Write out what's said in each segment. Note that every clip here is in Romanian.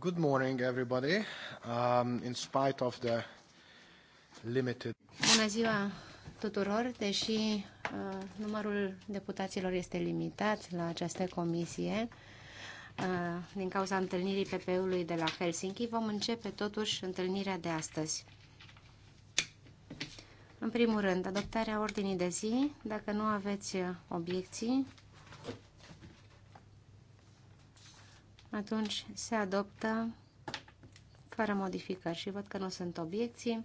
Good morning, everybody. Um, in spite of the limited... Bună ziua tuturor, deși uh, numărul deputaților este limitat la această comisie, uh, din cauza întâlnirii PP-ului de la Helsinki, vom începe totuși întâlnirea de astăzi. În primul rând, adoptarea ordinii de zi. Dacă nu aveți obiecții, atunci se adoptă fără modificări și văd că nu sunt obiecții,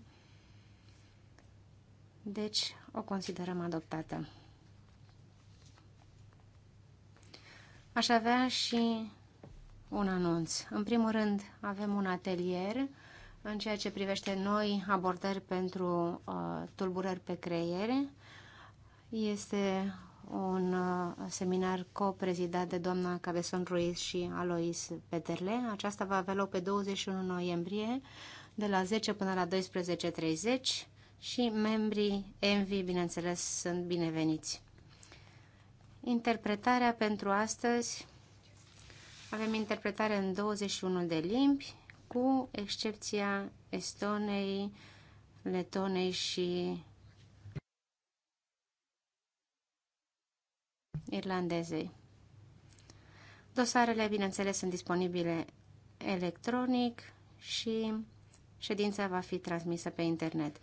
deci o considerăm adoptată. Aș avea și un anunț. În primul rând, avem un atelier în ceea ce privește noi abordări pentru uh, tulburări pe creiere. Este un uh, seminar coprezidat de doamna Cabeson Ruiz și Alois Peterle. Aceasta va avea loc pe 21 noiembrie de la 10 până la 12.30 și membrii Envi, bineînțeles, sunt bineveniți. Interpretarea pentru astăzi avem interpretare în 21 de limbi, cu excepția Estonei, Letonei și irlandezei. Dosarele, bineînțeles, sunt disponibile electronic și ședința va fi transmisă pe internet.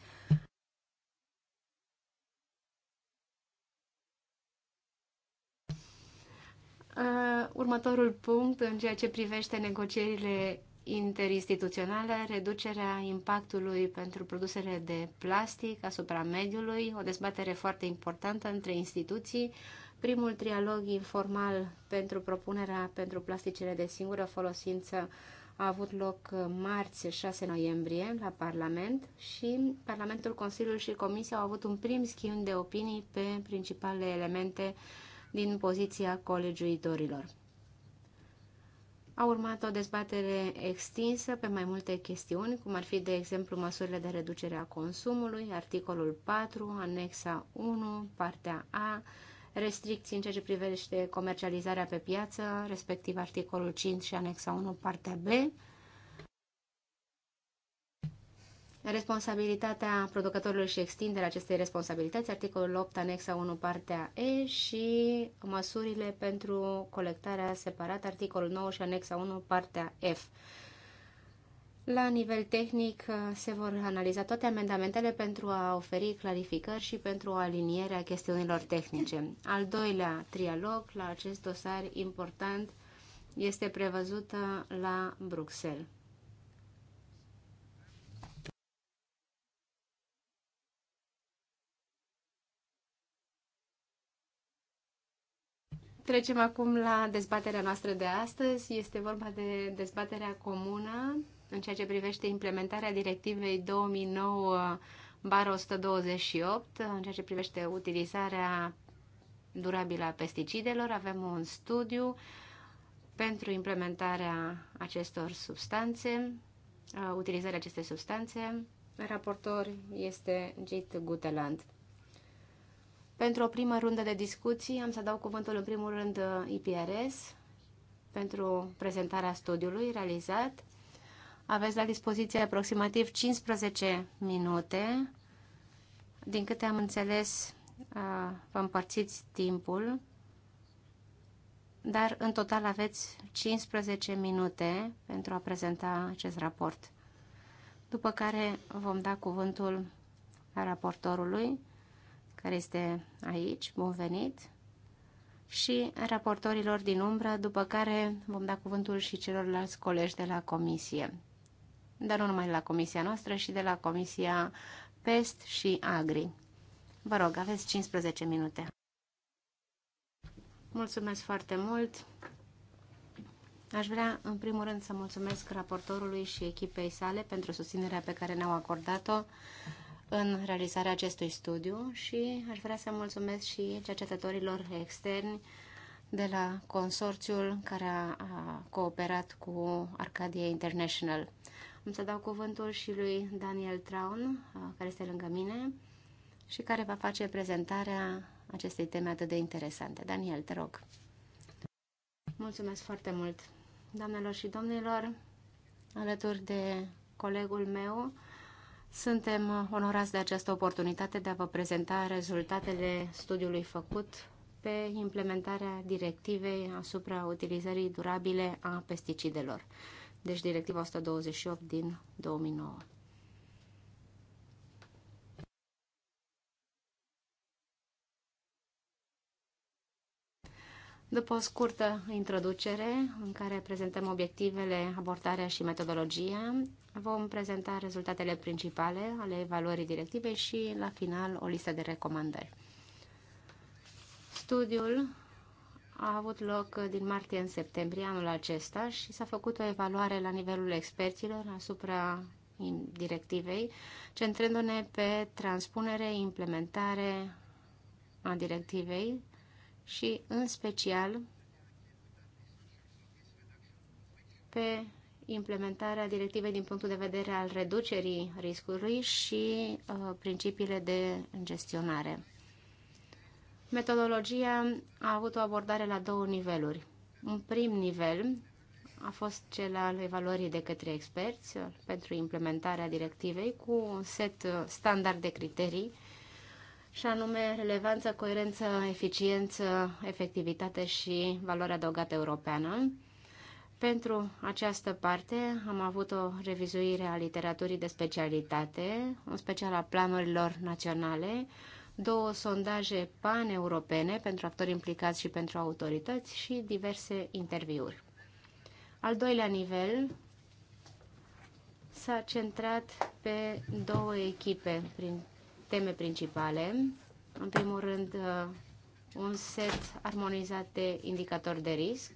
Următorul punct în ceea ce privește negocierile interinstituționale, reducerea impactului pentru produsele de plastic asupra mediului, o dezbatere foarte importantă între instituții, uh, primul trialog informal pentru propunerea pentru plasticele de singură folosință a avut loc uh, marți 6 noiembrie la Parlament și Parlamentul, Consiliul și Comisia au avut un prim schimb de opinii pe principalele elemente din poziția colegiuitorilor. A urmat o dezbatere extinsă pe mai multe chestiuni, cum ar fi, de exemplu, măsurile de reducere a consumului, articolul 4, anexa 1, partea A, restricții în ceea ce privește comercializarea pe piață, respectiv articolul 5 și anexa 1, partea B, responsabilitatea producătorilor și extinderea acestei responsabilități, articolul 8, anexa 1, partea E și măsurile pentru colectarea separată, articolul 9 și anexa 1, partea F. La nivel tehnic uh, se vor analiza toate amendamentele pentru a oferi clarificări și pentru alinierea chestiunilor tehnice. Al doilea trialog la acest dosar important este prevăzută la Bruxelles. Trecem acum la dezbaterea noastră de astăzi. Este vorba de dezbaterea comună în ceea ce privește implementarea directivei 2009 128, în ceea ce privește utilizarea durabilă a pesticidelor, avem un studiu pentru implementarea acestor substanțe, uh, utilizarea acestei substanțe. Raportor este Jit Guteland. Pentru o primă rundă de discuții am să dau cuvântul în primul rând uh, IPRS pentru prezentarea studiului realizat aveți la dispoziție aproximativ 15 minute. Din câte am înțeles, uh, vă împărțiți timpul, dar în total aveți 15 minute pentru a prezenta acest raport. După care vom da cuvântul raportorului, care este aici, bun venit, și raportorilor din umbră, după care vom da cuvântul și celorlalți colegi de la comisie dar nu numai de la comisia noastră și de la comisia PEST și AGRI. Vă rog, aveți 15 minute. Mulțumesc foarte mult! Aș vrea, în primul rând, să mulțumesc raportorului și echipei sale pentru susținerea pe care ne-au acordat-o în realizarea acestui studiu și aș vrea să mulțumesc și cercetătorilor externi de la consorțiul care a, a cooperat cu Arcadia International. Îmi să dau cuvântul și lui Daniel Traun, uh, care este lângă mine și care va face prezentarea acestei teme atât de interesante. Daniel, te rog. Mulțumesc foarte mult, doamnelor și domnilor, alături de colegul meu. Suntem onorați de această oportunitate de a vă prezenta rezultatele studiului făcut pe implementarea directivei asupra utilizării durabile a pesticidelor deci Directiva 128 din 2009. După o scurtă introducere în care prezentăm obiectivele, abordarea și metodologia, vom prezenta rezultatele principale ale evaluării directivei și, la final, o listă de recomandări. Studiul a avut loc uh, din martie în septembrie anul acesta și s-a făcut o evaluare la nivelul experților asupra directivei, centrându-ne pe transpunere, implementare a directivei și, în special, pe implementarea directivei din punctul de vedere al reducerii riscului și uh, principiile de gestionare. Metodologia a avut o abordare la două niveluri. Un prim nivel a fost cel al evaluării de către experți pentru implementarea directivei cu un set standard de criterii și anume relevanță, coerență, eficiență, efectivitate și valoarea adăugată europeană. Pentru această parte am avut o revizuire a literaturii de specialitate, în special a planurilor naționale, două sondaje paneuropene pentru actori implicați și pentru autorități și diverse interviuri. Al doilea nivel s-a centrat pe două echipe prin teme principale. În primul rând, uh, un set armonizat de indicatori de risc,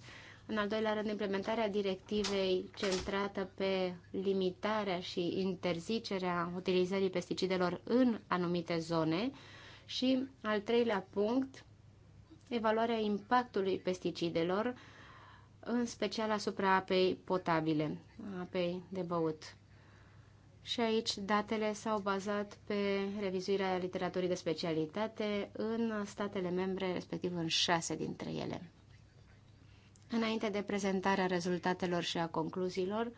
în al doilea rând, implementarea directivei centrată pe limitarea și interzicerea utilizării pesticidelor în anumite zone și al treilea punct, evaluarea impactului pesticidelor, în special asupra apei potabile, apei de băut. Și aici datele s-au bazat pe revizuirea literaturii de specialitate în statele membre, respectiv în șase dintre ele. Înainte de prezentarea rezultatelor și a concluziilor,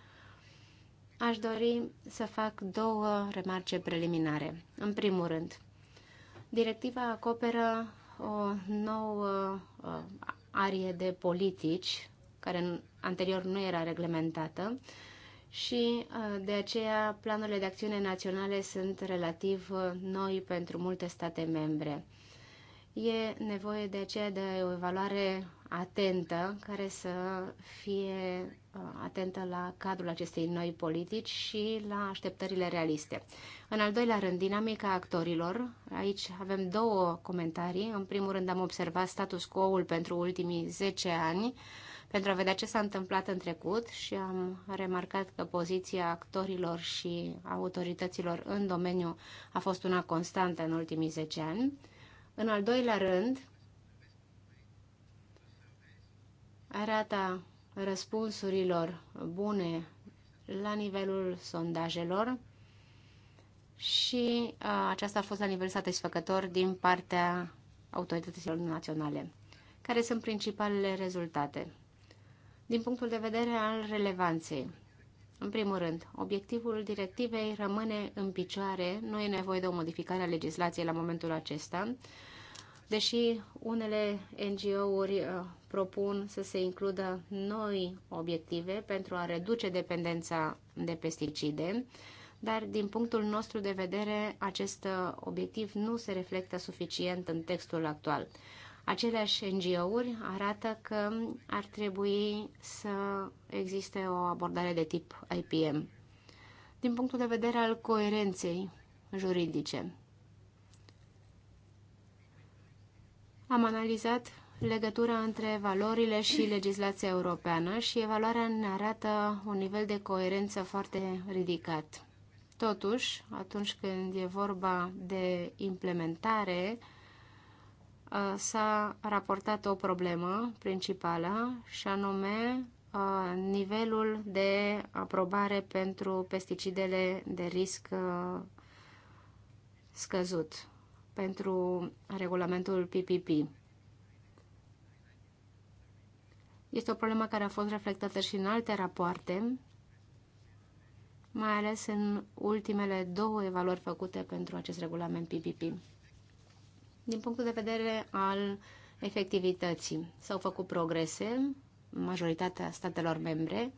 aș dori să fac două remarce preliminare. În primul rând, Directiva acoperă o nouă uh, arie de politici care anterior nu era reglementată și uh, de aceea planurile de acțiune naționale sunt relativ uh, noi pentru multe state membre. E nevoie de aceea de o evaluare atentă care să fie Uh, atentă la cadrul acestei noi politici și la așteptările realiste. În al doilea rând, dinamica actorilor. Aici avem două comentarii. În primul rând am observat status quo-ul pentru ultimii 10 ani pentru a vedea ce s-a întâmplat în trecut și am remarcat că poziția actorilor și autorităților în domeniu a fost una constantă în ultimii 10 ani. În al doilea rând, arată răspunsurilor bune la nivelul sondajelor și a, aceasta a fost la nivel satisfăcător din partea autorităților naționale. Care sunt principalele rezultate? Din punctul de vedere al relevanței, în primul rând, obiectivul directivei rămâne în picioare, nu e nevoie de o modificare a legislației la momentul acesta, Deși unele NGO-uri uh, propun să se includă noi obiective pentru a reduce dependența de pesticide, dar din punctul nostru de vedere acest uh, obiectiv nu se reflectă suficient în textul actual. Aceleași NGO-uri arată că ar trebui să existe o abordare de tip IPM din punctul de vedere al coerenței juridice. Am analizat legătura între valorile și legislația europeană și evaluarea ne arată un nivel de coerență foarte ridicat. Totuși, atunci când e vorba de implementare, ă, s-a raportat o problemă principală și anume ă, nivelul de aprobare pentru pesticidele de risc ă, scăzut pentru regulamentul PPP. Este o problemă care a fost reflectată și în alte rapoarte, mai ales în ultimele două evaluări făcute pentru acest regulament PPP. Din punctul de vedere al efectivității, s-au făcut progrese în majoritatea statelor membre,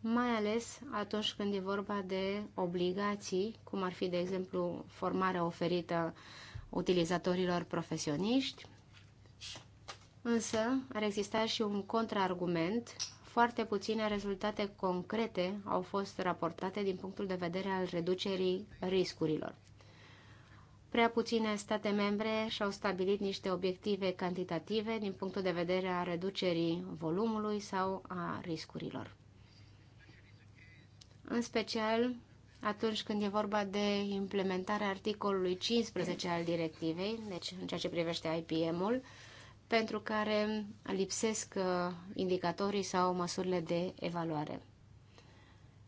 mai ales atunci când e vorba de obligații, cum ar fi, de exemplu, formarea oferită uh, utilizatorilor profesioniști, însă ar exista și un contraargument. Foarte puține rezultate concrete au fost raportate din punctul de vedere al reducerii riscurilor. Prea puține state membre și-au stabilit niște obiective cantitative din punctul de vedere a reducerii volumului sau a riscurilor. În special, atunci când e vorba de implementarea articolului 15 al directivei, deci în ceea ce privește IPM-ul, pentru care lipsesc uh, indicatorii sau măsurile de evaluare.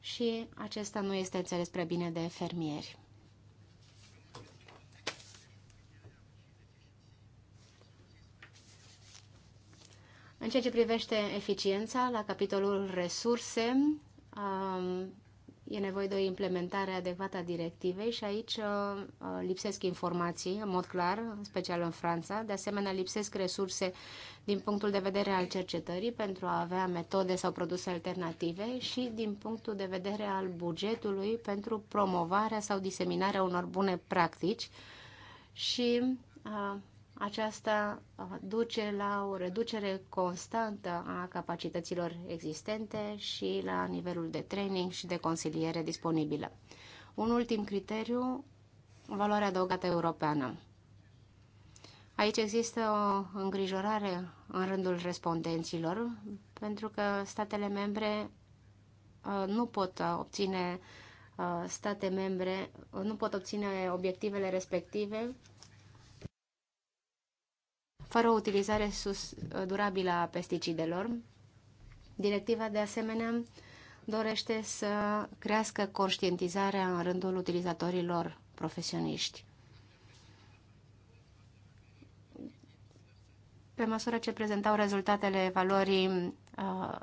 Și acesta nu este înțeles prea bine de fermieri. În ceea ce privește eficiența, la capitolul resurse, um, e nevoie de o implementare adecvată a directivei și aici uh, uh, lipsesc informații, în mod clar, în special în Franța. De asemenea, lipsesc resurse din punctul de vedere al cercetării pentru a avea metode sau produse alternative și din punctul de vedere al bugetului pentru promovarea sau diseminarea unor bune practici și uh, aceasta uh, duce la o reducere constantă a capacităților existente și la nivelul de training și de consiliere disponibilă. Un ultim criteriu, valoarea adăugată europeană. Aici există o îngrijorare în rândul respondenților, pentru că statele membre uh, nu pot obține uh, state membre nu pot obține obiectivele respective fără o utilizare sus, uh, durabilă a pesticidelor. Directiva, de asemenea, dorește să crească conștientizarea în rândul utilizatorilor profesioniști. Pe măsură ce prezentau rezultatele evaluării uh,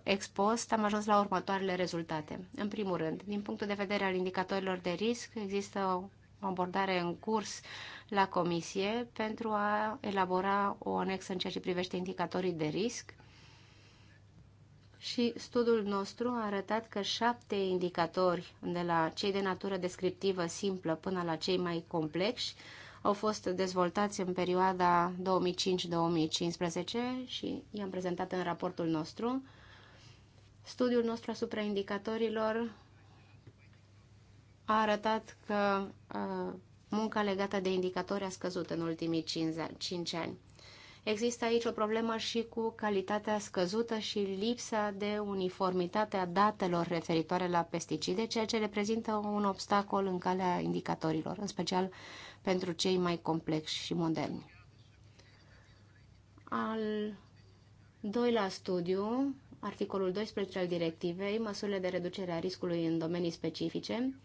ex post, am ajuns la următoarele rezultate. În primul rând, din punctul de vedere al indicatorilor de risc, există o abordare în curs la comisie pentru a elabora o anexă în ceea ce privește indicatorii de risc și studiul nostru a arătat că șapte indicatori, de la cei de natură descriptivă simplă până la cei mai complexi, au fost dezvoltați în perioada 2005-2015 și i-am prezentat în raportul nostru. Studiul nostru asupra indicatorilor a arătat că munca legată de indicatori a scăzut în ultimii 5 ani. Există aici o problemă și cu calitatea scăzută și lipsa de uniformitate a datelor referitoare la pesticide, ceea ce reprezintă un obstacol în calea indicatorilor, în special pentru cei mai complexi și moderni. Al doilea studiu, articolul 12 al directivei, măsurile de reducere a riscului în domenii specifice,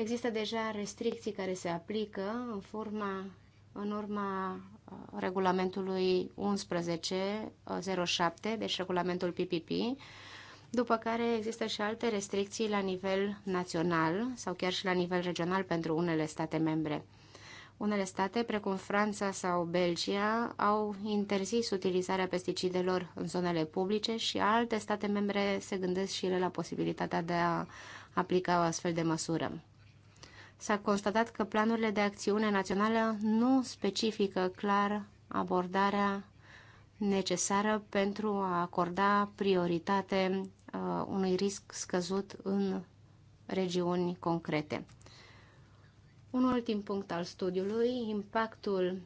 Există deja restricții care se aplică în forma în urma uh, regulamentului 1107, uh, deci regulamentul PPP, după care există și alte restricții la nivel național sau chiar și la nivel regional pentru unele state membre. Unele state, precum Franța sau Belgia, au interzis utilizarea pesticidelor în zonele publice și alte state membre se gândesc și ele la posibilitatea de a aplica o astfel de măsură s-a constatat că planurile de acțiune națională nu specifică clar abordarea necesară pentru a acorda prioritate uh, unui risc scăzut în regiuni concrete. Un ultim punct al studiului, impactul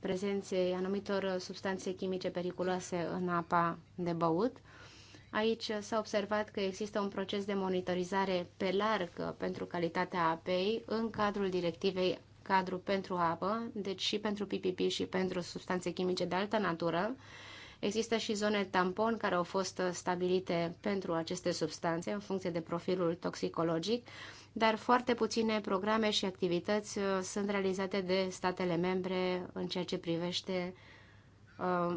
prezenței anumitor substanțe chimice periculoase în apa de băut Aici s-a observat că există un proces de monitorizare pe larg pentru calitatea apei în cadrul directivei cadru pentru apă, deci și pentru PPP și pentru substanțe chimice de altă natură. Există și zone tampon care au fost stabilite pentru aceste substanțe în funcție de profilul toxicologic, dar foarte puține programe și activități uh, sunt realizate de statele membre în ceea ce privește uh,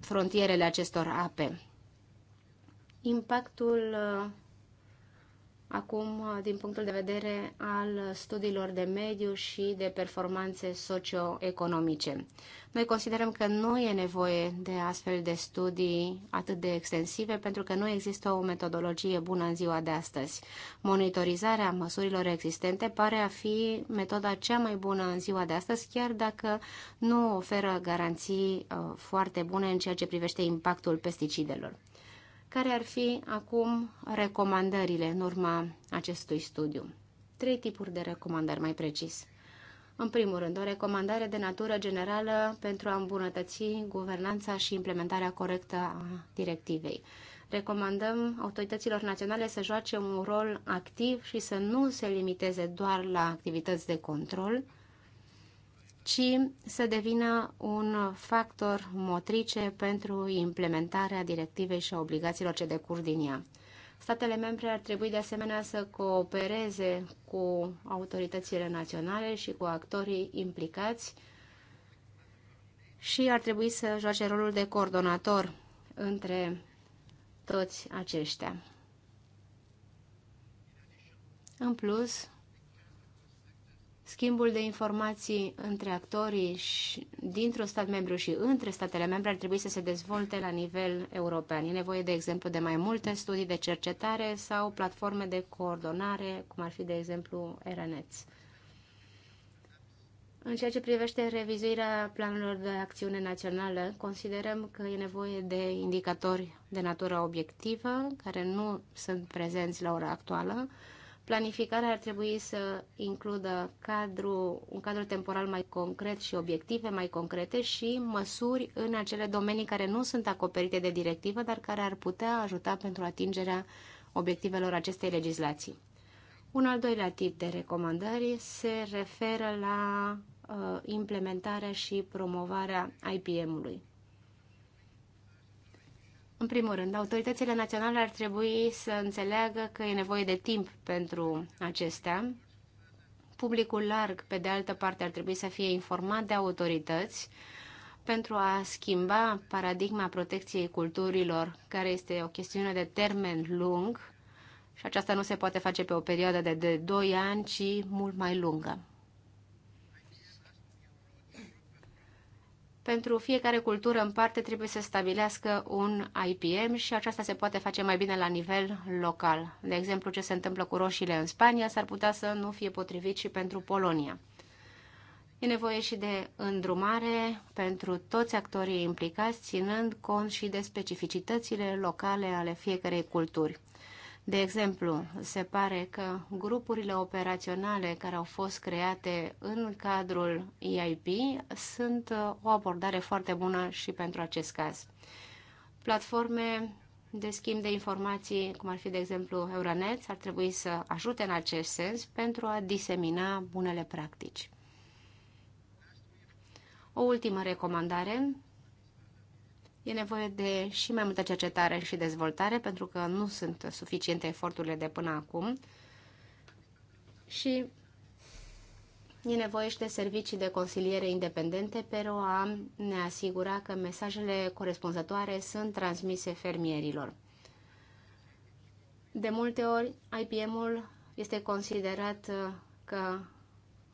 frontierele acestor ape impactul uh, acum uh, din punctul de vedere al studiilor de mediu și de performanțe socioeconomice. Noi considerăm că nu e nevoie de astfel de studii atât de extensive pentru că nu există o metodologie bună în ziua de astăzi. Monitorizarea măsurilor existente pare a fi metoda cea mai bună în ziua de astăzi, chiar dacă nu oferă garanții uh, foarte bune în ceea ce privește impactul pesticidelor. Care ar fi acum recomandările în urma acestui studiu? Trei tipuri de recomandări mai precis. În primul rând, o recomandare de natură generală pentru a îmbunătăți guvernanța și implementarea corectă a directivei. Recomandăm autorităților naționale să joace un rol activ și să nu se limiteze doar la activități de control, ci să devină un factor motrice pentru implementarea directivei și a obligațiilor ce decur din ea. Statele membre ar trebui de asemenea să coopereze cu autoritățile naționale și cu actorii implicați și ar trebui să joace rolul de coordonator între toți aceștia. În plus, Schimbul de informații între actorii și dintr-un stat membru și între statele membre ar trebui să se dezvolte la nivel european. E nevoie, de exemplu, de mai multe studii de cercetare sau platforme de coordonare, cum ar fi, de exemplu, RNETS. În ceea ce privește revizuirea planurilor de acțiune națională, considerăm că e nevoie de indicatori de natură obiectivă, care nu sunt prezenți la ora actuală, Planificarea ar trebui să includă cadru, un cadru temporal mai concret și obiective mai concrete și măsuri în acele domenii care nu sunt acoperite de directivă, dar care ar putea ajuta pentru atingerea obiectivelor acestei legislații. Un al doilea tip de recomandări se referă la uh, implementarea și promovarea IPM-ului. În primul rând, autoritățile naționale ar trebui să înțeleagă că e nevoie de timp pentru acestea. Publicul larg, pe de altă parte, ar trebui să fie informat de autorități pentru a schimba paradigma protecției culturilor, care este o chestiune de termen lung și aceasta nu se poate face pe o perioadă de, 2 ani, ci mult mai lungă. Pentru fiecare cultură în parte trebuie să stabilească un IPM și aceasta se poate face mai bine la nivel local. De exemplu, ce se întâmplă cu roșiile în Spania s-ar putea să nu fie potrivit și pentru Polonia. E nevoie și de îndrumare pentru toți actorii implicați, ținând cont și de specificitățile locale ale fiecarei culturi. De exemplu, se pare că grupurile operaționale care au fost create în cadrul EIP sunt uh, o abordare foarte bună și pentru acest caz. Platforme de schimb de informații, cum ar fi, de exemplu, Euronet, ar trebui să ajute în acest sens pentru a disemina bunele practici. O ultimă recomandare E nevoie de și mai multă cercetare și dezvoltare, pentru că nu sunt suficiente eforturile de până acum. Și e nevoie și de servicii de consiliere independente pentru a ne asigura că mesajele corespunzătoare sunt transmise fermierilor. De multe ori, IPM-ul este considerat că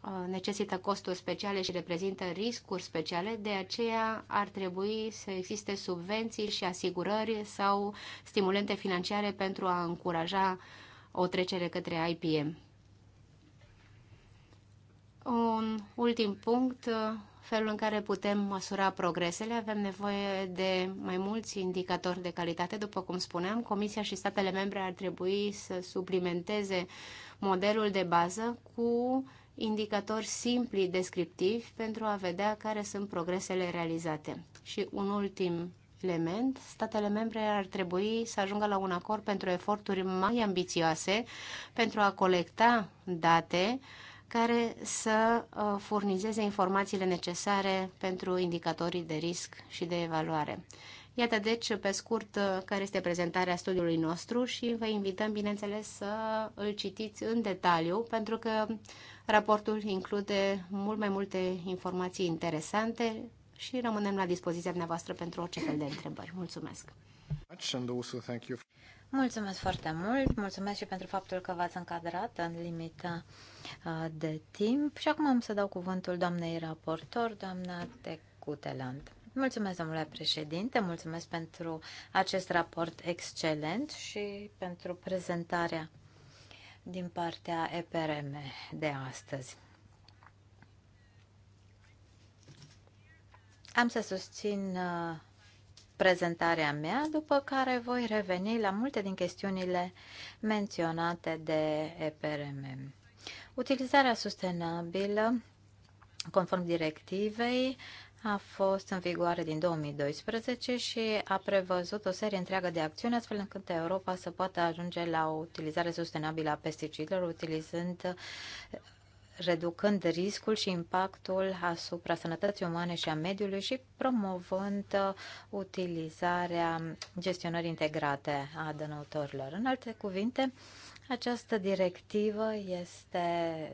Uh, necesită costuri speciale și reprezintă riscuri speciale, de aceea ar trebui să existe subvenții și asigurări sau stimulente financiare pentru a încuraja o trecere către IPM. Un ultim punct, uh, felul în care putem măsura progresele. Avem nevoie de mai mulți indicatori de calitate, după cum spuneam. Comisia și statele membre ar trebui să suplimenteze modelul de bază cu indicatori simpli descriptivi pentru a vedea care sunt progresele realizate. Și un ultim element, statele membre ar trebui să ajungă la un acord pentru eforturi mai ambițioase pentru a colecta date care să uh, furnizeze informațiile necesare pentru indicatorii de risc și de evaluare. Iată deci, pe scurt, uh, care este prezentarea studiului nostru și vă invităm, bineînțeles, să îl citiți în detaliu, pentru că Raportul include mult mai multe informații interesante și rămânem la dispoziția dumneavoastră pentru orice fel de întrebări. Mulțumesc! Mulțumesc foarte mult, mulțumesc și pentru faptul că v-ați încadrat în limita uh, de timp și acum am să dau cuvântul doamnei raportor, doamna Tecuteland. Mulțumesc, domnule președinte, mulțumesc pentru acest raport excelent și pentru prezentarea din partea EPRM de astăzi. Am să susțin uh, prezentarea mea, după care voi reveni la multe din chestiunile menționate de EPRM. Utilizarea sustenabilă, conform directivei, a fost în vigoare din 2012 și a prevăzut o serie întreagă de acțiuni astfel încât Europa să poată ajunge la o utilizare sustenabilă a pesticidelor, utilizând reducând riscul și impactul asupra sănătății umane și a mediului și promovând uh, utilizarea gestionării integrate a dănăutorilor. În alte cuvinte, această directivă este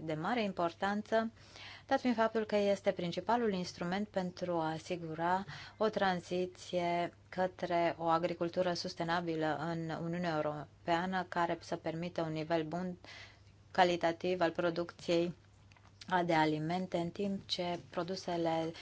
de mare importanță uh, dat fiind faptul că este principalul instrument pentru a asigura o tranziție către o agricultură sustenabilă în Uniunea Europeană, care să permită un nivel bun calitativ al producției de alimente, în timp ce produsele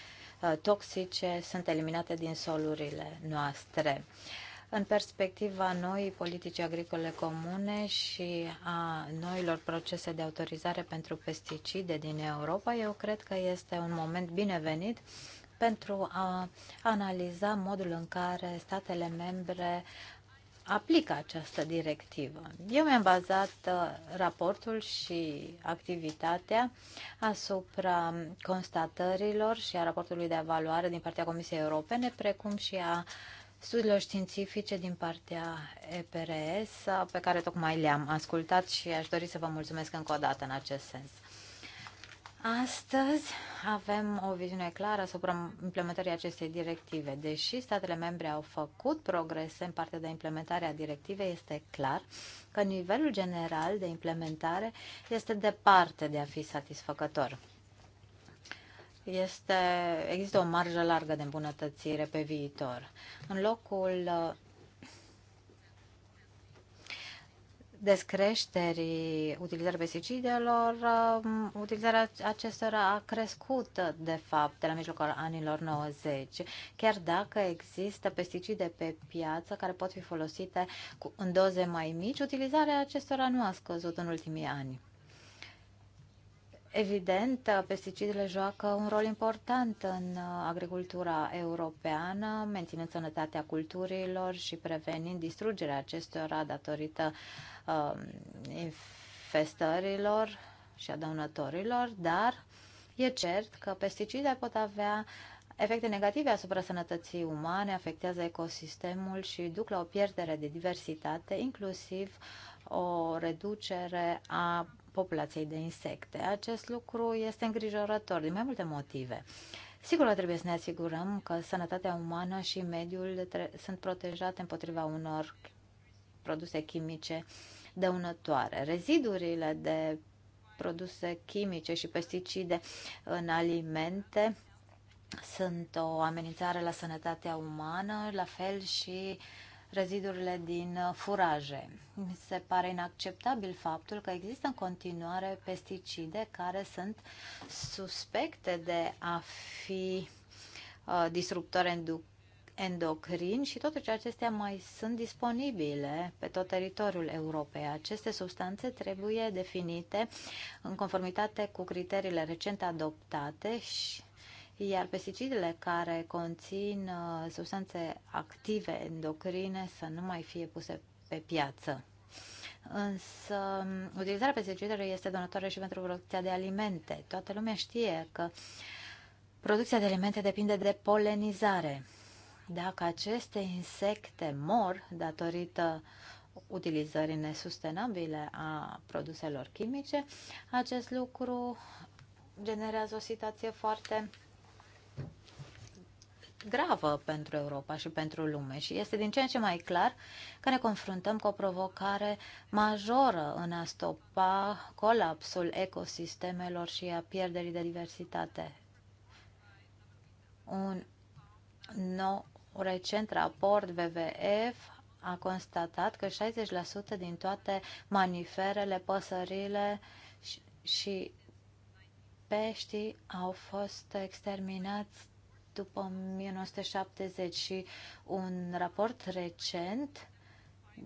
uh, toxice sunt eliminate din solurile noastre. Uh, în perspectiva noii politici agricole comune și a noilor procese de autorizare pentru pesticide din Europa, eu cred că este un moment binevenit pentru a analiza modul în care statele membre aplică această directivă. Eu mi-am bazat uh, raportul și activitatea asupra constatărilor și a raportului de evaluare din partea Comisiei Europene, precum și a uh, studiilor științifice din partea EPRS pe care tocmai le-am ascultat și aș dori să vă mulțumesc încă o dată în acest sens. Astăzi avem o viziune clară asupra implementării acestei directive. Deși statele membre au făcut progrese în partea de implementare a directivei, este clar că nivelul general de implementare este departe de a fi satisfăcător este, există o marjă largă de îmbunătățire pe viitor. În locul uh, descreșterii utilizării pesticidelor, um, utilizarea acestora a crescut, de fapt, de la mijlocul anilor 90, chiar dacă există pesticide pe piață care pot fi folosite cu, în doze mai mici, utilizarea acestora nu a scăzut în ultimii ani. Evident, pesticidele joacă un rol important în agricultura europeană, menținând sănătatea culturilor și prevenind distrugerea acestora datorită uh, infestărilor și adăunătorilor, dar e cert că pesticidele pot avea efecte negative asupra sănătății umane, afectează ecosistemul și duc la o pierdere de diversitate, inclusiv o reducere a populației de insecte. Acest lucru este îngrijorător din mai multe motive. Sigur, trebuie să ne asigurăm că sănătatea umană și mediul sunt protejate împotriva unor produse chimice dăunătoare. Rezidurile de produse chimice și pesticide în alimente sunt o amenințare la sănătatea umană, la fel și uh, rezidurile din uh, furaje. Mi se pare inacceptabil faptul că există în continuare pesticide care sunt suspecte de a fi uh, disruptori endocrini și totuși acestea mai sunt disponibile pe tot teritoriul Europei. Aceste substanțe trebuie definite în conformitate cu criteriile recent adoptate și iar pesticidele care conțin uh, substanțe active endocrine să nu mai fie puse pe piață. Însă, utilizarea pesticidelor este donatoare și pentru producția de alimente. Toată lumea știe că producția de alimente depinde de polenizare. Dacă aceste insecte mor datorită utilizării nesustenabile a produselor chimice, acest lucru generează o situație foarte gravă pentru Europa și pentru lume și este din ce în ce mai clar că ne confruntăm cu o provocare majoră în a stopa colapsul ecosistemelor și a pierderii de diversitate. Un nou recent raport WWF a constatat că 60% din toate maniferele, păsările și, și peștii au fost exterminați după 1970 și un raport recent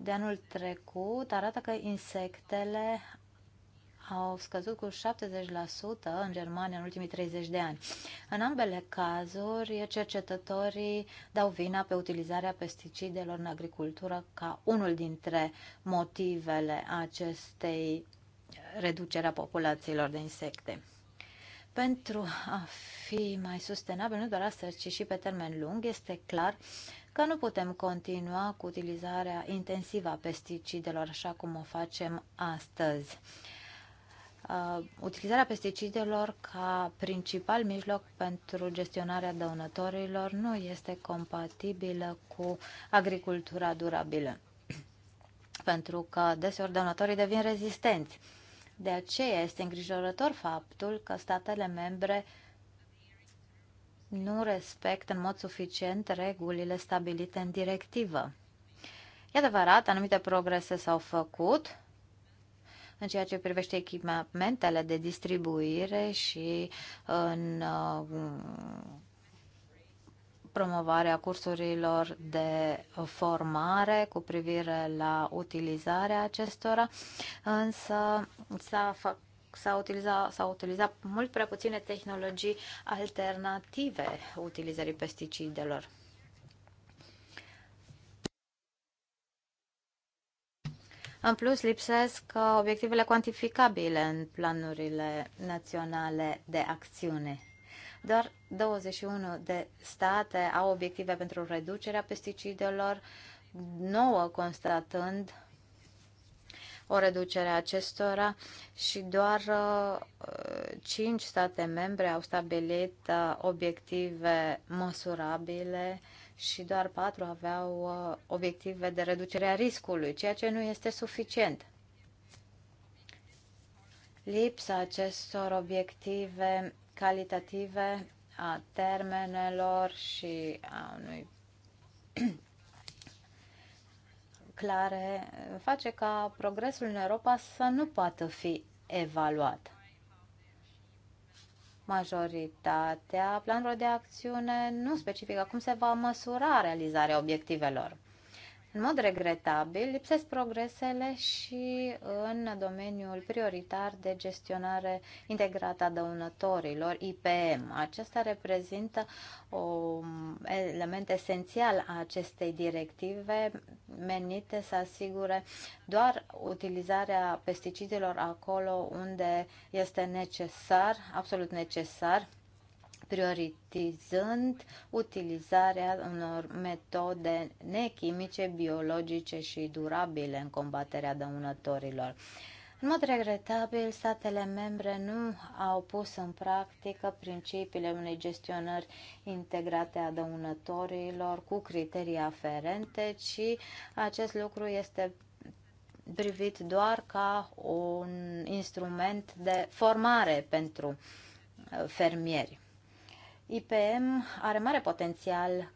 de anul trecut arată că insectele au scăzut cu 70% în Germania în ultimii 30 de ani. În ambele cazuri, cercetătorii dau vina pe utilizarea pesticidelor în agricultură ca unul dintre motivele acestei reducere a populațiilor de insecte pentru a fi mai sustenabil, nu doar astăzi, ci și pe termen lung, este clar că nu putem continua cu utilizarea intensivă a pesticidelor așa cum o facem astăzi. Uh, utilizarea pesticidelor ca principal mijloc pentru gestionarea dăunătorilor nu este compatibilă cu agricultura durabilă, pentru că deseori dăunătorii devin rezistenți de aceea este îngrijorător faptul că statele membre nu respectă în mod suficient regulile stabilite în directivă. E adevărat, anumite progrese s-au făcut în ceea ce privește echipamentele de distribuire și în uh, promovarea cursurilor de formare cu privire la utilizarea acestora, însă s-a făcut s au utilizat, utilizat mult prea puține tehnologii alternative utilizării pesticidelor. În plus, lipsesc uh, obiectivele cuantificabile în planurile naționale de acțiune. Doar 21 de state au obiective pentru reducerea pesticidelor, 9 constatând o reducere a acestora și doar uh, cinci state membre au stabilit uh, obiective măsurabile și doar patru aveau uh, obiective de reducere a riscului, ceea ce nu este suficient. Lipsa acestor obiective calitative a termenelor și a unui clare face ca progresul în Europa să nu poată fi evaluat. Majoritatea planurilor de acțiune nu specifică cum se va măsura realizarea obiectivelor. În mod regretabil, lipsesc progresele și în domeniul prioritar de gestionare integrată a dăunătorilor, IPM. Acesta reprezintă un element esențial a acestei directive menite să asigure doar utilizarea pesticidelor acolo unde este necesar, absolut necesar, prioritizând utilizarea unor metode nechimice, biologice și durabile în combaterea dăunătorilor. În mod regretabil, statele membre nu au pus în practică principiile unei gestionări integrate a dăunătorilor cu criterii aferente, ci acest lucru este privit doar ca un instrument de formare pentru uh, fermieri. IPM are mare potențial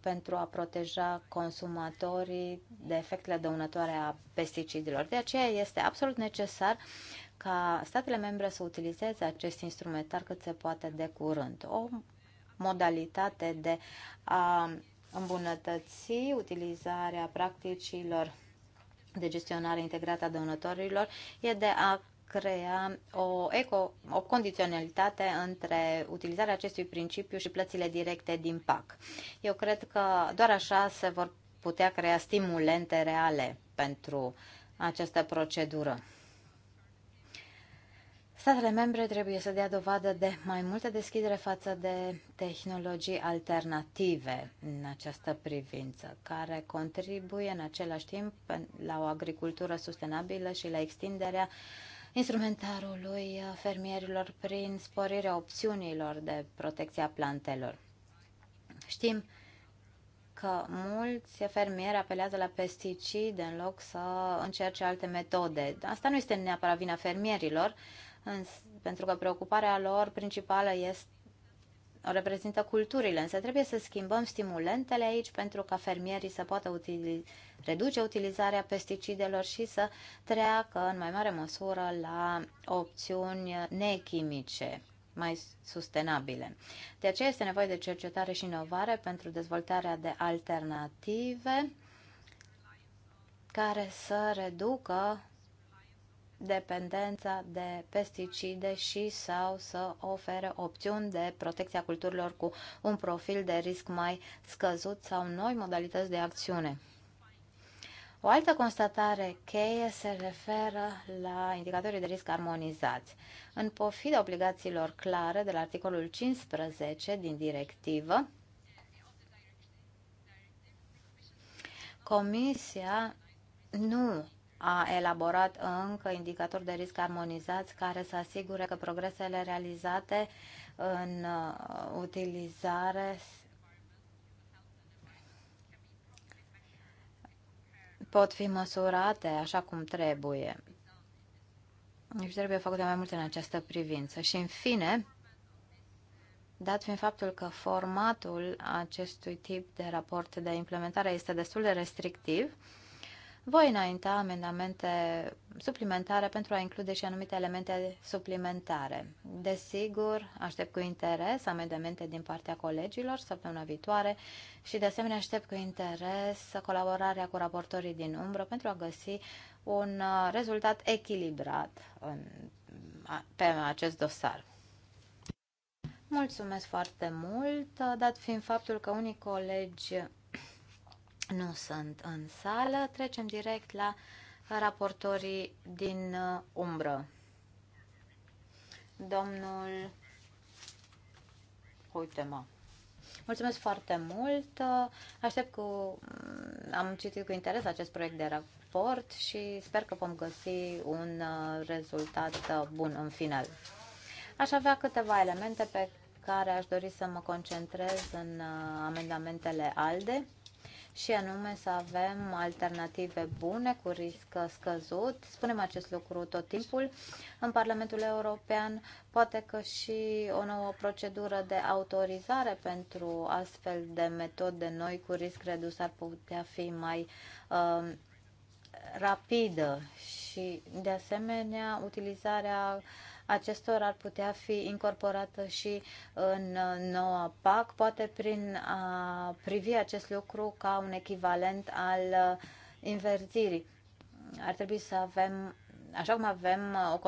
pentru a proteja consumatorii de efectele dăunătoare a pesticidelor. De aceea este absolut necesar ca statele membre să utilizeze acest instrumentar cât se poate de curând. O modalitate de a îmbunătăți utilizarea practicilor de gestionare integrată a dăunătorilor e de a crea o, eco, o condiționalitate între utilizarea acestui principiu și plățile directe din PAC. Eu cred că doar așa se vor putea crea stimulente reale pentru această procedură. Statele membre trebuie să dea dovadă de mai multă deschidere față de tehnologii alternative în această privință, care contribuie în același timp la o agricultură sustenabilă și la extinderea uh, instrumentarului uh, fermierilor prin sporirea opțiunilor de protecție a plantelor. Știm că mulți fermieri apelează la pesticide în loc să încerce alte metode. Asta nu este neapărat vina fermierilor, pentru că preocuparea lor principală este reprezintă culturile, însă trebuie să schimbăm stimulentele aici pentru ca fermierii să poată utili, reduce utilizarea pesticidelor și să treacă în mai mare măsură la opțiuni nechimice mai sustenabile. De aceea este nevoie de cercetare și inovare pentru dezvoltarea de alternative care să reducă dependența de pesticide și sau să ofere opțiuni de protecție a culturilor cu un profil de risc mai scăzut sau noi modalități de acțiune. O altă constatare cheie se referă la indicatorii de risc armonizați. În pofida obligațiilor clare de la articolul 15 din directivă, Comisia nu a elaborat încă indicatori de risc armonizați care să asigure că progresele realizate în uh, utilizare pot fi măsurate așa cum trebuie. Deci trebuie făcute mai multe în această privință. Și în fine, dat fiind faptul că formatul acestui tip de raport de implementare este destul de restrictiv, voi înainta amendamente suplimentare pentru a include și anumite elemente suplimentare. Desigur, aștept cu interes amendamente din partea colegilor săptămâna viitoare și de asemenea aștept cu interes colaborarea cu raportorii din umbră pentru a găsi un uh, rezultat echilibrat în, pe acest dosar. Mulțumesc foarte mult, dat fiind faptul că unii colegi nu sunt în sală. Trecem direct la raportorii din uh, umbră. Domnul, uite-mă, Mulțumesc foarte mult. Aștept cu... Mm, am citit cu interes acest proiect de raport și sper că vom găsi un uh, rezultat uh, bun în final. Aș avea câteva elemente pe care aș dori să mă concentrez în amendamentele ALDE și anume să avem alternative bune cu risc scăzut. Spunem acest lucru tot timpul în Parlamentul European. Poate că și o nouă procedură de autorizare pentru astfel de metode noi cu risc redus ar putea fi mai uh, rapidă și, de asemenea, utilizarea uh, acestor ar putea fi incorporată și în noua PAC, poate prin a privi acest lucru ca un echivalent al invertirii. Ar trebui să avem, așa cum avem o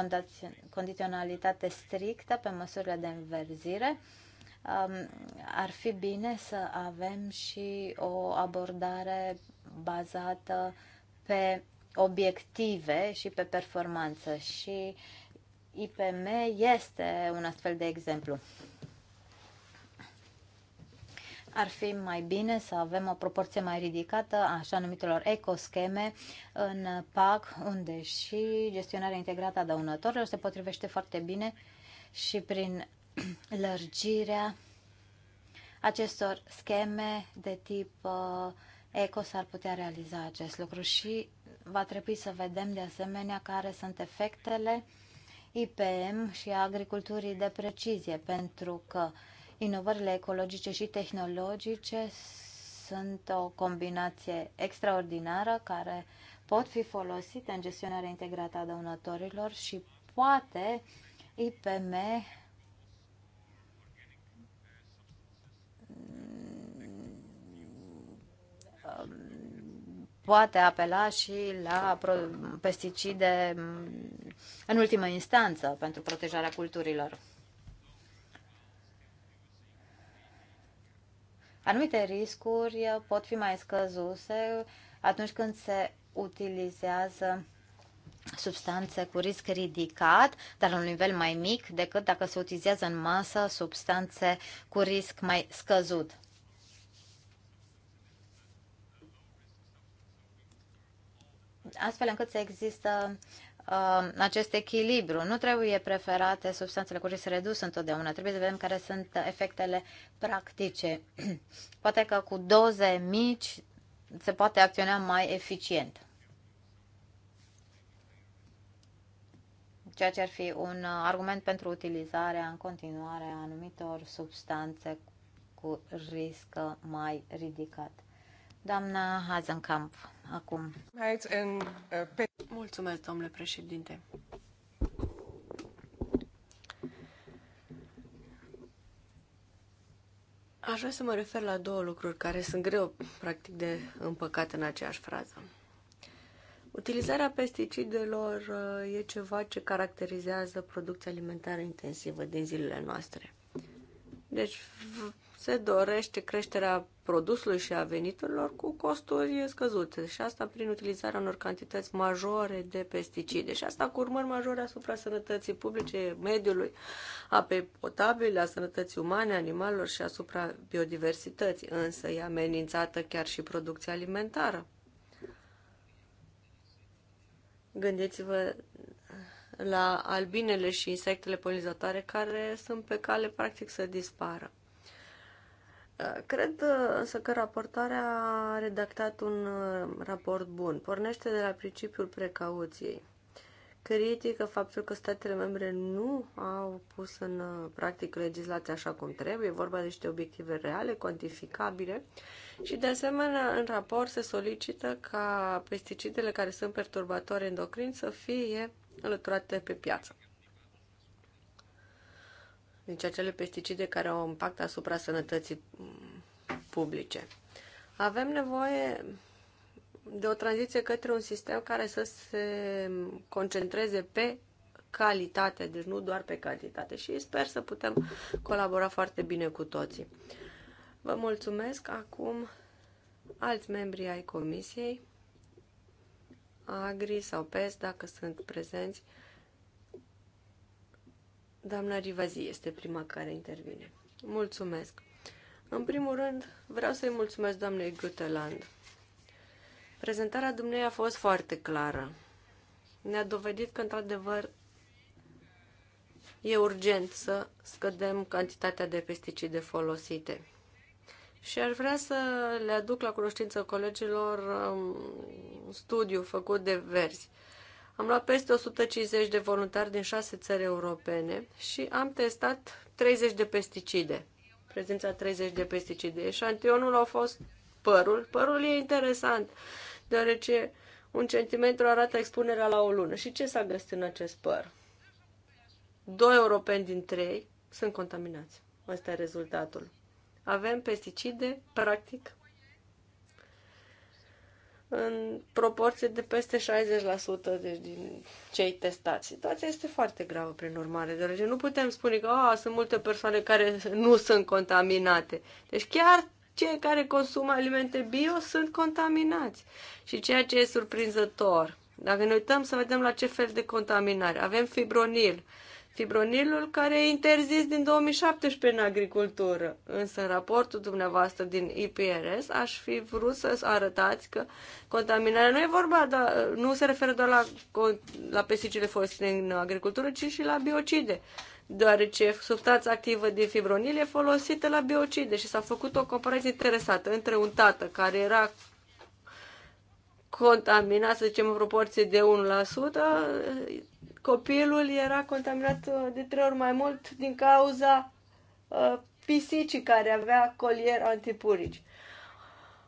condiționalitate strictă pe măsurile de inverzire, um, ar fi bine să avem și o abordare bazată pe obiective și pe performanță și uh, IPM este un astfel de exemplu. Ar fi mai bine să avem o proporție mai ridicată a așa numitelor ecoscheme în PAC, unde și gestionarea integrată a dăunătorilor se potrivește foarte bine și prin lărgirea acestor scheme de tip uh, ECO s-ar putea realiza acest lucru și va trebui să vedem de asemenea care sunt efectele uh, IPM și a agriculturii de precizie, pentru că inovările ecologice și tehnologice sunt o combinație extraordinară care pot fi folosite în gestionarea integrată a dăunătorilor și poate IPM poate apela și la pesticide mm, în ultimă instanță pentru protejarea culturilor. Anumite riscuri pot fi mai scăzuse atunci când se utilizează substanțe cu risc ridicat, dar la un nivel mai mic decât dacă se utilizează în masă substanțe cu risc mai scăzut. astfel încât să există uh, acest echilibru. Nu trebuie preferate substanțele cu risc redus întotdeauna. Trebuie să vedem care sunt efectele practice. Poate că cu doze mici se poate acționa mai eficient. ceea ce ar fi un uh, argument pentru utilizarea în continuare a anumitor substanțe cu risc mai ridicat. Doamna Hazenkamp acum. Mulțumesc, domnule președinte. Aș vrea să mă refer la două lucruri care sunt greu, practic, de împăcat în aceeași frază. Utilizarea pesticidelor uh, e ceva ce caracterizează producția alimentară intensivă din zilele noastre. Deci se dorește creșterea produsului și a veniturilor cu costuri scăzute și asta prin utilizarea unor cantități majore de pesticide și asta cu urmări majore asupra sănătății publice, mediului, apei potabile, a sănătății umane, animalelor și asupra biodiversității, însă e amenințată chiar și producția alimentară. Gândiți-vă la albinele și insectele polinizatoare care sunt pe cale practic să dispară. Cred uh, însă că raportarea a redactat un uh, raport bun. Pornește de la principiul precauției. Critică faptul că statele membre nu au pus în uh, practic legislația așa cum trebuie, e vorba de niște obiective reale, cuantificabile și de asemenea în raport se solicită ca pesticidele care sunt perturbatoare endocrin să fie înlăturate pe piață. Deci acele pesticide care au impact asupra sănătății mm, publice. Avem nevoie de o tranziție către un sistem care să se concentreze pe calitate, deci nu doar pe cantitate. Și sper să putem colabora foarte bine cu toții. Vă mulțumesc. Acum alți membri ai comisiei, Agri sau PES, dacă sunt prezenți, Doamna Rivazi este prima care intervine. Mulțumesc. În primul rând, vreau să-i mulțumesc doamnei Guteland. Prezentarea dumnei a fost foarte clară. Ne-a dovedit că, într-adevăr, e urgent să scădem cantitatea de pesticide folosite. Și ar vrea să le aduc la cunoștință colegilor um, un studiu făcut de Verzi am luat peste 150 de voluntari din șase țări europene și am testat 30 de pesticide. Prezența 30 de pesticide. Eșantionul a fost părul. Părul e interesant, deoarece un centimetru arată expunerea la o lună. Și ce s-a găsit în acest păr? Doi europeni din trei sunt contaminați. Asta e rezultatul. Avem pesticide, practic, în proporție de peste 60% deci din cei testați. Situația este foarte gravă, prin urmare, deoarece nu putem spune că oh, sunt multe persoane care nu sunt contaminate. Deci chiar cei care consumă alimente bio sunt contaminați. Și ceea ce e surprinzător, dacă ne uităm să vedem la ce fel de contaminare, avem fibronil, fibronilul care e interzis din 2017 în agricultură. Însă în raportul dumneavoastră din IPRS aș fi vrut să arătați că contaminarea nu e vorba, dar nu se referă doar la, la pesticile folosite în agricultură, ci și la biocide deoarece substanța activă din fibronil e folosită la biocide și s-a făcut o comparație interesată între un tată care era contaminat, să zicem, în proporție de 1%, copilul era contaminat uh, de trei ori mai mult din cauza uh, pisicii care avea colier antipurici.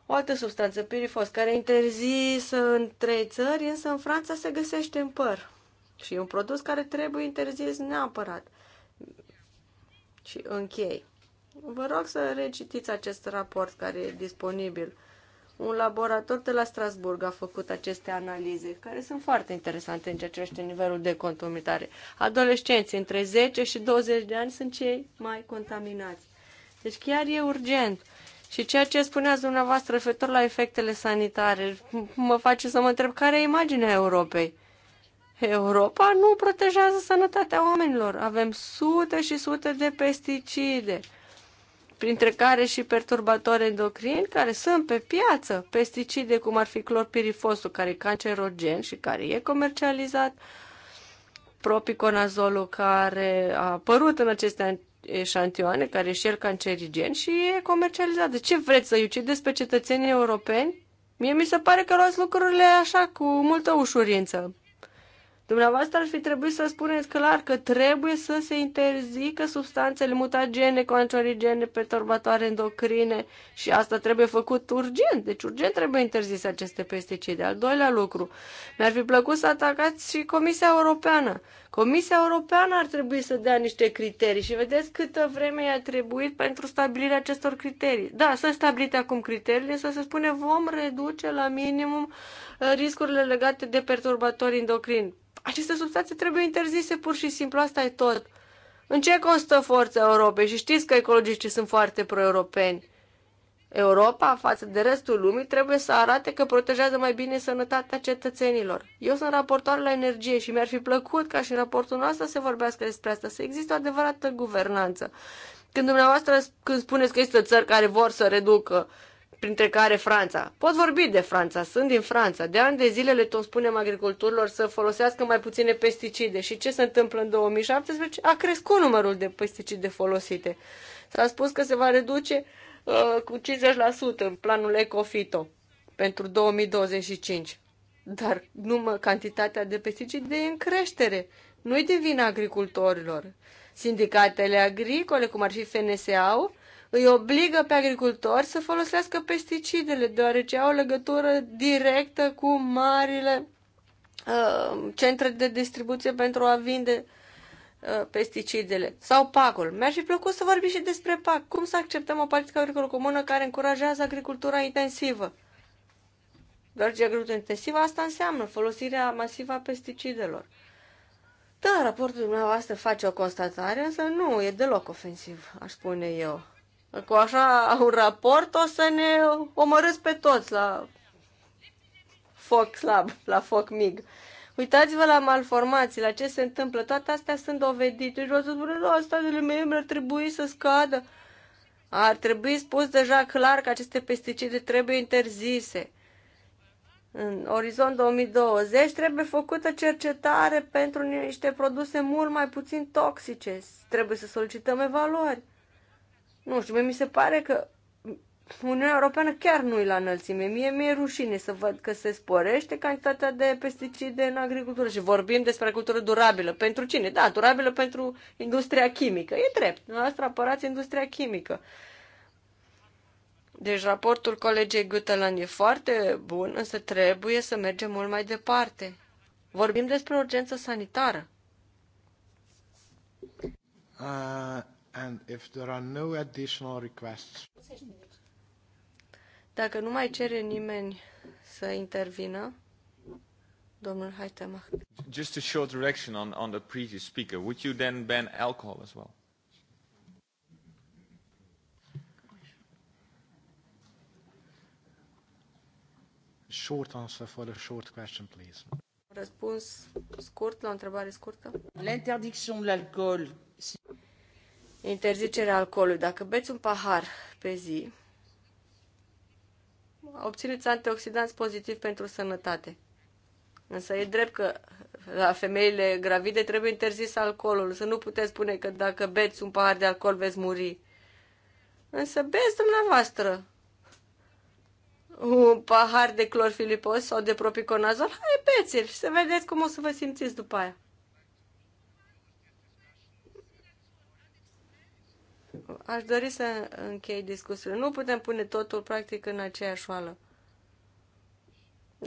O altă substanță, pirifos, care e interzisă în trei țări, însă în Franța se găsește în păr. Și e un produs care trebuie interzis neapărat. Și închei. Vă rog să recitiți acest raport care e disponibil un laborator de la Strasburg a făcut aceste analize, care sunt foarte interesante în ceea ce privește nivelul de contaminare. Adolescenții între 10 și 20 de ani sunt cei mai contaminați. Deci chiar e urgent. Și ceea ce spuneați dumneavoastră referitor la efectele sanitare mă face să mă întreb care e imaginea Europei. Europa nu protejează sănătatea oamenilor. Avem sute și sute de pesticide printre care și perturbatori endocrini care sunt pe piață, pesticide cum ar fi clorpirifosul, care e cancerogen și care e comercializat, propiconazolul care a apărut în aceste eșantioane, care e și el cancerigen și e comercializat. De ce vreți să-i ucideți pe cetățenii europeni? Mie mi se pare că luați lucrurile așa cu multă ușurință. Dumneavoastră ar fi trebuit să spuneți clar că trebuie să se interzică substanțele mutagene, cancerigene, perturbatoare endocrine și asta trebuie făcut urgent. Deci urgent trebuie interzis aceste pesticide. Al doilea lucru, mi-ar fi plăcut să atacați și Comisia Europeană. Comisia Europeană ar trebui să dea niște criterii și vedeți câtă vreme i-a trebuit pentru stabilirea acestor criterii. Da, să stabilite acum criteriile, însă se spune vom reduce la minimum uh, riscurile legate de perturbatori endocrini aceste substanțe trebuie interzise pur și simplu, asta e tot. În ce constă forța Europei? Și știți că ecologicii sunt foarte pro-europeni. Europa, față de restul lumii, trebuie să arate că protejează mai bine sănătatea cetățenilor. Eu sunt raportor la energie și mi-ar fi plăcut ca și în raportul nostru să se vorbească despre asta, să există o adevărată guvernanță. Când dumneavoastră, când spuneți că există țări care vor să reducă uh, printre care Franța. Pot vorbi de Franța, sunt din Franța. De ani de zile le tot spunem agricultorilor să folosească mai puține pesticide. Și ce se întâmplă în 2017? A crescut numărul de pesticide folosite. S-a spus că se va reduce uh, cu 50% în planul Ecofito pentru 2025. Dar numă, cantitatea de pesticide e în creștere. Nu-i de vina agricultorilor. Sindicatele agricole, cum ar fi FNSA-ul, îi obligă pe agricultori să folosească pesticidele, deoarece au legătură directă cu marile uh, centre de distribuție pentru a vinde uh, pesticidele sau pacul. Mi-ar fi plăcut să vorbim și despre pac. Cum să acceptăm o politică agricolă comună care încurajează agricultura intensivă? Doar ce agricultura intensivă asta înseamnă folosirea masivă a pesticidelor. Da, raportul dumneavoastră face o constatare, însă nu e deloc ofensiv, aș spune eu cu așa un raport o să ne omorâți pe toți la foc slab, la foc mic. Uitați-vă la malformații, la ce se întâmplă. Toate astea sunt dovedite. Și o să spun, nu, statele membre ar trebui să scadă. Ar trebui spus deja clar că aceste pesticide trebuie interzise. În orizont 2020 trebuie făcută cercetare pentru niște produse mult mai puțin toxice. Trebuie să solicităm evaluări. Nu știu, mi se pare că Uniunea Europeană chiar nu e la înălțime. Mie mi-e rușine să văd că se sporește cantitatea de pesticide în agricultură și vorbim despre agricultură durabilă. Pentru cine? Da, durabilă pentru industria chimică. E drept. Noastră apărați industria chimică. Deci raportul colegei Gutelan e foarte bun, însă trebuie să mergem mult mai departe. Vorbim despre urgență sanitară. Uh... And if there are no additional requests... Dacă nu mai cere nimeni să intervină, domnul Haitemach. Just a short reaction on, on the previous speaker. Would you then ban alcohol as well? Short answer for the short question, please. Răspuns scurt la o întrebare scurtă. L'interdiction de l'alcool interzicerea alcoolului. Dacă beți un pahar pe zi, obțineți antioxidanți pozitivi pentru sănătate. Însă e drept că la femeile gravide trebuie interzis alcoolul. Să nu puteți spune că dacă beți un pahar de alcool veți muri. Însă beți dumneavoastră un pahar de clorfilipos sau de propiconazol, hai beți-l și să vedeți cum o să vă simțiți după aia. Aș dori să închei discuțiile. Nu putem pune totul practic în aceeași oală.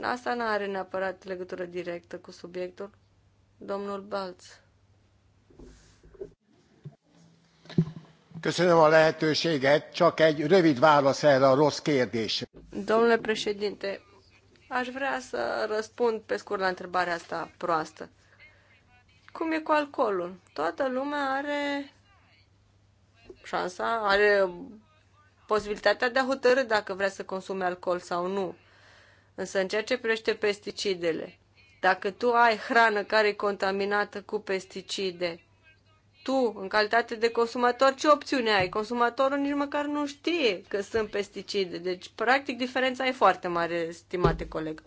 Asta nu are neapărat legătură directă cu subiectul. Domnul Balț. Köszönöm a lehetőséget, csak egy rövid válasz erre a rossz kérdésre. Domnule președinte, aș vrea să răspund pe scurt la întrebarea asta proastă. Cum e cu alcoolul? Toată lumea are șansa, are posibilitatea de a hotărâ dacă vrea să consume alcool sau nu. Însă în ceea ce privește pesticidele, dacă tu ai hrană care e contaminată cu pesticide, tu, în calitate de consumator, ce opțiune ai? Consumatorul nici măcar nu știe că sunt pesticide. Deci, practic, diferența e foarte mare, stimate coleg.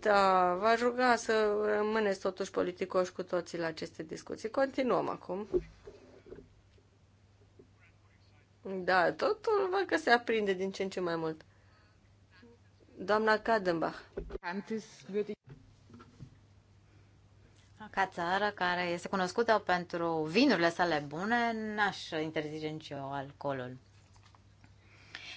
Da, v-aș ruga să rămâneți totuși politicoși cu toții la aceste discuții. Continuăm acum. Da, totul văd că se aprinde din ce în ce mai mult. Doamna Kadenbach. Ca țară care este cunoscută pentru vinurile sale bune, n-aș interzice nici eu alcoolul.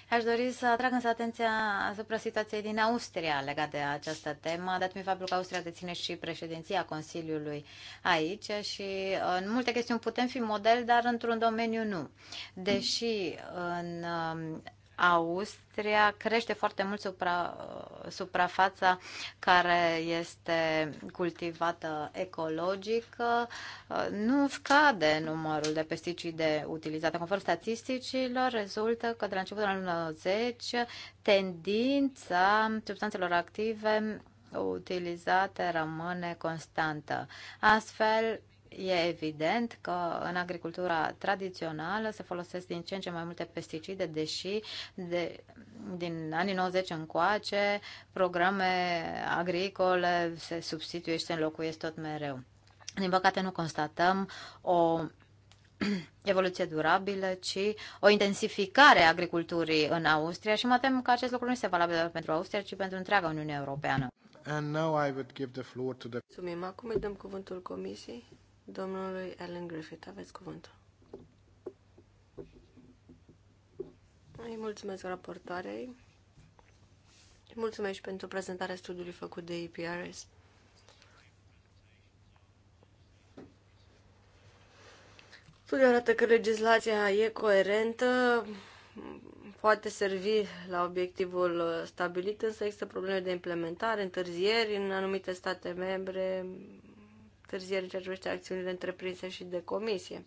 Aș dori să atrag însă atenția asupra situației din Austria legată de această temă, dat mi faptul că Austria deține și președinția Consiliului aici și în multe chestiuni putem fi model, dar într-un domeniu nu. Deși în Austria crește foarte mult supra, suprafața care este cultivată ecologică. Nu scade numărul de pesticide utilizate. Conform statisticilor, rezultă că de la începutul anului 90 tendința substanțelor active utilizate rămâne constantă. Astfel, E evident că în agricultura tradițională se folosesc din ce în ce mai multe pesticide, deși de, din anii 90 încoace programe agricole se substituie și se înlocuiesc tot mereu. Din păcate nu constatăm o evoluție durabilă, ci o intensificare a agriculturii în Austria și mă tem că acest lucru nu este valabil doar pentru Austria, ci pentru întreaga Uniune Europeană. And now I would give the floor to the... Mulțumim. Acum îi dăm cuvântul Comisiei domnului Alan Griffith. Aveți cuvântul. Îi mulțumesc raportoarei. Mulțumesc și pentru prezentarea studiului făcut de EPRS. Studiul arată că legislația e coerentă, poate servi la obiectivul stabilit, însă există probleme de implementare, întârzieri în anumite state membre, întârzieri în ceea ce privește acțiunile întreprinse și de comisie.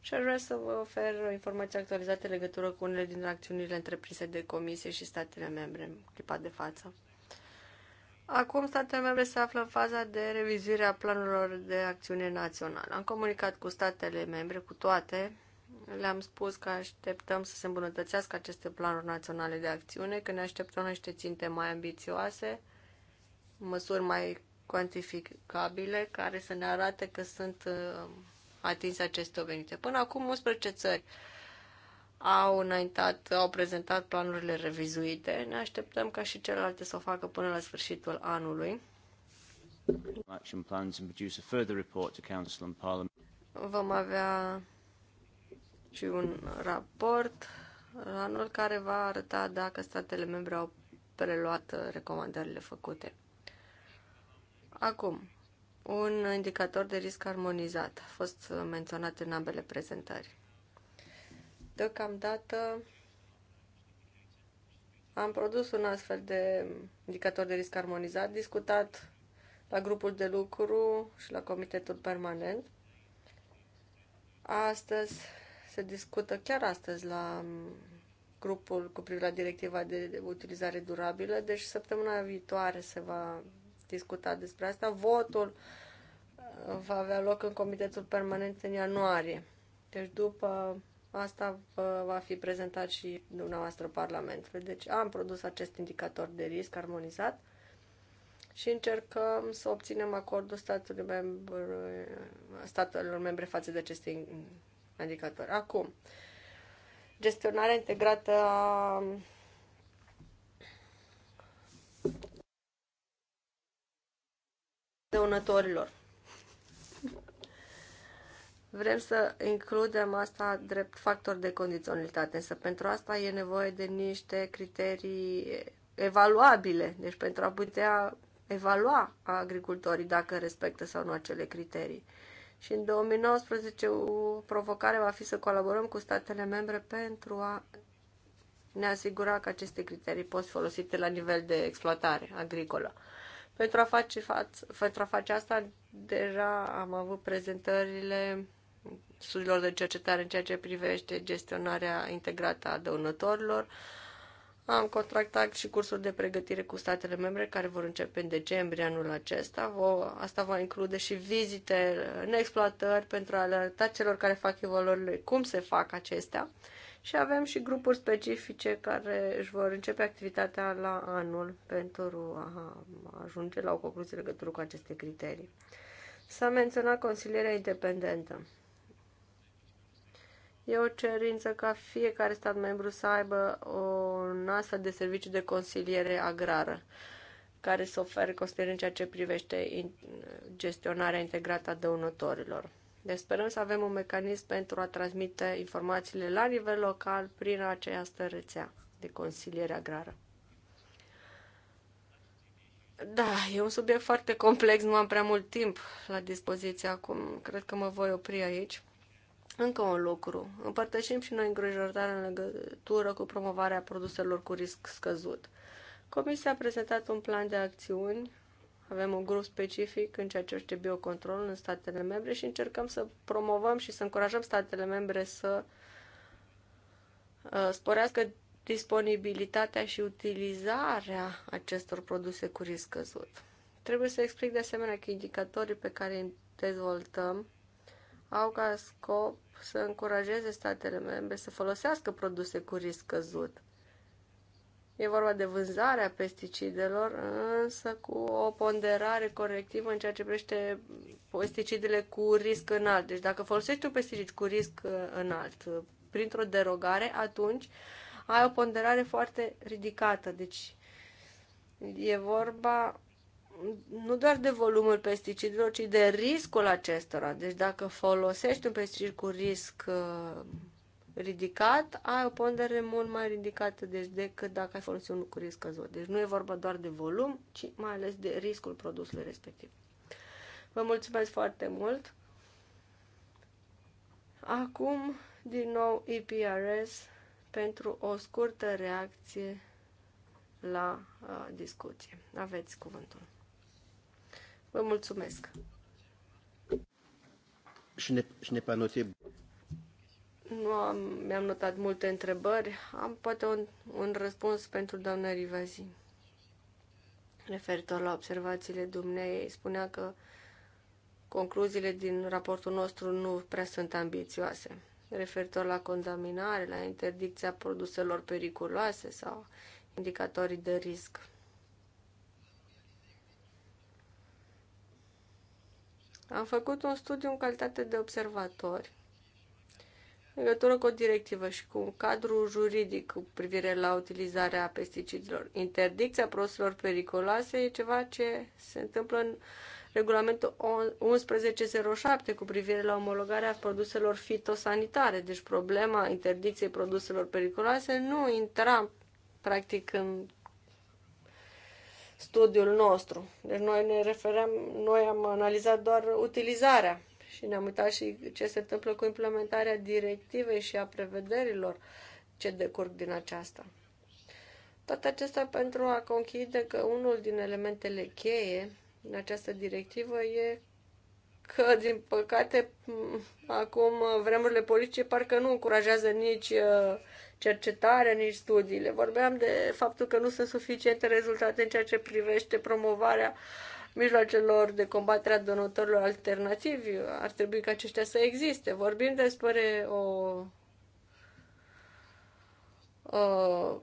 Și aș vrea să vă ofer informații actualizate în legătură cu unele din acțiunile întreprinse de comisie și statele membre în clipa de față. Acum statele membre se află în faza de revizuire a planurilor de acțiune națională. Am comunicat cu statele membre, cu toate, le-am spus că așteptăm să se îmbunătățească aceste planuri naționale de acțiune, că ne așteptăm niște ținte mai ambițioase, măsuri mai cuantificabile care să ne arate că sunt uh, atinse aceste obiective. Până acum, 11 țări au înaintat, au prezentat planurile revizuite. Ne așteptăm ca și celelalte să o facă până la sfârșitul anului. Action plans and produce a further report to Council and Parliament. Vom avea și un raport anul care va arăta dacă statele membre au preluat uh, recomandările făcute. Acum, un indicator de risc armonizat a fost menționat în ambele prezentări. Deocamdată am produs un astfel de indicator de risc armonizat, discutat la grupul de lucru și la comitetul permanent. Astăzi se discută chiar astăzi la grupul cu privire la directiva de utilizare durabilă, deci săptămâna viitoare se va discutat despre asta. Votul uh, va avea loc în Comitetul Permanent în ianuarie. Deci după asta va fi prezentat și dumneavoastră Parlamentului. Deci am produs acest indicator de risc armonizat și încercăm să obținem acordul statului membru, statelor membre față de acest indicator. Acum, gestionarea integrată a dăunătorilor. Vrem să includem asta drept factor de condiționalitate, însă pentru asta e nevoie de niște criterii evaluabile, deci pentru a putea evalua agricultorii dacă respectă sau nu acele criterii. Și în 2019 o provocare va fi să colaborăm cu statele membre pentru a ne asigura că aceste criterii pot fi folosite la nivel de exploatare agricolă. Pentru a face, față, pentru a face asta, deja am avut prezentările studiilor de cercetare în ceea ce privește gestionarea integrată a dăunătorilor. Am contractat și cursuri de pregătire cu statele membre care vor începe în decembrie anul acesta. Asta va include și vizite în exploatări pentru a arăta celor care fac evaluările cum se fac acestea și avem și grupuri specifice care își vor începe activitatea la anul pentru a ajunge la o concluzie legătură cu aceste criterii. S-a menționat consilierea independentă. E o cerință ca fiecare stat membru să aibă o astfel de serviciu de consiliere agrară care să ofere consiliere în ceea ce privește gestionarea integrată a dăunătorilor. Deci sperăm să avem un mecanism pentru a transmite informațiile la nivel local prin această rețea de consiliere agrară. Da, e un subiect foarte complex, nu am prea mult timp la dispoziție acum. Cred că mă voi opri aici. Încă un lucru. Împărtășim și noi îngrijorarea în legătură cu promovarea produselor cu risc scăzut. Comisia a prezentat un plan de acțiuni avem un grup specific în ceea ce este biocontrol în statele membre și încercăm să promovăm și să încurajăm statele membre să uh, sporească disponibilitatea și utilizarea acestor produse cu risc scăzut. Trebuie să explic de asemenea că indicatorii pe care îi dezvoltăm au ca scop să încurajeze statele membre să folosească produse cu risc scăzut E vorba de vânzarea pesticidelor, însă cu o ponderare corectivă în ceea ce privește pesticidele cu risc înalt. Deci dacă folosești un pesticid cu risc uh, înalt, uh, printr-o derogare, atunci ai o ponderare foarte ridicată. Deci e vorba nu doar de volumul pesticidelor, ci de riscul acestora. Deci dacă folosești un pesticid cu risc uh, ridicat, ai o pondere mult mai ridicată deci, decât dacă ai folosit un cu risc scăzut. Deci nu e vorba doar de volum, ci mai ales de riscul produsului respectiv. Vă mulțumesc foarte mult! Acum, din nou, EPRS pentru o scurtă reacție la uh, discuție. Aveți cuvântul. Vă mulțumesc! Je n'ai pas noté nu am, mi-am notat multe întrebări. Am poate un, un răspuns pentru doamna Rivazi. Referitor la observațiile dumneei, spunea că concluziile din raportul nostru nu prea sunt ambițioase. Referitor la contaminare, la interdicția produselor periculoase sau indicatorii de risc. Am făcut un studiu în calitate de observatori în legătură cu o directivă și cu un cadru juridic cu privire la utilizarea pesticidelor. Interdicția produselor periculoase e ceva ce se întâmplă în regulamentul 1107 cu privire la omologarea produselor fitosanitare. Deci problema interdicției produselor periculoase nu intra practic în studiul nostru. Deci noi ne referăm, noi am analizat doar utilizarea și ne-am uitat și ce se întâmplă cu implementarea directivei și a prevederilor ce decurg din aceasta. Toate acestea pentru a conchide că unul din elementele cheie din această directivă e că, din păcate, acum vremurile politice parcă nu încurajează nici uh, cercetarea, nici studiile. Vorbeam de faptul că nu sunt suficiente rezultate în ceea ce privește promovarea uh, mijloacelor de combatere a donatorilor alternativi. Ar trebui ca aceștia să existe. Vorbim despre o, o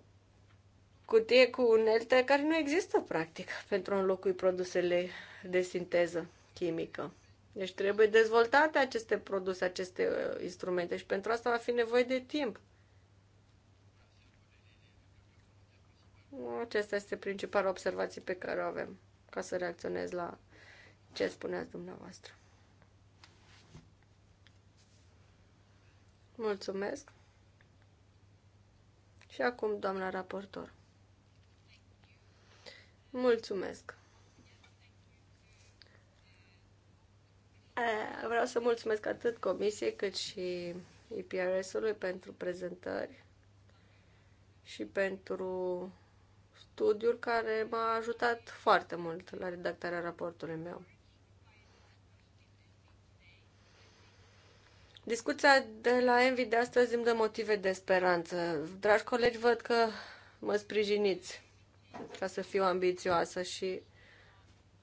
cutie cu unelte care nu există practic pentru a înlocui produsele de sinteză chimică. Deci trebuie dezvoltate aceste produse, aceste uh, instrumente și pentru asta va fi nevoie de timp. Aceasta este principala observație pe care o avem ca să reacționez la ce spuneați dumneavoastră. Mulțumesc. Și acum, doamna raportor. Mulțumesc. Eh, vreau să mulțumesc atât comisiei cât și IPRS-ului pentru prezentări și pentru studiul care m-a ajutat foarte mult la redactarea raportului meu. Discuția de la Envi de astăzi îmi dă motive de speranță. Dragi colegi, văd că mă sprijiniți ca să fiu ambițioasă și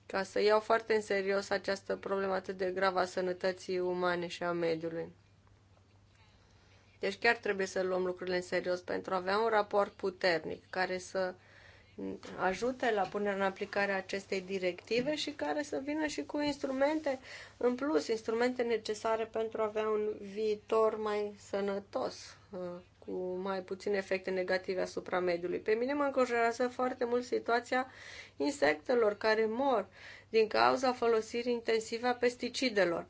ca să iau foarte în serios această problemă atât de gravă a sănătății umane și a mediului. Deci chiar trebuie să luăm lucrurile în serios pentru a avea un raport puternic care să ajute la punerea în aplicare a acestei directive și care să vină și cu instrumente în plus, instrumente necesare pentru a avea un viitor mai sănătos, uh, cu mai puține efecte negative asupra mediului. Pe mine mă înconjorează foarte mult situația insectelor care mor din cauza folosirii intensive a pesticidelor.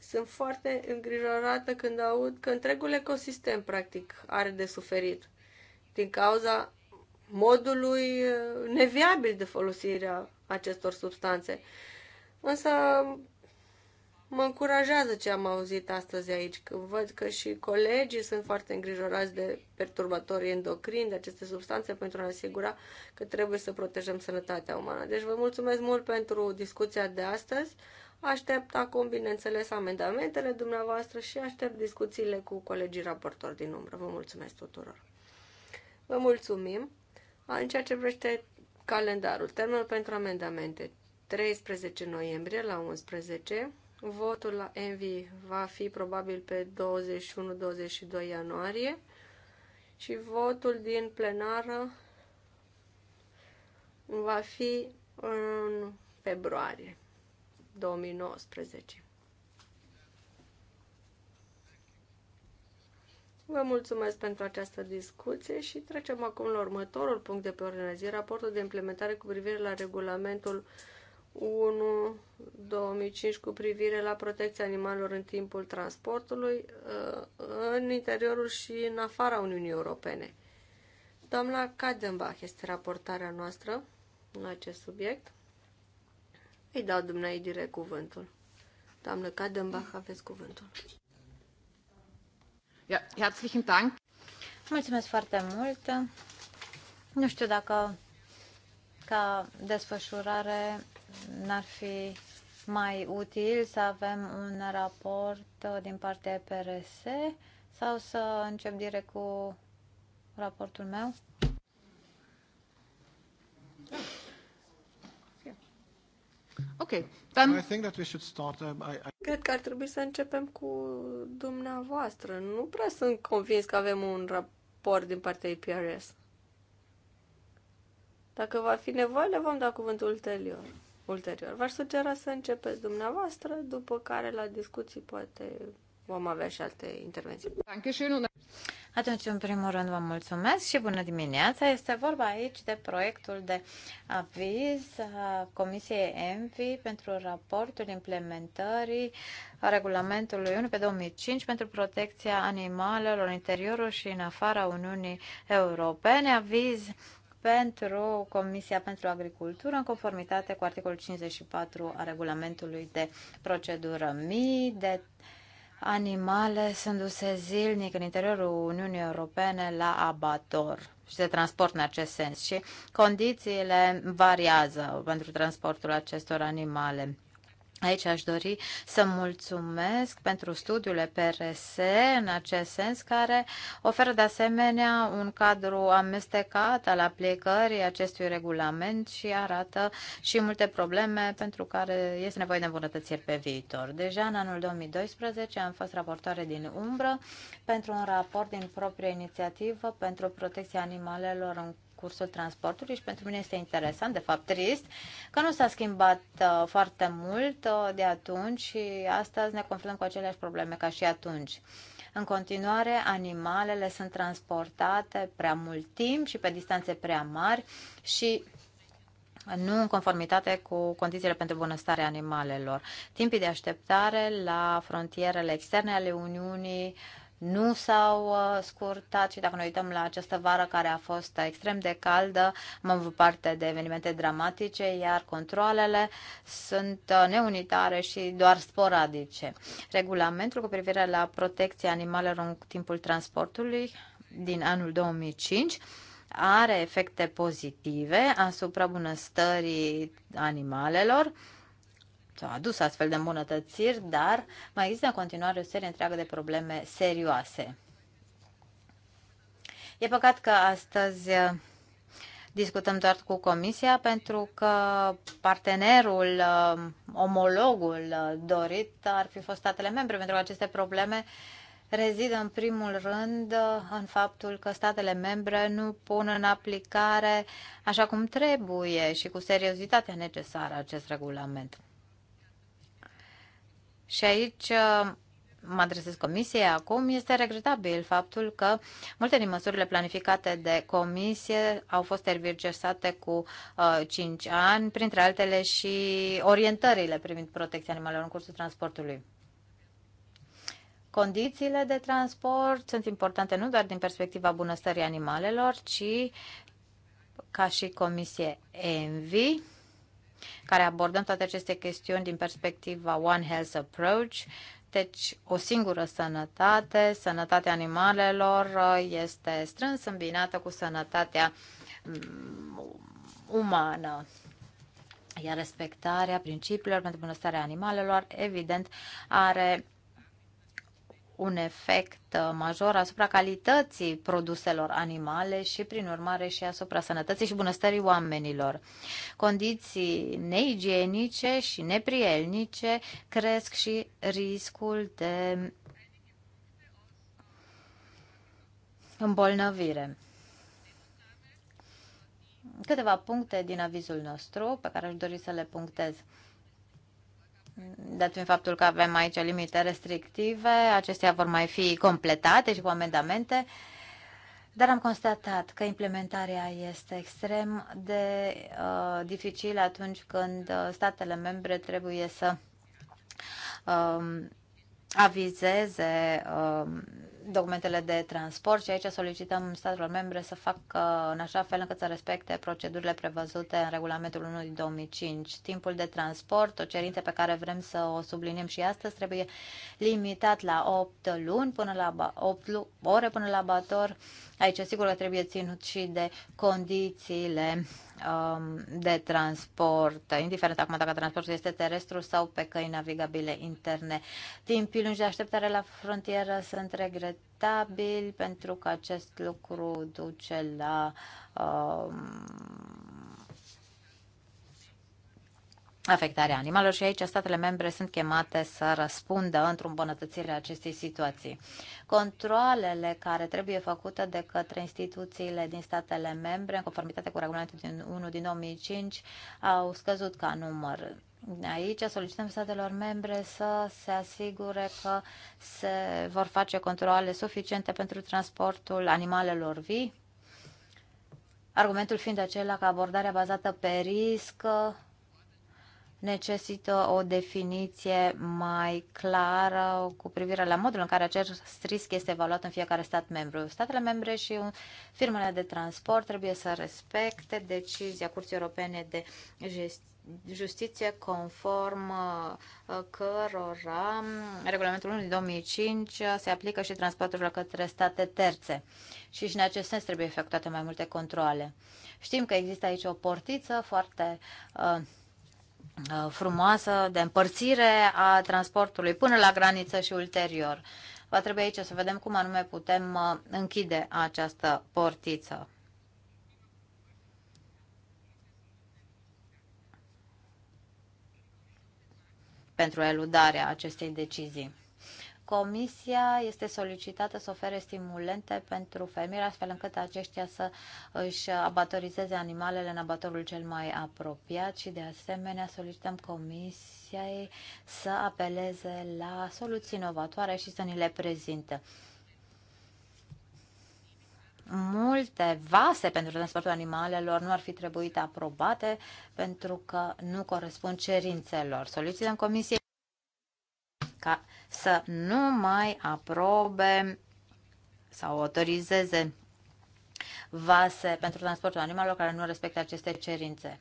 Sunt foarte îngrijorată când aud că întregul ecosistem, practic, are de suferit din cauza modului uh, neviabil de folosire a acestor substanțe. Însă mă încurajează ce am auzit astăzi aici, că văd că și colegii sunt foarte îngrijorați de perturbatorii endocrini, de aceste substanțe, pentru a ne asigura că trebuie să protejăm sănătatea umană. Deci vă mulțumesc mult pentru discuția de astăzi. Aștept acum, bineînțeles, amendamentele dumneavoastră și aștept discuțiile cu colegii raportori din umbră. Vă mulțumesc tuturor! Vă mulțumim. În ceea ce privește calendarul, termenul pentru amendamente 13 noiembrie la 11. Votul la Envi va fi probabil pe 21-22 ianuarie și votul din plenară va fi în februarie 2019. Vă mulțumesc pentru această discuție și trecem acum la următorul punct de pe ordinea zi, raportul de implementare cu privire la regulamentul 1-2005 cu privire la protecția animalelor în timpul transportului uh, în interiorul și în afara Uniunii Europene. Doamna Kadenbach este raportarea noastră în acest subiect. Îi dau dumneai direct cuvântul. Doamnă Kadenbach, aveți cuvântul herzlichen Dank. Mulțumesc foarte mult. Nu știu dacă ca desfășurare n-ar fi mai util să avem un raport uh, din partea PRS sau să încep direct cu raportul meu? Ok, then... I think that we should start, um, I, I... Cred că ar trebui să începem cu dumneavoastră. Nu prea sunt convins că avem un raport din partea IPRS. Dacă va fi nevoie, le vom da cuvântul ulterior. ulterior. V-aș sugera să începeți dumneavoastră, după care la discuții poate vom avea și alte intervenții. Atunci, în primul rând, vă mulțumesc și bună dimineața. Este vorba aici de proiectul de aviz a Comisiei ENVI pentru raportul implementării a regulamentului 1 pe 2005 pentru protecția animalelor în interiorul și în afara Uniunii Europene. Aviz pentru Comisia pentru Agricultură în conformitate cu articolul 54 a regulamentului de procedură MI de animale sunt duse zilnic în interiorul Uniunii Europene la abator și se transport în acest sens și condițiile variază pentru transportul acestor animale. Aici aș dori să mulțumesc pentru studiule PRS în acest sens, care oferă de asemenea un cadru amestecat al aplicării acestui regulament și arată și multe probleme pentru care este nevoie de îmbunătățiri pe viitor. Deja în anul 2012 am fost raportoare din umbră pentru un raport din proprie inițiativă pentru protecția animalelor în cursul transportului și pentru mine este interesant, de fapt trist, că nu s-a schimbat uh, foarte mult uh, de atunci și astăzi ne confruntăm cu aceleași probleme ca și atunci. În continuare, animalele sunt transportate prea mult timp și pe distanțe prea mari și nu în conformitate cu condițiile pentru bunăstarea animalelor. Timpii de așteptare la frontierele externe ale Uniunii uh, nu s-au uh, scurtat și dacă ne uităm la această vară care a fost extrem de caldă, am avut parte de evenimente dramatice, iar controlele sunt uh, neunitare și doar sporadice. Regulamentul cu privire la protecția animalelor în timpul transportului din anul 2005 are efecte pozitive asupra bunăstării animalelor, s-au adus astfel de îmbunătățiri, dar mai există în continuare o serie întreagă de probleme serioase. E păcat că astăzi uh, discutăm doar cu Comisia pentru că partenerul, uh, omologul uh, dorit ar fi fost statele membre, pentru că aceste probleme rezidă în primul rând în faptul că statele membre nu pun în aplicare așa cum trebuie și cu seriozitatea necesară acest regulament. Și aici uh, mă adresez comisiei acum, este regretabil faptul că multe din măsurile planificate de comisie au fost tergiversate cu uh, 5 ani, printre altele și orientările privind protecția animalelor în cursul transportului. Condițiile de transport sunt importante nu doar din perspectiva bunăstării animalelor, ci ca și comisie ENVI care abordăm toate aceste chestiuni din perspectiva One Health Approach. Deci, o singură sănătate, sănătatea animalelor uh, este strâns îmbinată cu sănătatea mm, umană. Iar respectarea principiilor pentru bunăstarea animalelor, evident, are un efect uh, major asupra calității produselor animale și, prin urmare, și asupra sănătății și bunăstării oamenilor. Condiții neigienice și neprielnice cresc și riscul de îmbolnăvire. Câteva puncte din avizul nostru pe care aș dori să le punctez dat fiind faptul că avem aici limite restrictive, acestea vor mai fi completate și cu amendamente, dar am constatat că implementarea este extrem de uh, dificilă atunci când uh, statele membre trebuie să uh, avizeze uh, documentele de transport și aici solicităm statelor membre să facă în așa fel încât să respecte procedurile prevăzute în regulamentul 1 din 2005. Timpul de transport, o cerință pe care vrem să o subliniem și astăzi, trebuie limitat la 8 luni până la 8 ore până la bator. Aici sigur că trebuie ținut și de condițiile um, de transport, indiferent acum dacă transportul este terestru sau pe căi navigabile interne. Timpii lungi de așteptare la frontieră sunt regret regretabil pentru că acest lucru duce la uh, afectarea animalelor și aici statele membre sunt chemate să răspundă într-o îmbunătățire a acestei situații. Controlele care trebuie făcute de către instituțiile din statele membre, în conformitate cu regulamentul din 1 din 2005, au scăzut ca număr. Aici solicităm statelor membre să se asigure că se vor face controle suficiente pentru transportul animalelor vii, argumentul fiind acela că abordarea bazată pe risc necesită o definiție mai clară cu privire la modul în care acest risc este evaluat în fiecare stat membru. Statele membre și firmele de transport trebuie să respecte decizia Curții Europene de Gestiune justiție conform uh, cărora regulamentul 1 din 2005 uh, se aplică și transporturile către state terțe și și în acest sens trebuie efectuate mai multe controle. Știm că există aici o portiță foarte uh, frumoasă de împărțire a transportului până la graniță și ulterior. Va trebui aici să vedem cum anume putem închide această portiță. pentru eludarea acestei decizii. Comisia este solicitată să ofere stimulente pentru femei, astfel încât aceștia să își abatorizeze animalele în abatorul cel mai apropiat și, de asemenea, solicităm Comisiei să apeleze la soluții inovatoare și să ni le prezinte multe vase pentru transportul animalelor nu ar fi trebuit aprobate pentru că nu corespund cerințelor. Solicităm comisie ca să nu mai aprobe sau autorizeze vase pentru transportul animalelor care nu respectă aceste cerințe.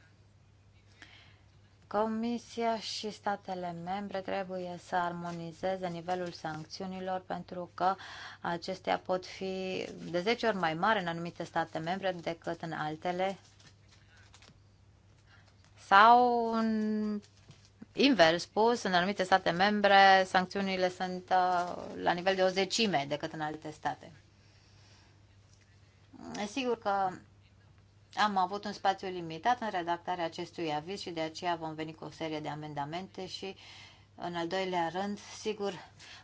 Comisia și statele membre trebuie să armonizeze nivelul sancțiunilor pentru că acestea pot fi de 10 ori mai mari în anumite state membre decât în altele sau în invers spus, în anumite state membre sancțiunile sunt uh, la nivel de o zecime decât în alte state. Sigur că am avut un spațiu limitat în redactarea acestui aviz și de aceea vom veni cu o serie de amendamente și în al doilea rând, sigur,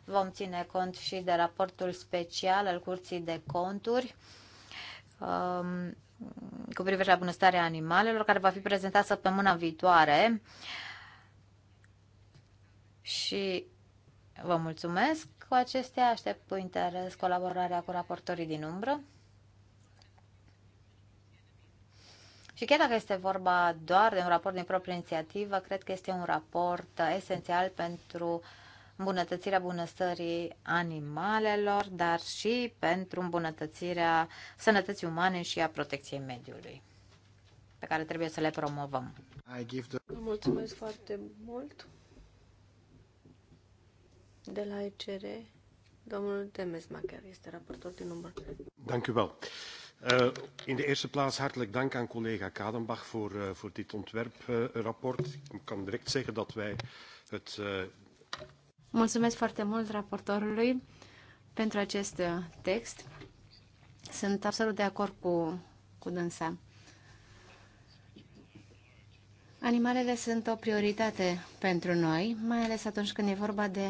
vom ține cont și de raportul special al Curții de Conturi um, cu privire la bunăstarea animalelor, care va fi prezentat săptămâna viitoare. Și vă mulțumesc cu acestea, aștept cu interes colaborarea cu raportorii din umbră. Și chiar dacă este vorba doar de un raport din proprie inițiativă, cred că este un raport esențial pentru îmbunătățirea bunăstării animalelor, dar și pentru îmbunătățirea sănătății umane și a protecției mediului, pe care trebuie să le promovăm. Mulțumesc foarte mult de la ECR. Domnul Demesmacher este raportor din număr. Dank Eh, in de eerste plaats hartelijk dank aan collega Kadenbach voor, uh, voor dit ontwerprapport. Uh, Ik kan direct zeggen dat wij het... Uh... Mulțumesc foarte mult raportorului pentru acest text. Sunt absolut de acord cu, cu dânsa. Animalele sunt o prioritate pentru noi, mai ales atunci când e vorba de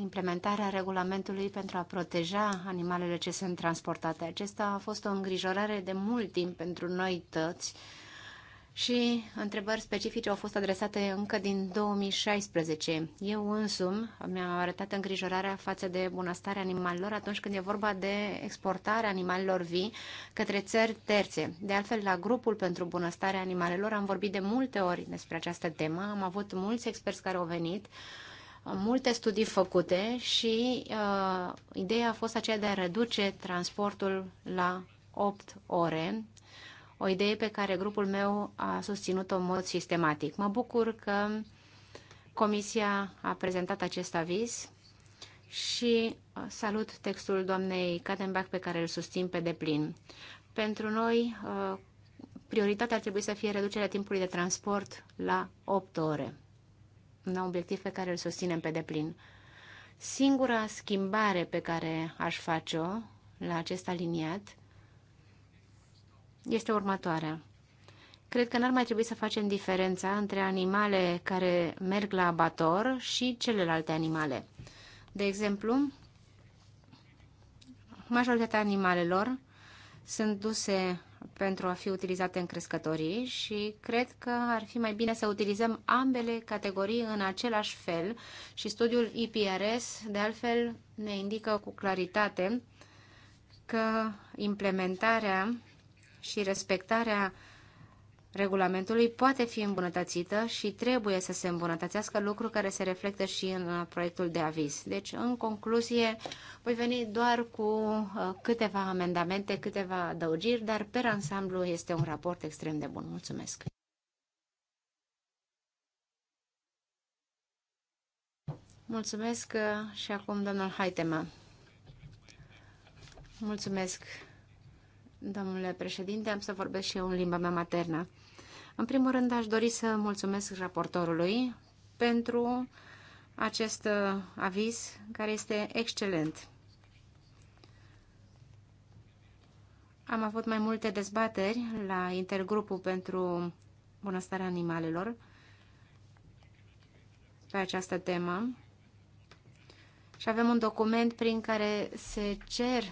implementarea regulamentului pentru a proteja animalele ce sunt transportate. Acesta a fost o îngrijorare de mult timp pentru noi toți, și întrebări specifice au fost adresate încă din 2016. Eu însumi mi-am arătat îngrijorarea față de bunăstarea animalelor atunci când e vorba de exportarea animalelor vii către țări terțe. De altfel, la grupul pentru bunăstarea animalelor am vorbit de multe ori despre această temă, am avut mulți experți care au venit, multe studii făcute și uh, ideea a fost aceea de a reduce transportul la 8 ore o idee pe care grupul meu a susținut-o în mod sistematic. Mă bucur că Comisia a prezentat acest aviz și uh, salut textul doamnei Kadenbach pe care îl susțin pe deplin. Pentru noi, uh, prioritatea ar trebui să fie reducerea timpului de transport la 8 ore. Un obiectiv pe care îl susținem pe deplin. Singura schimbare pe care aș face-o la acest aliniat este următoarea. Cred că n-ar mai trebui să facem diferența între animale care merg la abator și celelalte animale. De exemplu, majoritatea animalelor sunt duse pentru a fi utilizate în crescătorii și cred că ar fi mai bine să utilizăm ambele categorii în același fel și studiul IPRS de altfel ne indică cu claritate că implementarea și respectarea regulamentului poate fi îmbunătățită și trebuie să se îmbunătățească, lucru care se reflectă și în uh, proiectul de aviz. Deci, în concluzie, voi veni doar cu uh, câteva amendamente, câteva adăugiri, dar per ansamblu este un raport extrem de bun. Mulțumesc! Mulțumesc uh, și acum domnul Haitema. Mulțumesc, domnule președinte. Am să vorbesc și eu în limba mea maternă. În primul rând, aș dori să mulțumesc raportorului pentru acest uh, aviz care este excelent. Am avut mai multe dezbateri la intergrupul pentru bunăstarea animalelor pe această temă și avem un document prin care se cer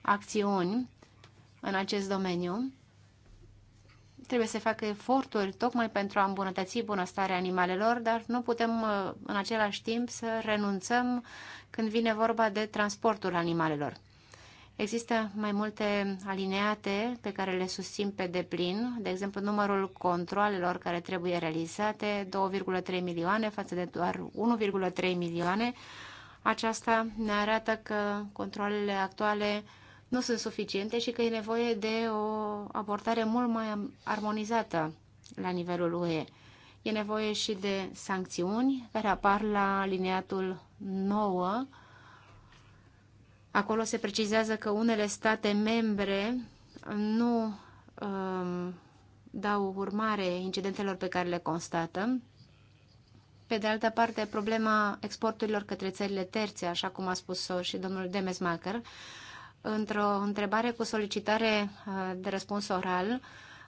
acțiuni în acest domeniu. Trebuie să facă eforturi tocmai pentru a îmbunătăți bunăstarea animalelor, dar nu putem uh, în același timp să renunțăm când vine vorba de transportul animalelor. Există mai multe alineate pe care le susțin pe deplin, de exemplu numărul controlelor care trebuie realizate, 2,3 milioane față de doar 1,3 milioane. Aceasta ne arată că controlele actuale nu sunt suficiente și că e nevoie de o abordare mult mai armonizată la nivelul UE. E nevoie și de sancțiuni care apar la liniatul 9. Acolo se precizează că unele state membre nu um, dau urmare incidentelor pe care le constată. Pe de altă parte, problema exporturilor către țările terțe, așa cum a spus și domnul Demesmacher, uh, într-o întrebare cu solicitare uh, de răspuns oral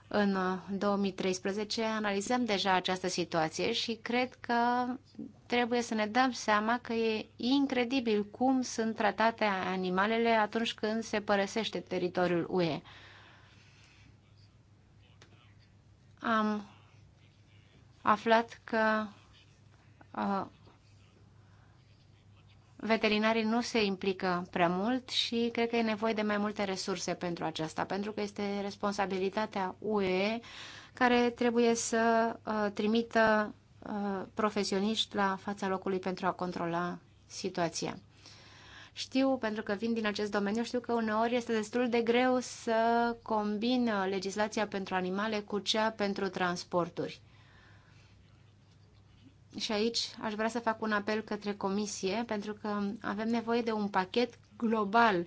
în 2013 uh, analizăm deja această situație și cred că trebuie să ne dăm seama că e incredibil cum sunt tratate animalele atunci când se părăsește teritoriul UE. Am aflat că uh, veterinarii nu se implică prea mult și cred că e nevoie de mai multe resurse pentru aceasta, pentru că este responsabilitatea UE care trebuie să uh, trimită uh, profesioniști la fața locului pentru a controla situația. Știu, pentru că vin din acest domeniu, știu că uneori este destul de greu să combină legislația pentru animale cu cea pentru transporturi și aici aș vrea să fac un apel către comisie, pentru că avem nevoie de un pachet global.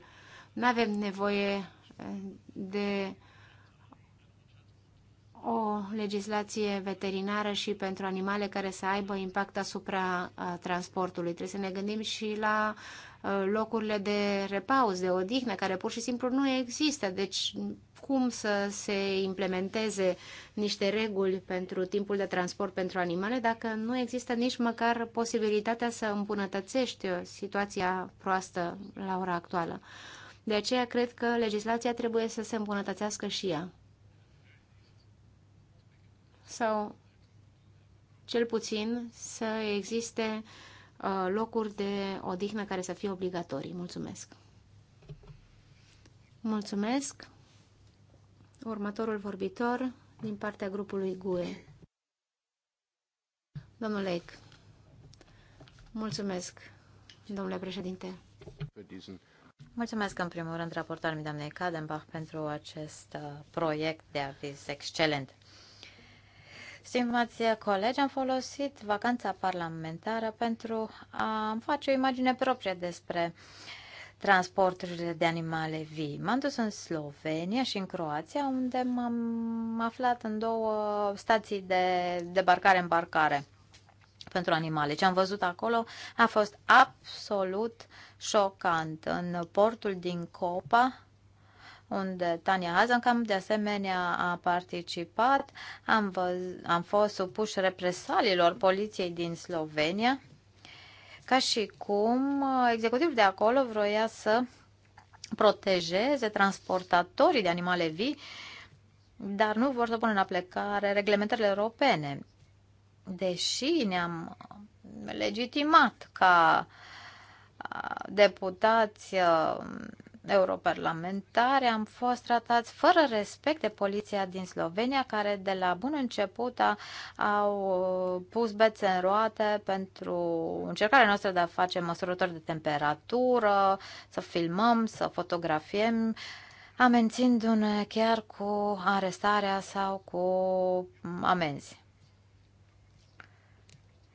Nu avem nevoie eh, de o legislație veterinară și pentru animale care să aibă impact asupra eh, transportului. Trebuie să ne gândim și la eh, locurile de repaus, de odihnă, care pur și simplu nu există. Deci cum să se implementeze niște reguli pentru timpul de transport pentru animale dacă nu există nici măcar posibilitatea să îmbunătățești situația proastă la ora actuală. De aceea cred că legislația trebuie să se îmbunătățească și ea. Sau cel puțin să existe uh, locuri de odihnă care să fie obligatorii. Mulțumesc! Mulțumesc! următorul vorbitor din partea grupului GUE. Domnul Lake. Mulțumesc, domnule președinte. Mulțumesc în primul rând raportarului doamnei Kadenbach pentru acest uh, proiect de aviz excelent. Stimați colegi, am folosit vacanța parlamentară pentru a face o imagine proprie despre uh, transporturile de animale vii. M-am dus în Slovenia și în Croația, unde m-am aflat în două stații de debarcare-îmbarcare pentru animale. Ce am văzut acolo a fost absolut șocant. În portul din Copa, unde Tania cam de asemenea a participat. Am, văz- am fost supuși represaliilor poliției din Slovenia ca și cum uh, executivul de acolo vroia să protejeze transportatorii de animale vii, dar nu vor să pună în aplicare reglementările europene. Deși ne-am legitimat ca uh, deputați uh, europarlamentare am fost tratați fără respect de poliția din Slovenia, care de la bun început a, au pus bețe în roate pentru încercarea noastră de a face măsurători de temperatură, să filmăm, să fotografiem, amențindu-ne chiar cu arestarea sau cu amenzi.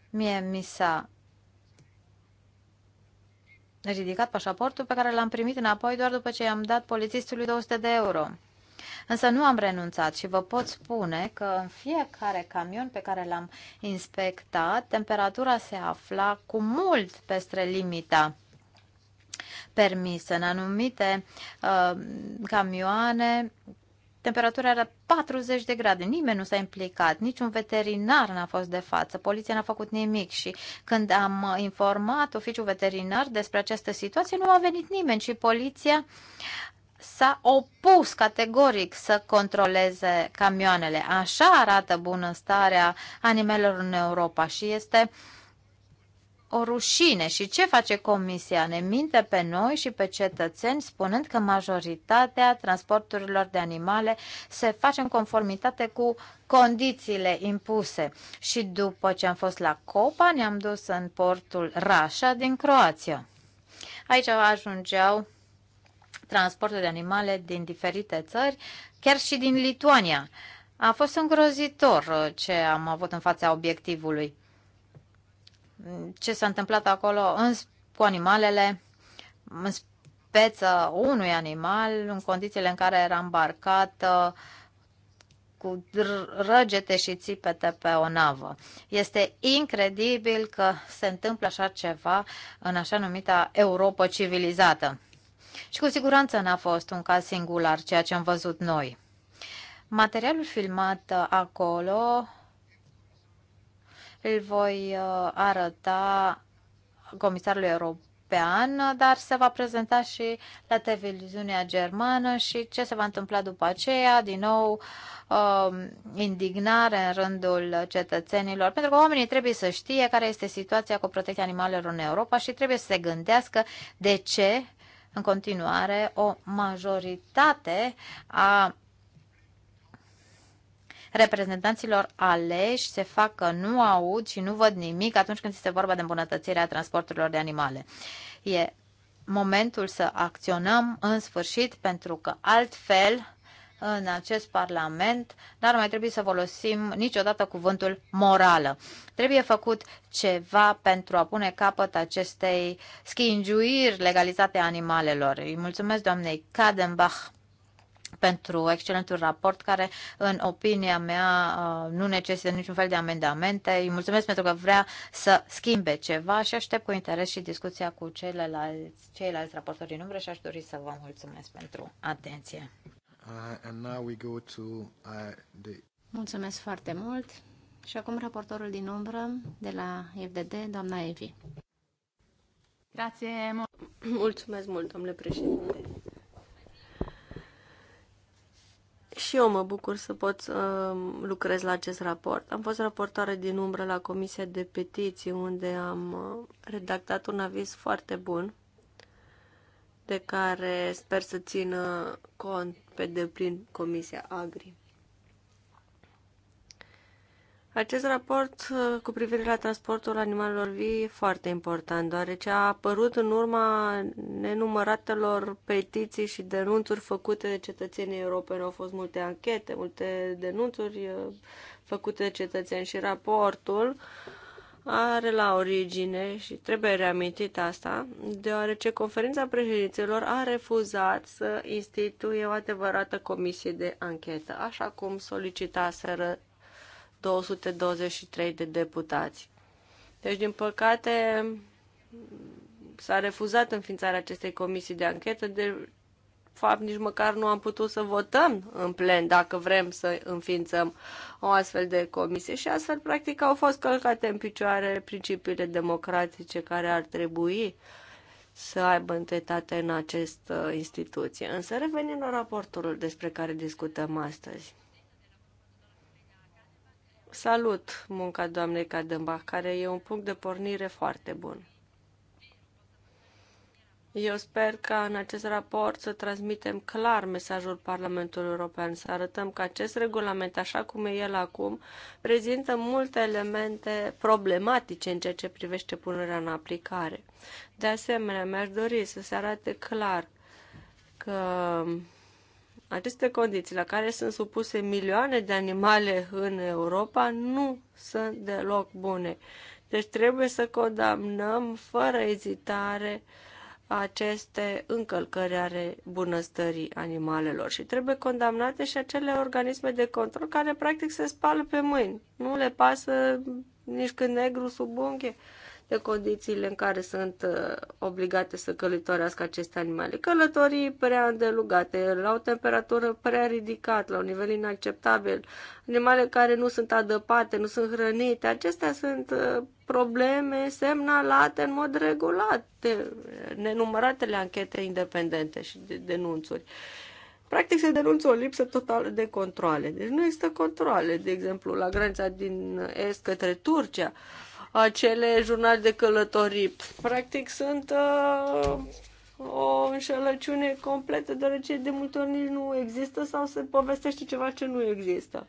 Mie mi s-a ridicat pașaportul pe care l-am primit înapoi doar după ce i-am dat polițistului 200 de euro. Însă nu am renunțat și vă pot spune că în fiecare camion pe care l-am inspectat, temperatura se afla cu mult peste limita permisă. În anumite uh, camioane, Temperatura era 40 de grade, nimeni nu s-a implicat, niciun veterinar n-a fost de față, poliția n-a făcut nimic și când am informat oficiul veterinar despre această situație, nu a venit nimeni și poliția s-a opus categoric să controleze camioanele. Așa arată bunăstarea animalelor în Europa și este uh, o rușine. Și ce face Comisia? Ne minte pe noi și pe cetățeni spunând că majoritatea transporturilor de animale se face în conformitate cu condițiile impuse. Și după ce am fost la Copa, ne-am dus în portul Rașa din Croația. Aici ajungeau transportul de animale din diferite țări, chiar și din Lituania. A fost îngrozitor uh, ce am avut în fața obiectivului ce s-a întâmplat acolo în, cu animalele, în speță unui animal, în condițiile în care era îmbarcat uh, cu răgete și țipete pe o navă. Este incredibil că se întâmplă așa ceva în așa numita Europa civilizată. Și cu siguranță n-a fost un caz singular ceea ce am văzut noi. Materialul filmat uh, acolo îl voi uh, arăta comisarului european, dar se va prezenta și la televiziunea germană și ce se va întâmpla după aceea, din nou um, indignare în rândul cetățenilor, pentru că oamenii trebuie să știe care este situația cu protecția animalelor în Europa și trebuie să se gândească de ce în continuare o majoritate a reprezentanților aleși se fac că nu aud și nu văd nimic atunci când este vorba de îmbunătățirea transporturilor de animale. E momentul să acționăm în sfârșit pentru că altfel în acest Parlament, dar mai trebuie să folosim niciodată cuvântul morală. Trebuie făcut ceva pentru a pune capăt acestei schingiuiri legalizate a animalelor. Îi mulțumesc doamnei Kadenbach pentru excelentul raport, care, în opinia mea, uh, nu necesită niciun fel de amendamente. Îi mulțumesc pentru că vrea să schimbe ceva și aștept cu interes și discuția cu ceilalți, ceilalți raportori din umbră și aș dori să vă mulțumesc pentru atenție. Uh, and now we go to, uh, the... Mulțumesc foarte mult. Și acum raportorul din umbră de la FDD, doamna Evi. Mulțumesc mult, domnule președinte. Și eu mă bucur să pot să um, lucrez la acest raport. Am fost raportoare din umbră la Comisia de Petiții, unde am uh, redactat un aviz foarte bun, de care sper să țină cont pe deplin Comisia Agri. Acest raport uh, cu privire la transportul animalelor vii e foarte important, deoarece a apărut în urma nenumăratelor petiții și denunțuri făcute de cetățenii europeni. Au fost multe anchete, multe denunțuri uh, făcute de cetățeni și raportul are la origine și trebuie reamintit asta, deoarece conferința președinților a refuzat să instituie o adevărată comisie de anchetă, așa cum solicitaseră 223 de deputați. Deci, din păcate, s-a refuzat înființarea acestei comisii de anchetă, de fapt nici măcar nu am putut să votăm în plen dacă vrem să înființăm o astfel de comisie și astfel practic au fost călcate în picioare principiile democratice care ar trebui să aibă întretate în această instituție. Însă revenim la raportul despre care discutăm astăzi. Salut munca doamnei Cadâmba, care e un punct de pornire foarte bun. Eu sper că în acest raport să transmitem clar mesajul Parlamentului European, să arătăm că acest regulament, așa cum e el acum, prezintă multe elemente problematice în ceea ce privește punerea în aplicare. De asemenea, mi-aș dori să se arate clar că aceste condiții la care sunt supuse milioane de animale în Europa nu sunt deloc bune. Deci trebuie să condamnăm fără ezitare aceste încălcări ale bunăstării animalelor și trebuie condamnate și acele organisme de control care practic se spală pe mâini. Nu le pasă nici când negru sub unghie de condițiile în care sunt uh, obligate să călătorească aceste animale. Călătorii prea îndelugate, la o temperatură prea ridicată, la un nivel inacceptabil, animale care nu sunt adăpate, nu sunt hrănite, acestea sunt uh, probleme semnalate în mod regulat de nenumăratele anchete independente și de denunțuri. Practic se denunță o lipsă totală de controle. Deci nu există controle, de exemplu, la granița din est către Turcia acele jurnale de călătorii. Practic sunt uh, o înșelăciune completă, deoarece de multe ori nici nu există sau se povestește ceva ce nu există.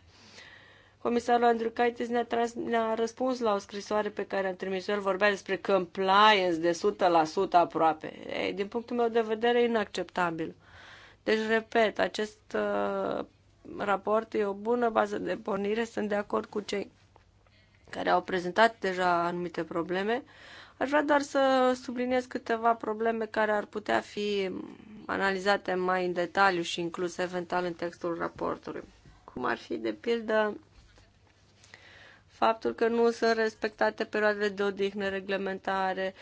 Comisarul Andrew Caites ne-a, ne-a răspuns la o scrisoare pe care am trimis-o. El vorbea despre compliance de 100% aproape. Ei, din punctul meu de vedere, e inacceptabil. Deci, repet, acest uh, raport e o bună bază de pornire. Sunt de acord cu cei care au prezentat deja anumite probleme. Aș vrea doar să subliniez câteva probleme care ar putea fi analizate mai în detaliu și incluse eventual în textul raportului. Cum ar fi, de pildă, faptul că nu sunt respectate perioadele de odihnă reglementare,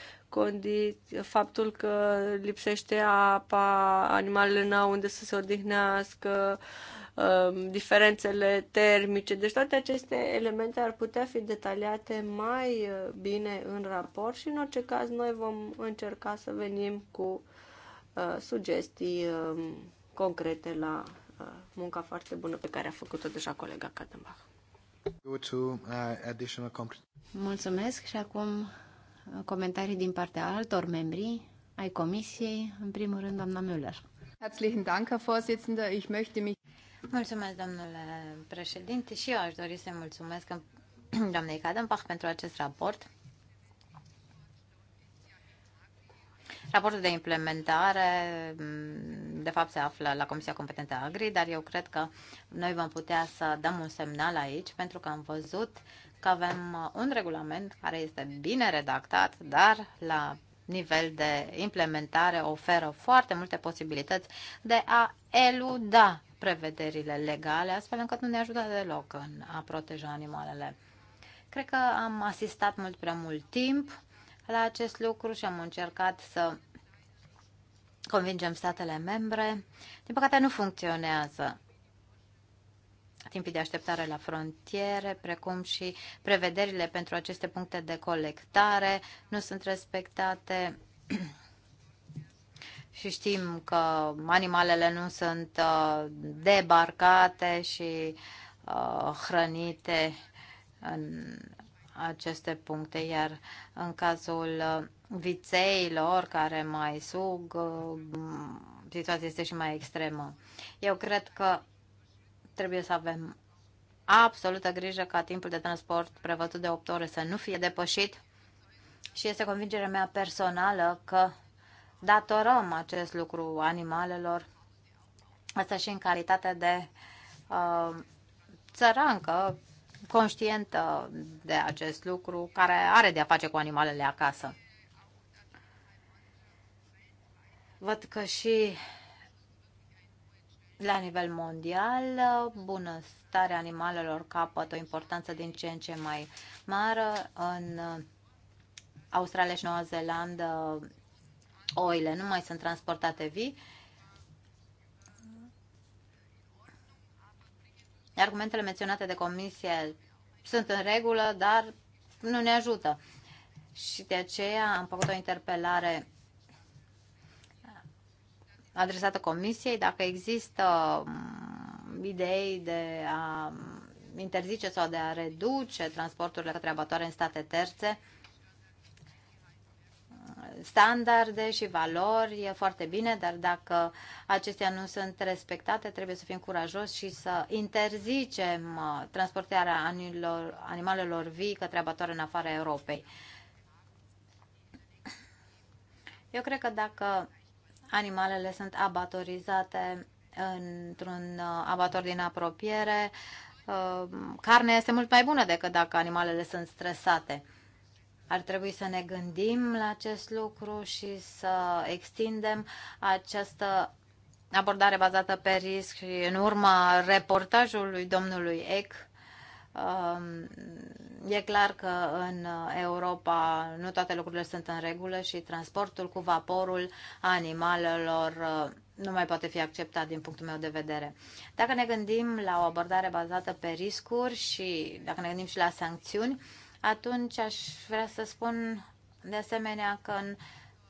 faptul că lipsește apa, animalele n-au unde să se odihnească, uh, Um, diferențele termice. Deci toate aceste elemente ar putea fi detaliate mai uh, bine în raport și în orice caz noi vom încerca să venim cu uh, sugestii um, concrete la uh, munca foarte bună pe care a făcut-o deja colega Kadenbach. Mulțumesc și acum comentarii din partea altor membri ai comisiei, în primul rând doamna Müller. Herzlichen Dank, Herr Vorsitzender. Ich möchte mich Mulțumesc, domnule președinte, și eu aș dori să mulțumesc doamnei Cadenbach pentru acest raport. Raportul de implementare, mm, de fapt, se află la Comisia Competentă Agri, dar eu cred că noi vom putea să dăm un semnal aici, pentru că am văzut că avem un regulament care este bine redactat, dar la nivel de implementare oferă foarte multe posibilități de a eluda prevederile legale, astfel încât nu ne ajută deloc în a proteja animalele. Cred că am asistat mult prea mult timp la acest lucru și am încercat să convingem statele membre. Din păcate nu funcționează timpii de așteptare la frontiere, precum și prevederile pentru aceste puncte de colectare nu sunt respectate și știm că animalele nu sunt uh, debarcate și uh, hrănite în aceste puncte, iar în cazul uh, vițeilor care mai sug, situația este și mai extremă. Eu cred că trebuie să avem absolută grijă ca timpul de transport prevăzut de 8 ore să nu fie depășit și este convingerea mea personală că datorăm acest lucru animalelor, asta și în calitate de uh, țărancă conștientă de acest lucru, care are de-a face cu animalele acasă. Văd că și la nivel mondial, bunăstarea animalelor capătă o importanță din ce în ce mai mare. În Australia și Noua Zeelandă oile nu mai sunt transportate vii. Argumentele menționate de comisie sunt în regulă, dar nu ne ajută. Și de aceea am făcut o interpelare adresată comisiei dacă există mm, idei de a interzice sau de a reduce transporturile către abatoare în state terțe standarde și valori e foarte bine, dar dacă acestea nu sunt respectate, trebuie să fim curajoși și să interzicem uh, transportarea anilor, animalelor vii către abatoare în afara Europei. Eu cred că dacă animalele sunt abatorizate într-un uh, abator din apropiere, uh, carnea este mult mai bună decât dacă animalele sunt stresate. Ar trebui să ne gândim la acest lucru și să extindem această abordare bazată pe risc și în urma reportajului domnului Eck, um, E clar că în Europa nu toate lucrurile sunt în regulă și transportul cu vaporul animalelor uh, nu mai poate fi acceptat din punctul meu de vedere. Dacă ne gândim la o abordare bazată pe riscuri și dacă ne gândim și la sancțiuni, atunci aș vrea să spun de asemenea că în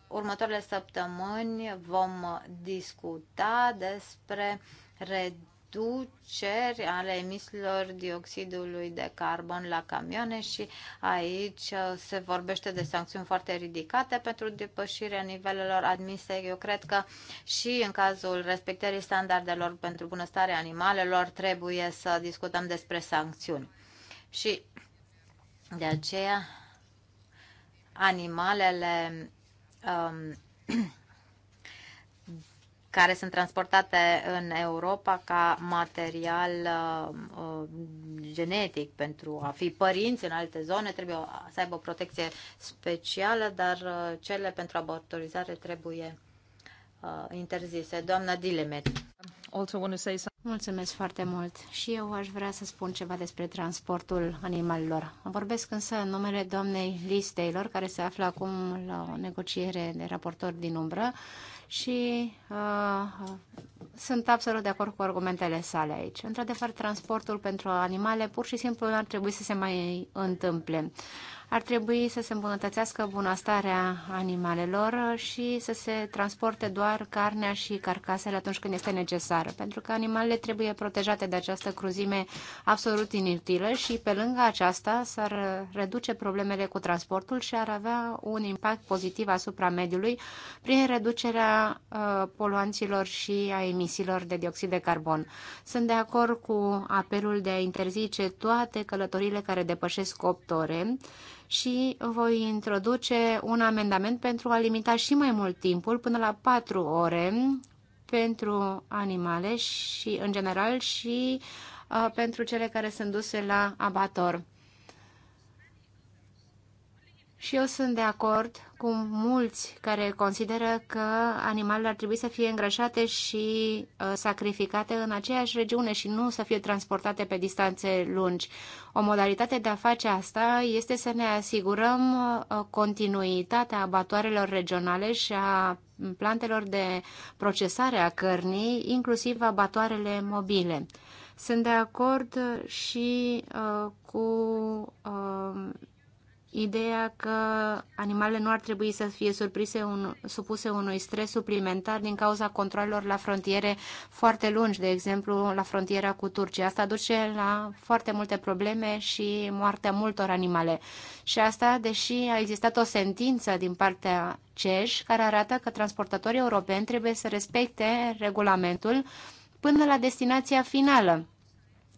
următoarele săptămâni vom discuta despre reduceri ale emisiilor dioxidului de carbon la camioane și aici se vorbește de sancțiuni foarte ridicate pentru depășirea nivelelor admise. Eu cred că și în cazul respectării standardelor pentru bunăstarea animalelor trebuie să discutăm despre sancțiuni. Și de aceea, animalele um, care sunt transportate în Europa ca material uh, genetic pentru a fi părinți în alte zone, trebuie să aibă o protecție specială, dar uh, cele pentru abortorizare trebuie uh, interzise. Doamna Dilemet. Also want to say Mulțumesc foarte mult și eu aș vrea să spun ceva despre transportul animalelor. Vorbesc însă în numele doamnei Liz Taylor, care se află acum la o negociere de raportor din umbră și uh, sunt absolut de acord cu argumentele sale aici. Într-adevăr, transportul pentru animale pur și simplu nu ar trebui să se mai întâmple ar trebui să se îmbunătățească bunăstarea animalelor și să se transporte doar carnea și carcasele atunci când este necesară, pentru că animalele trebuie protejate de această cruzime absolut inutilă și pe lângă aceasta s-ar reduce problemele cu transportul și ar avea un impact pozitiv asupra mediului prin reducerea uh, poluanților și a emisiilor de dioxid de carbon. Sunt de acord cu apelul de a interzice toate călătorile care depășesc 8 ore și voi introduce un amendament pentru a limita și mai mult timpul, până la 4 ore, pentru animale și în general și uh, pentru cele care sunt duse la abator. Și eu sunt de acord cu mulți care consideră că animalele ar trebui să fie îngrășate și uh, sacrificate în aceeași regiune și nu să fie transportate pe distanțe lungi. O modalitate de a face asta este să ne asigurăm uh, continuitatea abatoarelor regionale și a plantelor de procesare a cărnii, inclusiv abatoarele mobile. Sunt de acord și uh, cu uh, ideea că animalele nu ar trebui să fie surprise un, supuse unui stres suplimentar din cauza controlelor la frontiere foarte lungi, de exemplu la frontiera cu Turcia. Asta duce la foarte multe probleme și moartea multor animale. Și asta, deși a existat o sentință din partea CEJ care arată că transportatorii europeni trebuie să respecte regulamentul până la destinația finală,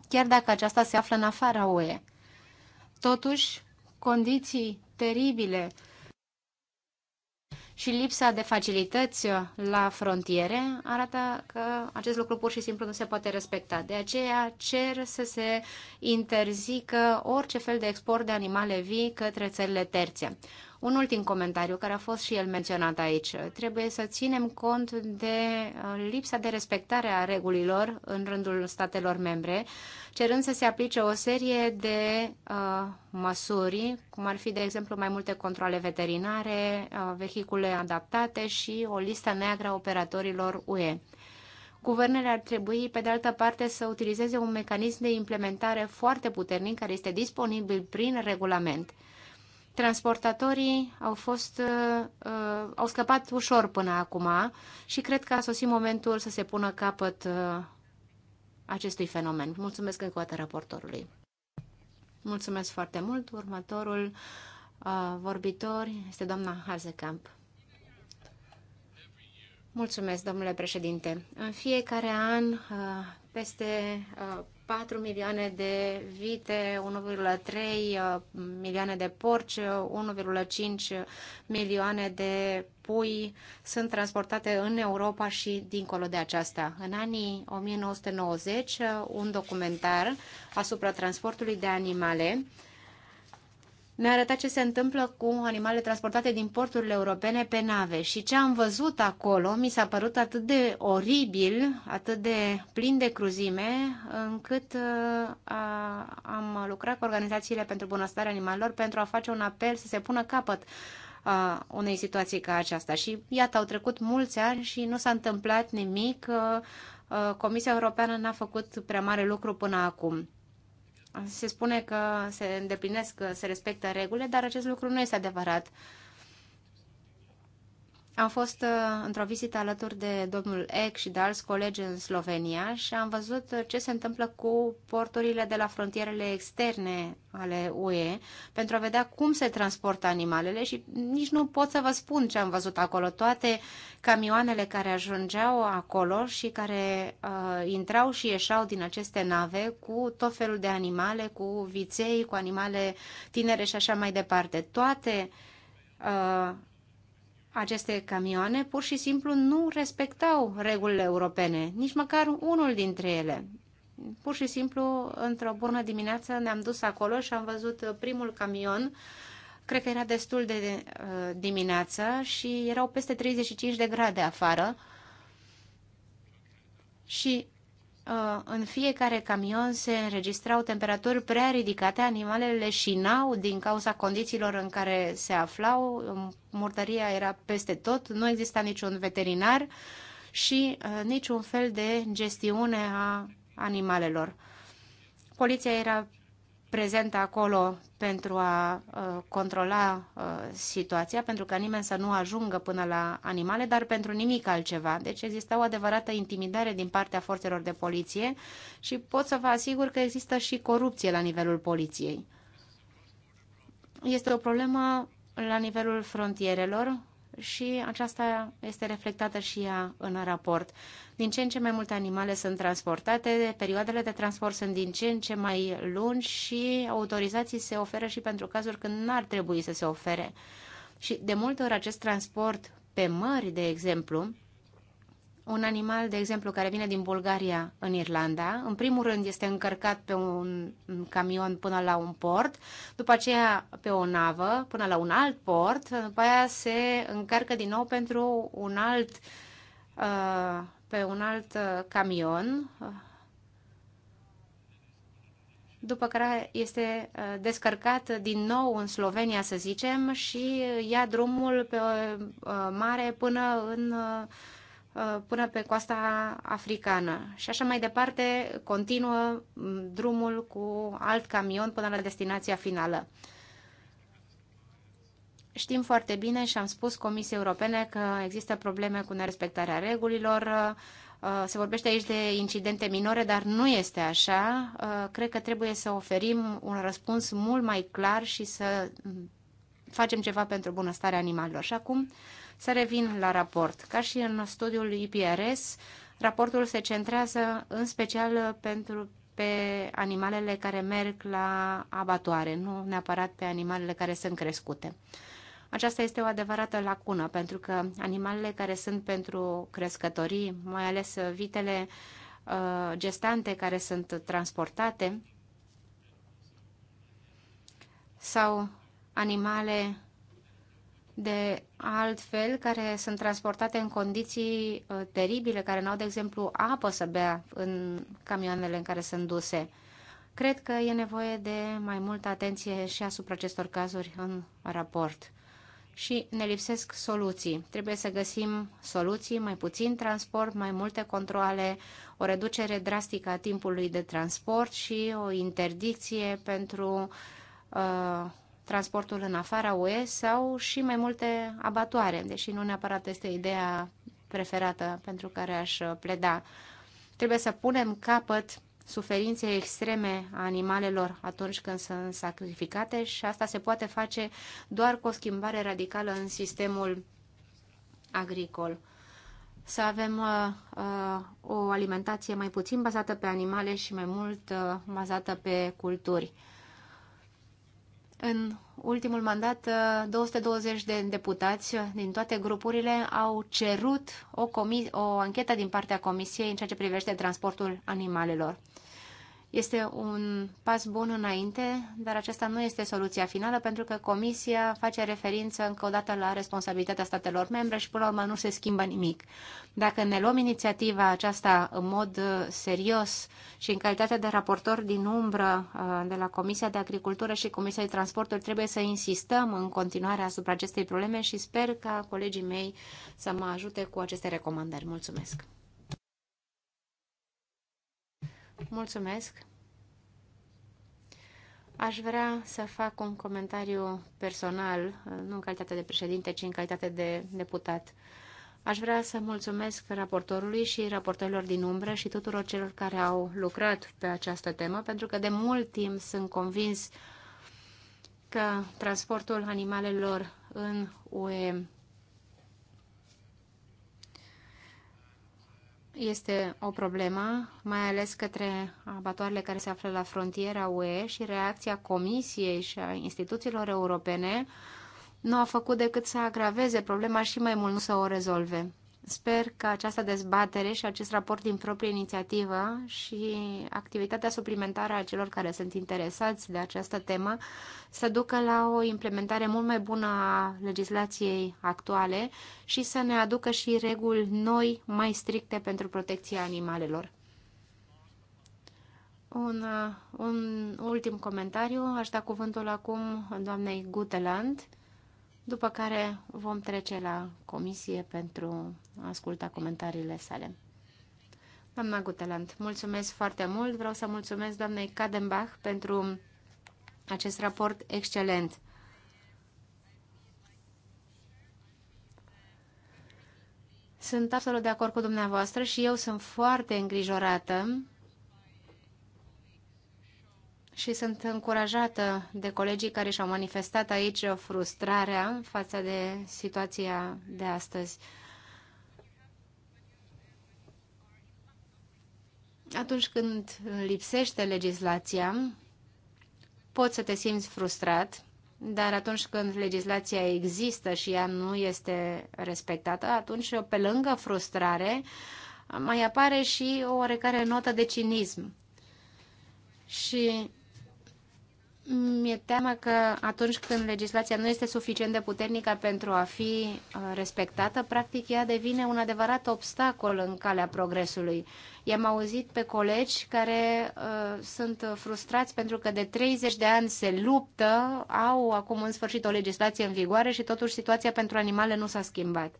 chiar dacă aceasta se află în afara UE. Totuși, condiții teribile și lipsa de facilități la frontiere arată că acest lucru pur și simplu nu se poate respecta. De aceea cer să se interzică orice fel de export de animale vii către țările terțe. Un ultim comentariu care a fost și el menționat aici. Trebuie să ținem cont de uh, lipsa de respectare a regulilor în rândul statelor membre, cerând să se aplice o serie de uh, măsuri, cum ar fi, de exemplu, mai multe controle veterinare, uh, vehicule adaptate și o listă neagră a operatorilor UE. Guvernele ar trebui, pe de altă parte, să utilizeze un mecanism de implementare foarte puternic care este disponibil prin regulament. Transportatorii au fost uh, au scăpat ușor până acum și cred că a sosit momentul să se pună capăt uh, acestui fenomen. Mulțumesc încă o dată raportorului. Mulțumesc foarte mult. Următorul uh, vorbitor este doamna Hazekamp. Mulțumesc, domnule președinte. În fiecare an, uh, peste uh, 4 milioane de vite, 1,3 uh, milioane de porci, 1,5 milioane de pui sunt transportate în Europa și dincolo de aceasta. În anii 1990, uh, un documentar asupra transportului de animale ne-a arătat ce se întâmplă cu animale transportate din porturile europene pe nave și ce am văzut acolo mi s-a părut atât de oribil, atât de plin de cruzime, încât uh, a, am lucrat cu organizațiile pentru bunăstarea animalelor pentru a face un apel să se pună capăt a uh, unei situații ca aceasta. Și iată, au trecut mulți ani și nu s-a întâmplat nimic. Uh, Comisia Europeană n-a făcut prea mare lucru până acum se spune că se îndeplinesc, se respectă regulile, dar acest lucru nu este adevărat. Am fost uh, într-o vizită alături de domnul Eck și de alți colegi în Slovenia și am văzut uh, ce se întâmplă cu porturile de la frontierele externe ale UE pentru a vedea cum se transportă animalele și nici nu pot să vă spun ce am văzut acolo. Toate camioanele care ajungeau acolo și care uh, intrau și ieșeau din aceste nave cu tot felul de animale, cu viței, cu animale tinere și așa mai departe. Toate uh, aceste camioane pur și simplu nu respectau regulile europene, nici măcar unul dintre ele. Pur și simplu, într-o bună dimineață ne-am dus acolo și am văzut primul camion, cred că era destul de uh, dimineață și erau peste 35 de grade afară și Uh, în fiecare camion se înregistrau temperaturi prea ridicate, animalele șinau din cauza condițiilor în care se aflau, um, murdăria era peste tot, nu exista niciun veterinar și uh, niciun fel de gestiune a animalelor. Poliția era prezent acolo pentru a uh, controla uh, situația, pentru ca nimeni să nu ajungă până la animale, dar pentru nimic altceva. Deci există o adevărată intimidare din partea forțelor de poliție și pot să vă asigur că există și corupție la nivelul poliției. Este o problemă la nivelul frontierelor, și aceasta este reflectată și ea în raport. Din ce în ce mai multe animale sunt transportate, perioadele de transport sunt din ce în ce mai lungi și autorizații se oferă și pentru cazuri când n-ar trebui să se ofere. Și de multe ori acest transport pe mări, de exemplu, un animal, de exemplu, care vine din Bulgaria în Irlanda, în primul rând este încărcat pe un camion până la un port, după aceea pe o navă până la un alt port, după aia se încarcă din nou pentru un alt, uh, pe un alt uh, camion, uh, după care este descărcat din nou în Slovenia, să zicem, și ia drumul pe mare până în Uh, până pe coasta africană. Și așa mai departe, continuă mm, drumul cu alt camion până la destinația finală. Știm foarte bine și am spus Comisiei Europene că există probleme cu nerespectarea regulilor. Uh, se vorbește aici de incidente minore, dar nu este așa. Uh, cred că trebuie să oferim un răspuns mult mai clar și să mm, facem ceva pentru bunăstarea animalelor. Și acum să revin la raport. Ca și în studiul IPRS, raportul se centrează în special pentru, pe animalele care merg la abatoare, nu neapărat pe animalele care sunt crescute. Aceasta este o adevărată lacună, pentru că animalele care sunt pentru crescătorii, mai ales vitele uh, gestante care sunt transportate, sau animale de altfel, care sunt transportate în condiții uh, teribile, care nu au de exemplu, apă să bea în camioanele în care sunt duse. Cred că e nevoie de mai multă atenție și asupra acestor cazuri în raport. Și ne lipsesc soluții. Trebuie să găsim soluții, mai puțin transport, mai multe controle, o reducere drastică a timpului de transport și o interdicție pentru uh, transportul în afara UE sau și mai multe abatoare, deși nu neapărat este ideea preferată pentru care aș pleda. Trebuie să punem capăt suferințe extreme a animalelor atunci când sunt sacrificate și asta se poate face doar cu o schimbare radicală în sistemul agricol. Să avem uh, uh o alimentație mai puțin bazată pe animale și mai mult uh, bazată pe culturi. În ultimul mandat, 220 uh, de deputați din toate grupurile au cerut o, o anchetă din partea Comisiei în ceea ce privește transportul animalelor. Este un pas bun înainte, dar aceasta nu este soluția finală pentru că Comisia face referință încă o dată la responsabilitatea statelor membre și până la urmă nu se schimbă nimic. Dacă ne luăm inițiativa aceasta în mod uh, serios și în calitate de raportor din umbră uh, de la Comisia de Agricultură și Comisia de Transporturi, trebuie să insistăm în continuare asupra acestei probleme și sper ca colegii mei să mă ajute cu aceste recomandări. Mulțumesc! Mulțumesc! Aș vrea să fac un comentariu personal, nu în calitate de președinte, ci în calitate de deputat. Aș vrea să mulțumesc raportorului și raportorilor din umbră și tuturor celor care au lucrat pe această temă, pentru că de mult timp sunt convins că transportul animalelor în UE este o problemă, mai ales către abatoarele care se află la frontiera UE și reacția Comisiei și a instituțiilor europene nu a făcut decât să agraveze problema și mai mult nu să o rezolve. Sper că această dezbatere și acest raport din proprie inițiativă și activitatea suplimentară a celor care sunt interesați de această temă să ducă la o implementare mult mai bună a legislației actuale și să ne aducă și reguli noi mai stricte pentru protecția animalelor. Un, uh, un ultim comentariu. Aș da cuvântul acum doamnei Guteland, după care vom trece la Comisie pentru asculta comentariile sale. Doamna Guteland, mulțumesc foarte mult. Vreau să mulțumesc doamnei Kadenbach pentru acest raport excelent. Sunt absolut de acord cu dumneavoastră și eu sunt foarte îngrijorată și sunt încurajată de colegii care și-au manifestat aici frustrarea față de situația de astăzi. atunci când lipsește legislația, poți să te simți frustrat, dar atunci când legislația există și ea nu este respectată, atunci, pe lângă frustrare, mai apare și o oarecare notă de cinism. Și mi-e teamă că atunci când legislația nu este suficient de puternică pentru a fi uh, respectată, practic ea devine un adevărat obstacol în calea progresului. I-am auzit pe colegi care uh, sunt frustrați pentru că de 30 de ani se luptă, au acum în sfârșit o legislație în vigoare și totuși situația pentru animale nu s-a schimbat.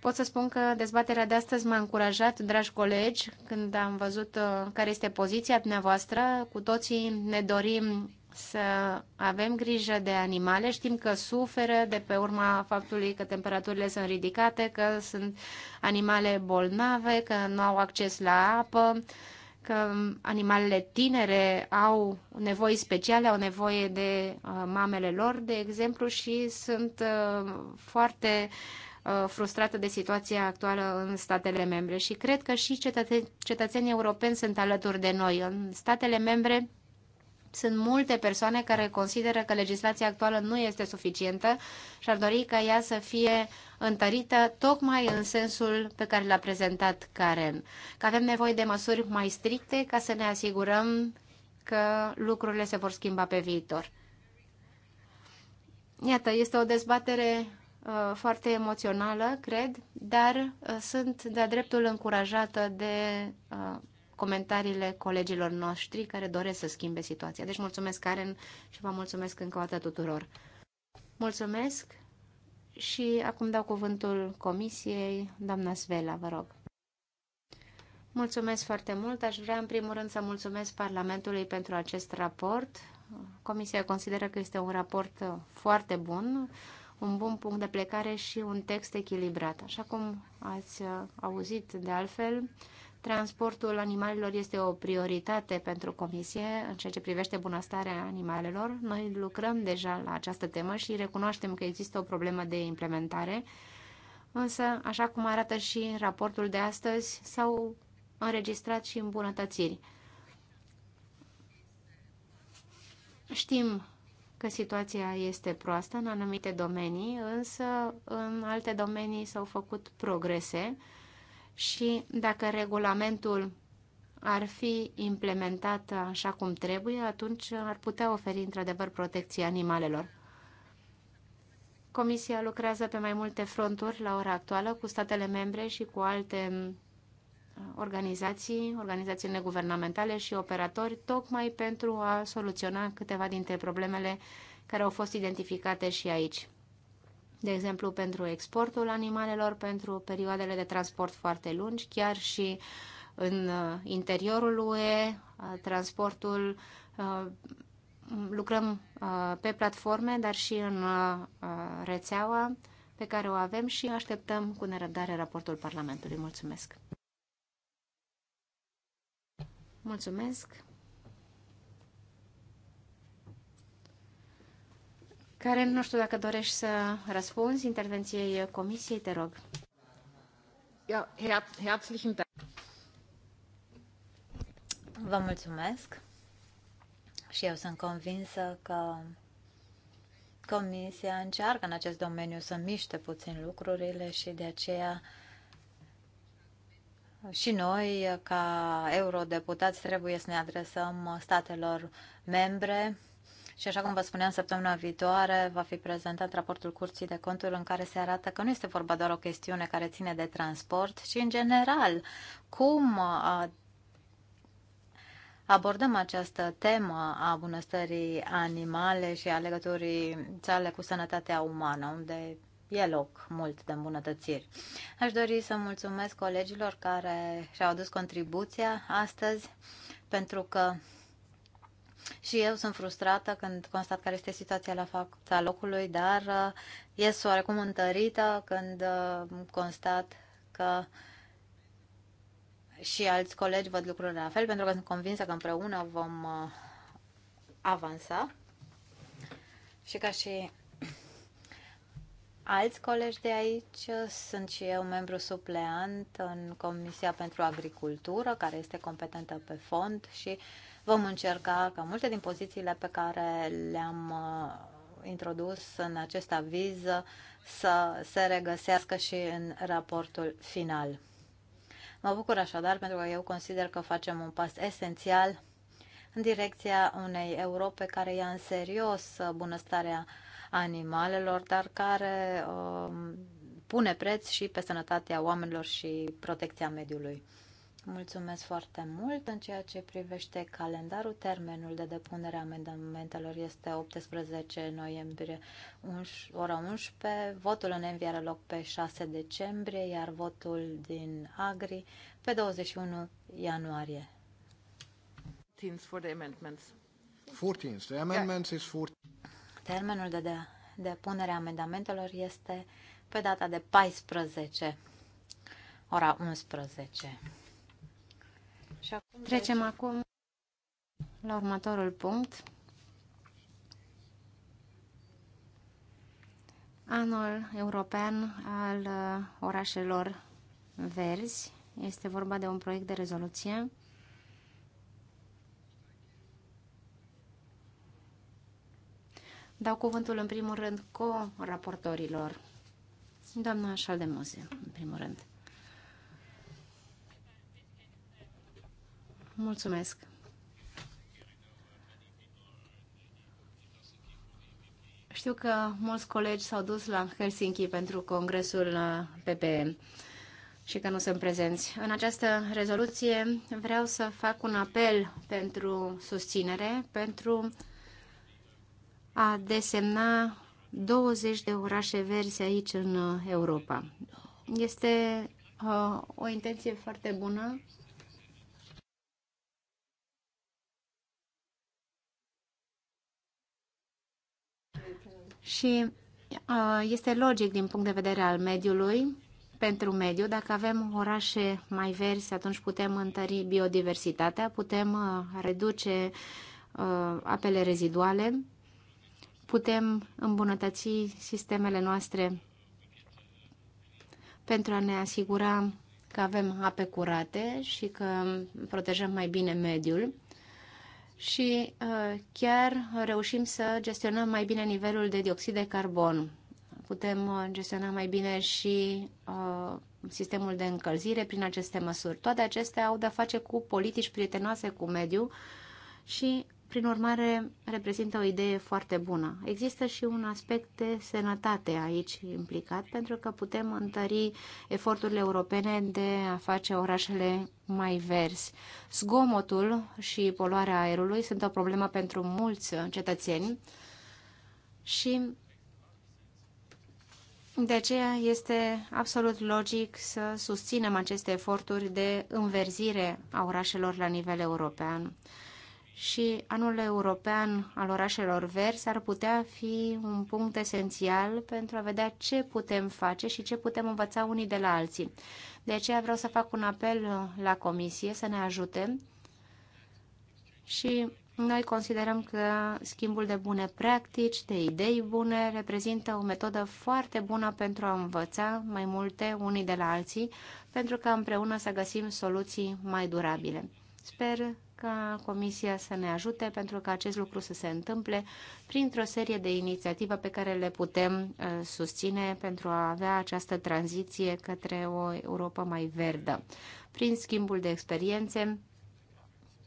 Pot să spun că dezbaterea de astăzi m-a încurajat, dragi colegi, când am văzut uh, care este poziția dumneavoastră. Cu toții ne dorim să avem grijă de animale. Știm că suferă de pe urma faptului că temperaturile sunt ridicate, că sunt animale bolnave, că nu au acces la apă, că animalele tinere au nevoi speciale, au nevoie de uh, mamele lor, de exemplu, și sunt uh, foarte Uh, frustrată de situația actuală în statele membre și cred că și cetate, cetățenii europeni sunt alături de noi. În statele membre sunt multe persoane care consideră că legislația actuală nu este suficientă și ar dori ca ea să fie întărită tocmai în sensul pe care l-a prezentat Karen, că avem nevoie de măsuri mai stricte ca să ne asigurăm că lucrurile se vor schimba pe viitor. Iată, este o dezbatere Uh, foarte emoțională, cred, dar uh, sunt de-a dreptul încurajată de uh, comentariile colegilor noștri care doresc să schimbe situația. Deci mulțumesc, Karen, și vă mulțumesc încă o dată tuturor. Mulțumesc și acum dau cuvântul comisiei, doamna Svela, vă rog. Mulțumesc foarte mult. Aș vrea în primul rând să mulțumesc Parlamentului pentru acest raport. Comisia consideră că este un raport foarte bun un bun punct de plecare și un text echilibrat. Așa cum ați uh, auzit de altfel, transportul animalelor este o prioritate pentru Comisie în ceea ce privește bunăstarea animalelor. Noi lucrăm deja la această temă și recunoaștem că există o problemă de implementare, însă, așa cum arată și raportul de astăzi, s-au înregistrat și îmbunătățiri. Știm că situația este proastă în anumite domenii, însă în alte domenii s-au făcut progrese și dacă regulamentul ar fi implementat așa cum trebuie, atunci ar putea oferi într-adevăr protecție animalelor. Comisia lucrează pe mai multe fronturi la ora actuală cu statele membre și cu alte organizații, organizații neguvernamentale și operatori, tocmai pentru a soluționa câteva dintre problemele care au fost identificate și aici. De exemplu, pentru exportul animalelor, pentru perioadele de transport foarte lungi, chiar și în uh, interiorul UE, uh, transportul uh, lucrăm pe platforme, dar și în rețeaua pe care o avem și așteptăm cu nerăbdare raportul Parlamentului. Mulțumesc! Mulțumesc. Care nu știu dacă dorești să răspunzi intervenției comisiei, te rog. Ja, her herzlichen Dank. Vă mulțumesc și eu sunt convinsă că Comisia încearcă în acest domeniu să miște puțin lucrurile și de aceea și noi, ca eurodeputați, trebuie să ne adresăm statelor membre și așa cum vă spuneam, săptămâna viitoare va fi prezentat raportul Curții de Conturi în care se arată că nu este vorba doar o chestiune care ține de transport, ci în general cum abordăm această temă a bunăstării animale și a legăturii sale cu sănătatea umană, unde e loc mult de îmbunătățiri. Aș dori să mulțumesc colegilor care și-au adus contribuția astăzi, pentru că și eu sunt frustrată când constat care este situația la fața locului, dar uh, ies oarecum întărită când uh, constat că și alți colegi văd lucrurile la fel, pentru că sunt convinsă că împreună vom uh, avansa. Și ca și alți colegi de aici. Uh, sunt și eu membru supleant în Comisia pentru Agricultură, care este competentă pe fond și vom încerca ca multe din pozițiile pe care le-am uh, introdus în acest aviz uh, să se regăsească și în raportul final. Mă bucur așadar pentru că eu consider că facem un pas esențial în direcția unei Europe care ia în serios bunăstarea animalelor, dar care um, pune preț și pe sănătatea oamenilor și protecția mediului. Mulțumesc foarte mult. În ceea ce privește calendarul, termenul de depunere a amendamentelor este 18 noiembrie, ora 11. Votul în enviare are loc pe 6 decembrie, iar votul din Agri pe 21 ianuarie. 14 for the amendments. 14. The amendments is 14. Termenul de, de depunere a amendamentelor este pe data de 14, ora 11. Și acum trecem deci- acum la următorul punct. Anul European al uh, Orașelor Verzi. Este vorba de un proiect de rezoluție Dau cuvântul în primul rând co-raportorilor. Doamna Șaldemoze, în primul rând. Mulțumesc. Știu că mulți colegi s-au dus la Helsinki pentru congresul PPM și că nu sunt prezenți. În această rezoluție vreau să fac un apel pentru susținere, pentru a desemna 20 de orașe verzi aici în uh, Europa. Este uh, o intenție foarte bună. Și uh, este logic din punct de vedere al mediului, pentru mediu. Dacă avem orașe mai verzi, atunci putem întări biodiversitatea, putem uh, reduce uh, apele reziduale putem îmbunătăți sistemele noastre pentru a ne asigura că avem ape curate și că protejăm mai bine mediul și uh, chiar reușim să gestionăm mai bine nivelul de dioxid de carbon. Putem uh, gestiona mai bine și uh, sistemul de încălzire prin aceste măsuri. Toate acestea au de-a face cu politici prietenoase cu mediul și prin urmare, reprezintă o idee foarte bună. Există și un aspect de sănătate aici implicat, pentru că putem întări eforturile europene de a face orașele mai verzi. Zgomotul și poluarea aerului sunt o problemă pentru mulți cetățeni și de aceea este absolut logic să susținem aceste eforturi de înverzire a orașelor la nivel european și anul european al orașelor verzi ar putea fi un punct esențial pentru a vedea ce putem face și ce putem învăța unii de la alții. De aceea vreau să fac un apel la Comisie să ne ajute și noi considerăm că schimbul de bune practici, de idei bune, reprezintă o metodă foarte bună pentru a învăța mai multe unii de la alții, pentru că împreună să găsim soluții mai durabile. Sper ca Comisia să ne ajute pentru ca acest lucru să se întâmple printr-o serie de inițiative pe care le putem uh, susține pentru a avea această tranziție către o Europa mai verdă, prin schimbul de experiențe,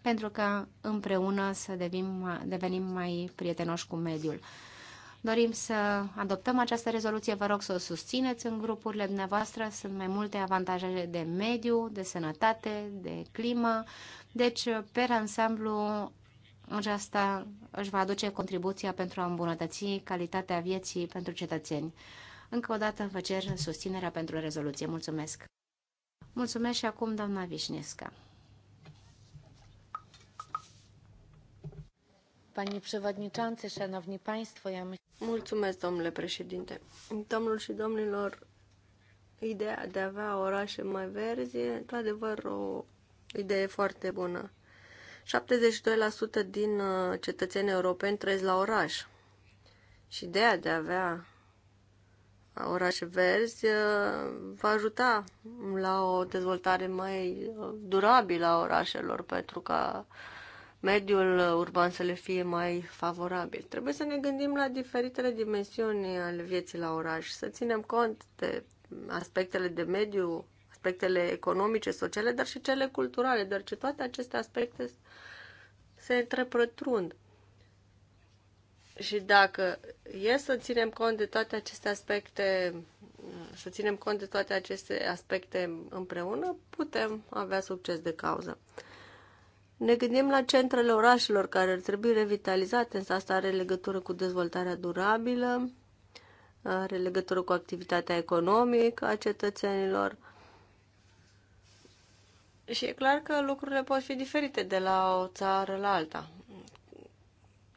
pentru ca împreună să devenim, devenim mai prietenoși cu mediul. Dorim să adoptăm această rezoluție, vă rog să o susțineți în grupurile dumneavoastră. Sunt mai multe avantaje de mediu, de sănătate, de climă, deci, per ansamblu, aceasta își va aduce contribuția pentru a îmbunătăți calitatea vieții pentru cetățeni. Încă o dată vă cer susținerea pentru rezoluție. Mulțumesc! Mulțumesc și acum doamna Vișnesca. Pani przewodniczący, szanowni państwo, ja my... Mulțumesc, domnule președinte. Domnul și domnilor, ideea de a avea orașe mai verzi e, într-adevăr, o idee foarte bună. 72% din uh, cetățeni europeni trăiesc la oraș. Și ideea de a avea uh, orașe verzi uh, va ajuta la o dezvoltare mai durabilă a orașelor pentru ca mediul urban să le fie mai favorabil. Trebuie să ne gândim la diferitele dimensiuni ale vieții la oraș, să ținem cont de aspectele de mediu aspectele economice, sociale, dar și cele culturale, ce toate aceste aspecte se întrepătrund. Și dacă e să ținem cont de toate aceste aspecte, să ținem cont de toate aceste aspecte împreună, putem avea succes de cauză. Ne gândim la centrele orașelor care ar trebui revitalizate, însă asta are legătură cu dezvoltarea durabilă, are legătură cu activitatea economică a cetățenilor, și e clar că lucrurile pot fi diferite de la o țară la alta.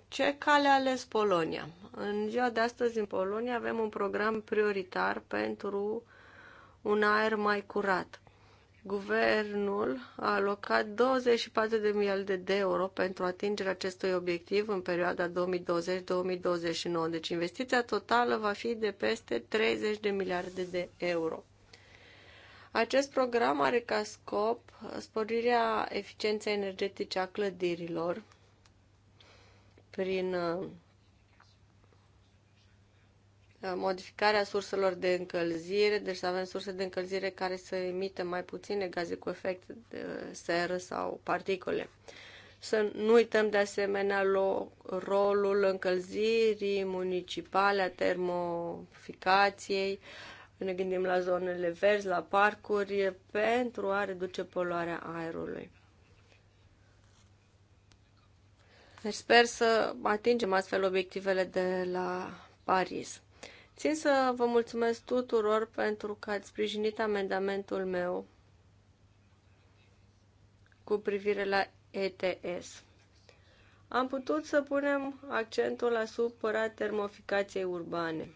Ce cale a ales Polonia? În ziua de astăzi, în Polonia, avem un program prioritar pentru un aer mai curat. Guvernul a alocat 24 de miliarde de euro pentru atingerea acestui obiectiv în perioada 2020-2029. Deci investiția totală va fi de peste 30 de miliarde de euro. Acest program are ca scop sporirea eficienței energetice a clădirilor prin uh, modificarea surselor de încălzire, deci să avem surse de încălzire care să emită mai puține gaze cu efect de seră sau particole. Să nu uităm de asemenea rolul încălzirii municipale, a termoficației, ne gândim la zonele verzi, la parcuri, pentru a reduce poluarea aerului. Deci sper să atingem astfel obiectivele de la Paris. Țin să vă mulțumesc tuturor pentru că ați sprijinit amendamentul meu cu privire la ETS. Am putut să punem accentul asupra termoficației urbane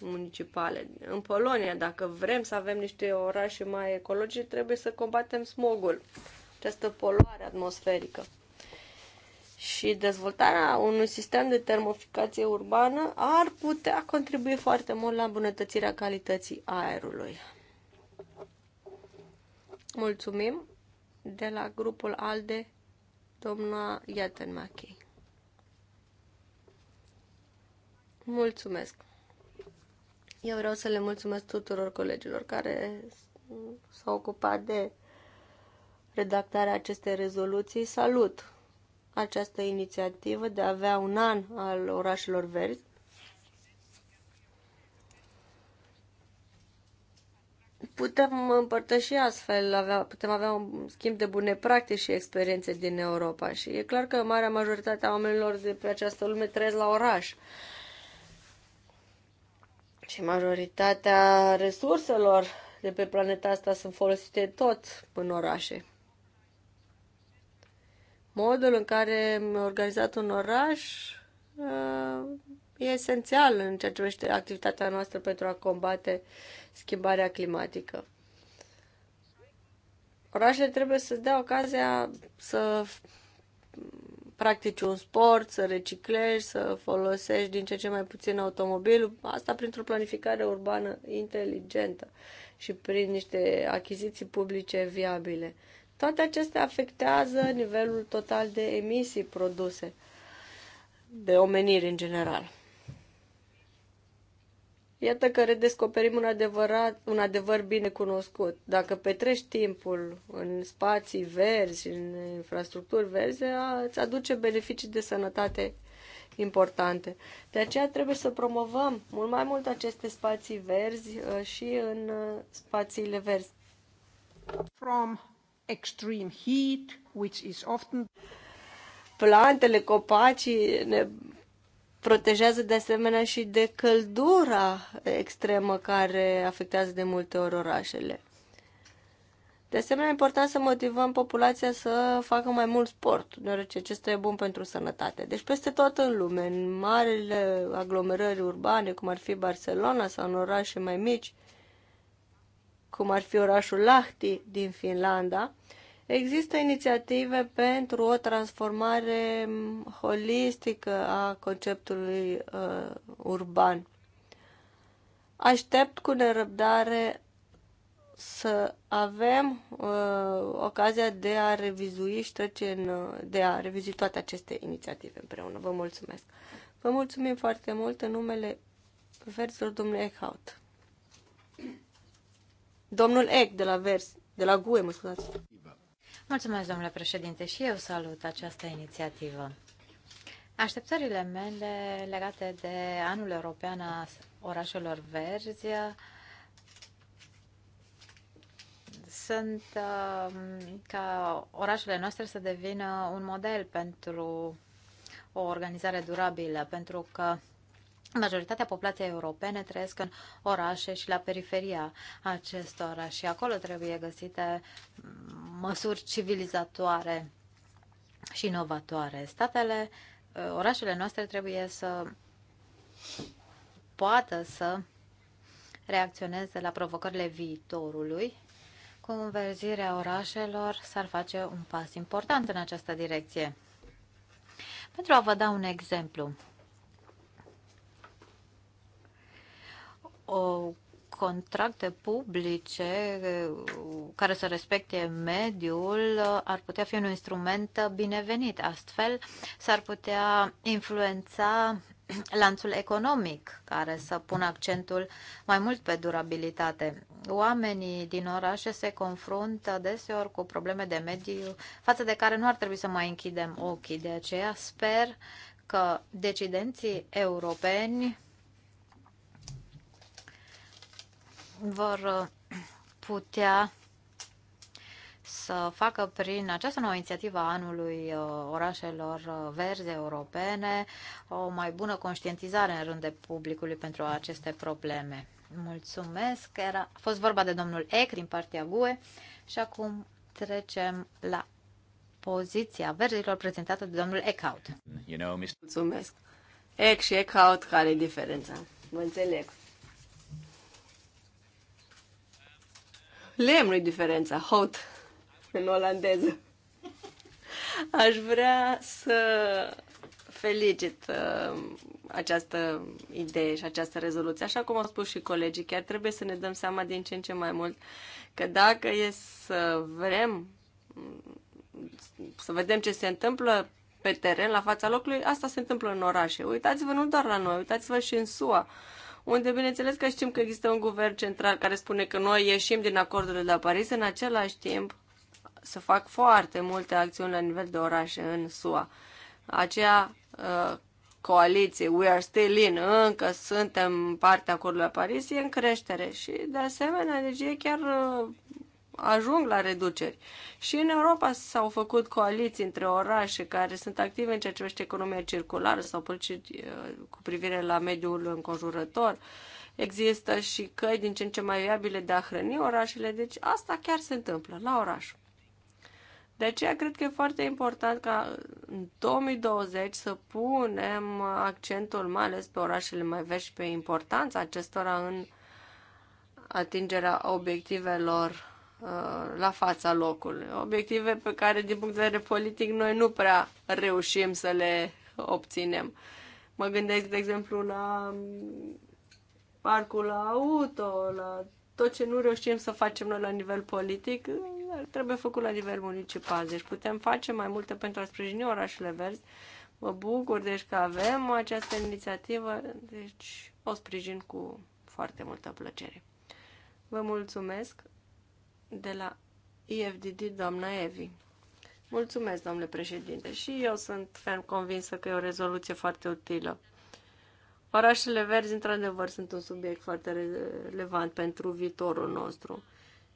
municipale. În Polonia, dacă vrem să avem niște orașe mai ecologice, trebuie să combatem smogul, această poluare atmosferică. Și dezvoltarea unui sistem de termoficație urbană ar putea contribui foarte mult la îmbunătățirea calității aerului. Mulțumim de la grupul ALDE, doamna Iatenmachei. Mulțumesc! Eu vreau să le mulțumesc tuturor colegilor care s-au ocupat de redactarea acestei rezoluții. Salut această inițiativă de a avea un an al orașelor verzi. Putem împărtăși astfel, avea, putem avea un schimb de bune practici și experiențe din Europa și e clar că marea majoritate a oamenilor de pe această lume trăiesc la oraș. Și majoritatea resurselor de pe planeta asta sunt folosite tot în orașe. Modul în care am organizat un oraș uh, e esențial în ceea ce privește activitatea noastră pentru a combate schimbarea climatică. Orașele trebuie să dea ocazia să practici un sport, să reciclezi, să folosești din ce ce mai puțin automobil, asta printr-o planificare urbană inteligentă și prin niște achiziții publice viabile. Toate acestea afectează nivelul total de emisii produse de omeniri în general. Iată că redescoperim un, adevărat, un adevăr bine cunoscut. Dacă petrești timpul în spații verzi, în infrastructuri verzi, îți aduce beneficii de sănătate importante. De aceea trebuie să promovăm mult mai mult aceste spații verzi uh, și în uh, spațiile verzi. From extreme heat, which is often plantele, copacii ne protejează de asemenea și de căldura extremă care afectează de multe ori orașele. De asemenea, e important să motivăm populația să facă mai mult sport, deoarece acesta e bun pentru sănătate. Deci peste tot în lume, în marile aglomerări urbane, cum ar fi Barcelona sau în orașe mai mici, cum ar fi orașul Lahti din Finlanda, Există inițiative pentru o transformare holistică a conceptului uh, urban. Aștept cu nerăbdare să avem uh, ocazia de a revizui și trece în, uh, de a revizui toate aceste inițiative împreună. Vă mulțumesc. Vă mulțumim foarte mult în numele versurilor domnului Eckhout. Domnul Eck de la vers, de la GUE, mă scuzați. Mulțumesc, domnule președinte, și eu salut această inițiativă. Așteptările mele legate de anul european a orașelor verzi uh, sunt uh, ca orașele noastre să devină un model pentru o organizare durabilă, pentru că Majoritatea populației europene trăiesc în orașe și la periferia acestora și acolo trebuie găsite măsuri civilizatoare și inovatoare. Statele, uh, orașele noastre trebuie să poată să reacționeze la provocările viitorului. înverzirea orașelor s-ar face un pas important în această direcție. Pentru a vă da un exemplu, o contracte publice care să respecte mediul ar putea fi un instrument binevenit. Astfel s-ar putea influența lanțul economic care să pună accentul mai mult pe durabilitate. Oamenii din orașe se confruntă deseori cu probleme de mediu față de care nu ar trebui să mai închidem ochii. De aceea sper că decidenții europeni vor uh, putea să facă prin această nouă inițiativă a anului uh, orașelor uh, verzi europene o mai bună conștientizare în de publicului pentru aceste probleme. Mulțumesc! Era, a fost vorba de domnul Eck din partea GUE și acum trecem la poziția verzilor prezentată de domnul Eckhout. Mulțumesc! Eck și Eckhout, care e diferența? Vă înțeleg! nu-i diferența, hot, în olandeză. Aș vrea să felicit uh, această idee și această rezoluție. Așa cum au spus și colegii, chiar trebuie să ne dăm seama din ce în ce mai mult că dacă e să vrem să vedem ce se întâmplă pe teren, la fața locului, asta se întâmplă în orașe. Uitați-vă nu doar la noi, uitați-vă și în SUA. Uh, unde bineînțeles că știm că există un guvern central care spune că noi ieșim din acordurile de la Paris, în același timp să fac foarte multe acțiuni la nivel de orașe în SUA. Aceea uh, coaliție, we are still in, încă suntem parte acordului la Paris, e în creștere și de asemenea, deci e chiar uh, ajung la reduceri. Și în Europa s-au făcut coaliții între orașe care sunt active în ceea ce privește economia circulară sau eh, cu privire la mediul înconjurător. Există și căi din ce în ce mai viabile de a hrăni orașele, deci asta chiar se întâmplă la oraș. De aceea cred că e foarte important ca în 2020 să punem accentul mai ales pe orașele mai vechi și pe importanța acestora în atingerea obiectivelor Uh, la fața locului. Obiective pe care, din punct de vedere politic, noi nu prea reușim să le obținem. Mă gândesc, de exemplu, la um, parcul auto, la tot ce nu reușim să facem noi la nivel politic, uh, trebuie făcut la nivel municipal. Deci putem face mai multe pentru a sprijini orașele verzi. Mă bucur, deci, că avem această inițiativă, deci o sprijin cu foarte multă plăcere. Vă mulțumesc! de la IFDD, doamna Evi. Mulțumesc, domnule președinte, și eu sunt ferm convinsă că e o rezoluție foarte utilă. Orașele verzi, într-adevăr, sunt un subiect foarte relevant pentru viitorul nostru.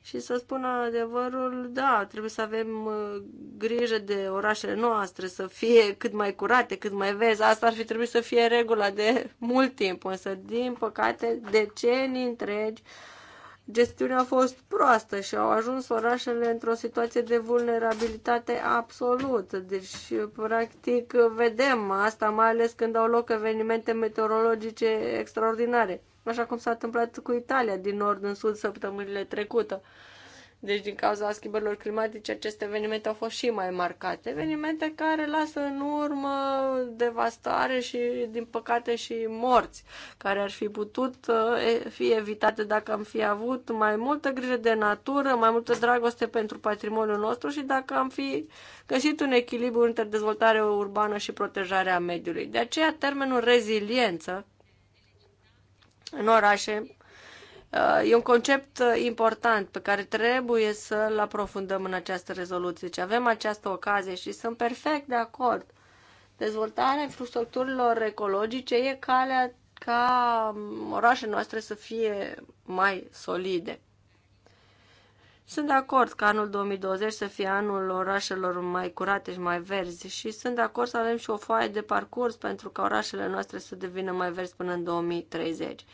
Și să spun adevărul, da, trebuie să avem uh, grijă de orașele noastre, să fie cât mai curate, cât mai vezi. Asta ar fi trebuit să fie regula de mult timp, însă, din păcate, decenii întregi, Gestiunea a fost proastă și au ajuns orașele într-o situație de vulnerabilitate absolută. Deci, practic, vedem asta, mai ales când au loc evenimente meteorologice extraordinare, așa cum s-a întâmplat cu Italia din nord în sud săptămânile trecute. Deci, din cauza schimbărilor climatice, aceste evenimente au fost și mai marcate. Evenimente care lasă în urmă devastare și, din păcate, și morți, care ar fi putut uh, fi evitate dacă am fi avut mai multă grijă de natură, mai multă dragoste pentru patrimoniul nostru și dacă am fi găsit un echilibru între dezvoltare urbană și protejarea mediului. De aceea, termenul reziliență în orașe Uh, e un concept uh, important pe care trebuie să-l aprofundăm în această rezoluție. Deci avem această ocazie și sunt perfect de acord. Dezvoltarea infrastructurilor ecologice e calea ca um, orașele noastre să fie mai solide. Sunt de acord că anul 2020 să fie anul orașelor mai curate și mai verzi și sunt de acord să avem și o foaie de parcurs pentru ca orașele noastre să devină mai verzi până în 2030.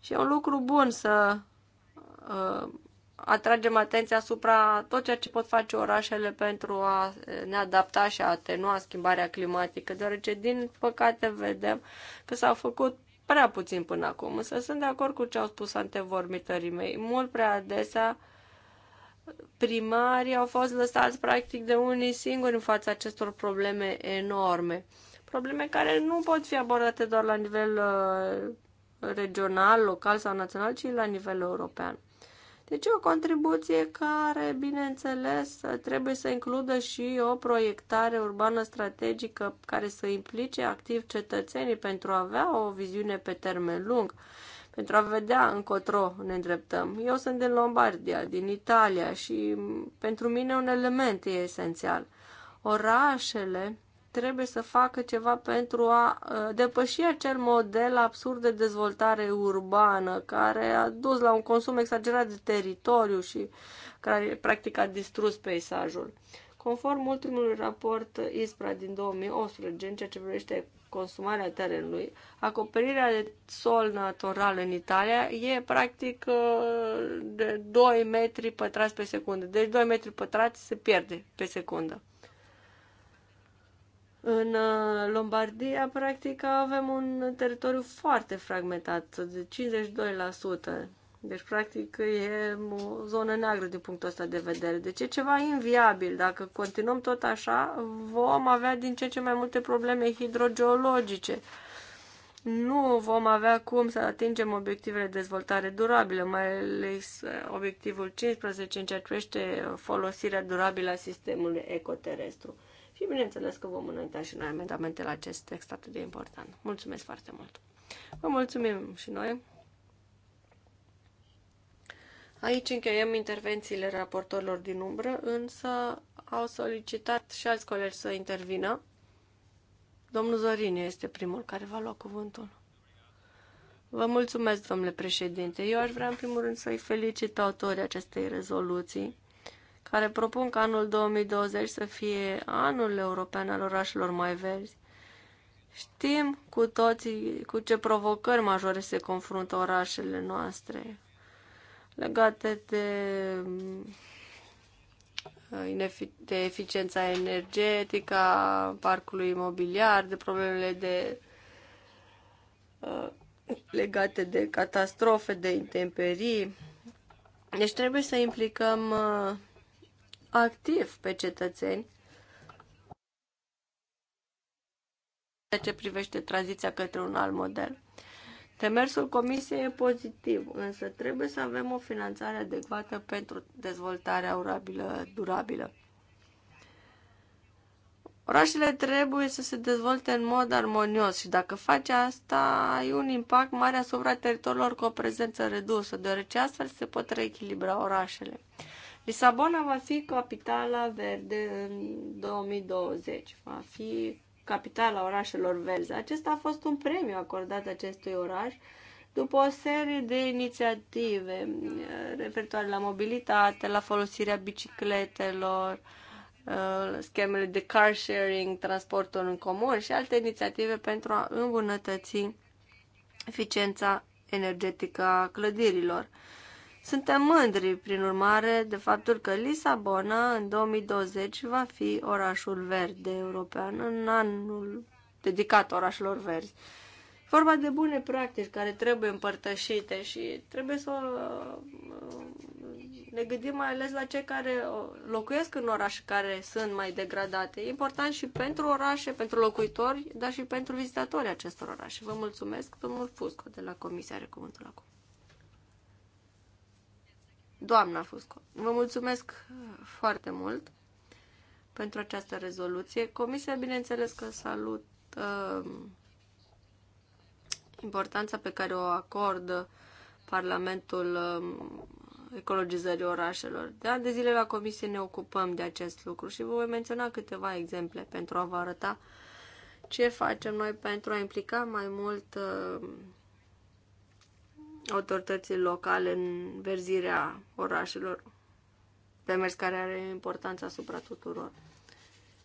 Și e un lucru bun să uh, atragem atenția asupra tot ceea ce pot face orașele pentru a ne adapta și a atenua schimbarea climatică, deoarece, din păcate, vedem că s-au făcut prea puțin până acum, însă sunt de acord cu ce au spus antevormitării mei. Mult prea adesea primarii au fost lăsați practic de unii singuri în fața acestor probleme enorme. Probleme care nu pot fi abordate doar la nivel uh, regional, local sau național, ci la nivel european. Deci o contribuție care, bineînțeles, trebuie să includă și o proiectare urbană strategică care să implice activ cetățenii pentru a avea o viziune pe termen lung, pentru a vedea încotro ne îndreptăm. Eu sunt din Lombardia, din Italia și pentru mine un element e esențial. Orașele trebuie să facă ceva pentru a uh, depăși acel model absurd de dezvoltare urbană care a dus la un consum exagerat de teritoriu și care practic a distrus peisajul. Conform ultimului raport ISPRA din 2018, în ceea ce privește consumarea terenului, acoperirea de sol natural în Italia e practic uh, de 2 metri pătrați pe secundă. Deci 2 metri pătrați se pierde pe secundă. În uh, Lombardia, practic, avem un teritoriu foarte fragmentat, de 52%. Deci, practic, e o zonă neagră din punctul ăsta de vedere. Deci e ceva inviabil. Dacă continuăm tot așa, vom avea din ce în ce mai multe probleme hidrogeologice. Nu vom avea cum să atingem obiectivele de dezvoltare durabilă, mai ales uh, obiectivul 15 în ceea ce privește folosirea durabilă a sistemului ecoterestru. Și bineînțeles că vom înainta și noi amendamente la acest text atât de important. Mulțumesc foarte mult! Vă mulțumim și noi! Aici încheiem intervențiile raportorilor din umbră, însă au solicitat și alți colegi să intervină. Domnul Zorine este primul care va lua cuvântul. Vă mulțumesc, domnule președinte. Eu aș vrea, în primul rând, să-i felicit autorii acestei rezoluții care propun că anul 2020 să fie anul european al orașelor mai verzi. Știm cu toții cu ce provocări majore se confruntă orașele noastre legate de, uh, de eficiența energetică a parcului imobiliar, de problemele de uh, legate de catastrofe, de intemperii. Deci trebuie să implicăm uh, activ pe cetățeni de ce privește tranziția către un alt model. Demersul comisiei e pozitiv, însă trebuie să avem o finanțare adecvată pentru dezvoltarea urabilă, durabilă. Orașele trebuie să se dezvolte în mod armonios și dacă face asta, ai un impact mare asupra teritoriilor cu o prezență redusă, deoarece astfel se pot reechilibra orașele. Lisabona va fi capitala verde în 2020, va fi capitala orașelor verzi. Acesta a fost un premiu acordat acestui oraș după o serie de inițiative eh, referitoare la mobilitate, la folosirea bicicletelor, eh, schemele de car sharing, transportul în comun și alte inițiative pentru a îmbunătăți eficiența energetică a clădirilor. Suntem mândri, prin urmare, de faptul că Lisabona în 2020 va fi orașul verde european în anul dedicat orașelor verzi. Vorba de bune practici care trebuie împărtășite și trebuie să uh, ne gândim mai ales la cei care uh, locuiesc în orașe care sunt mai degradate. E important și pentru orașe, pentru locuitori, dar și pentru vizitatorii acestor orașe. Vă mulțumesc, domnul Fusco de la Comisia la acum. Doamna Fusco, vă mulțumesc uh, foarte mult pentru această rezoluție. Comisia, bineînțeles că salut uh, um, importanța pe care o acordă Parlamentul uh, ecologizării orașelor. De ani de zile la Comisie ne ocupăm de acest lucru și vă voi menționa câteva exemple pentru a vă arăta ce facem noi pentru a implica mai mult uh, autorității locale în verzirea orașelor, demers care are importanță asupra tuturor.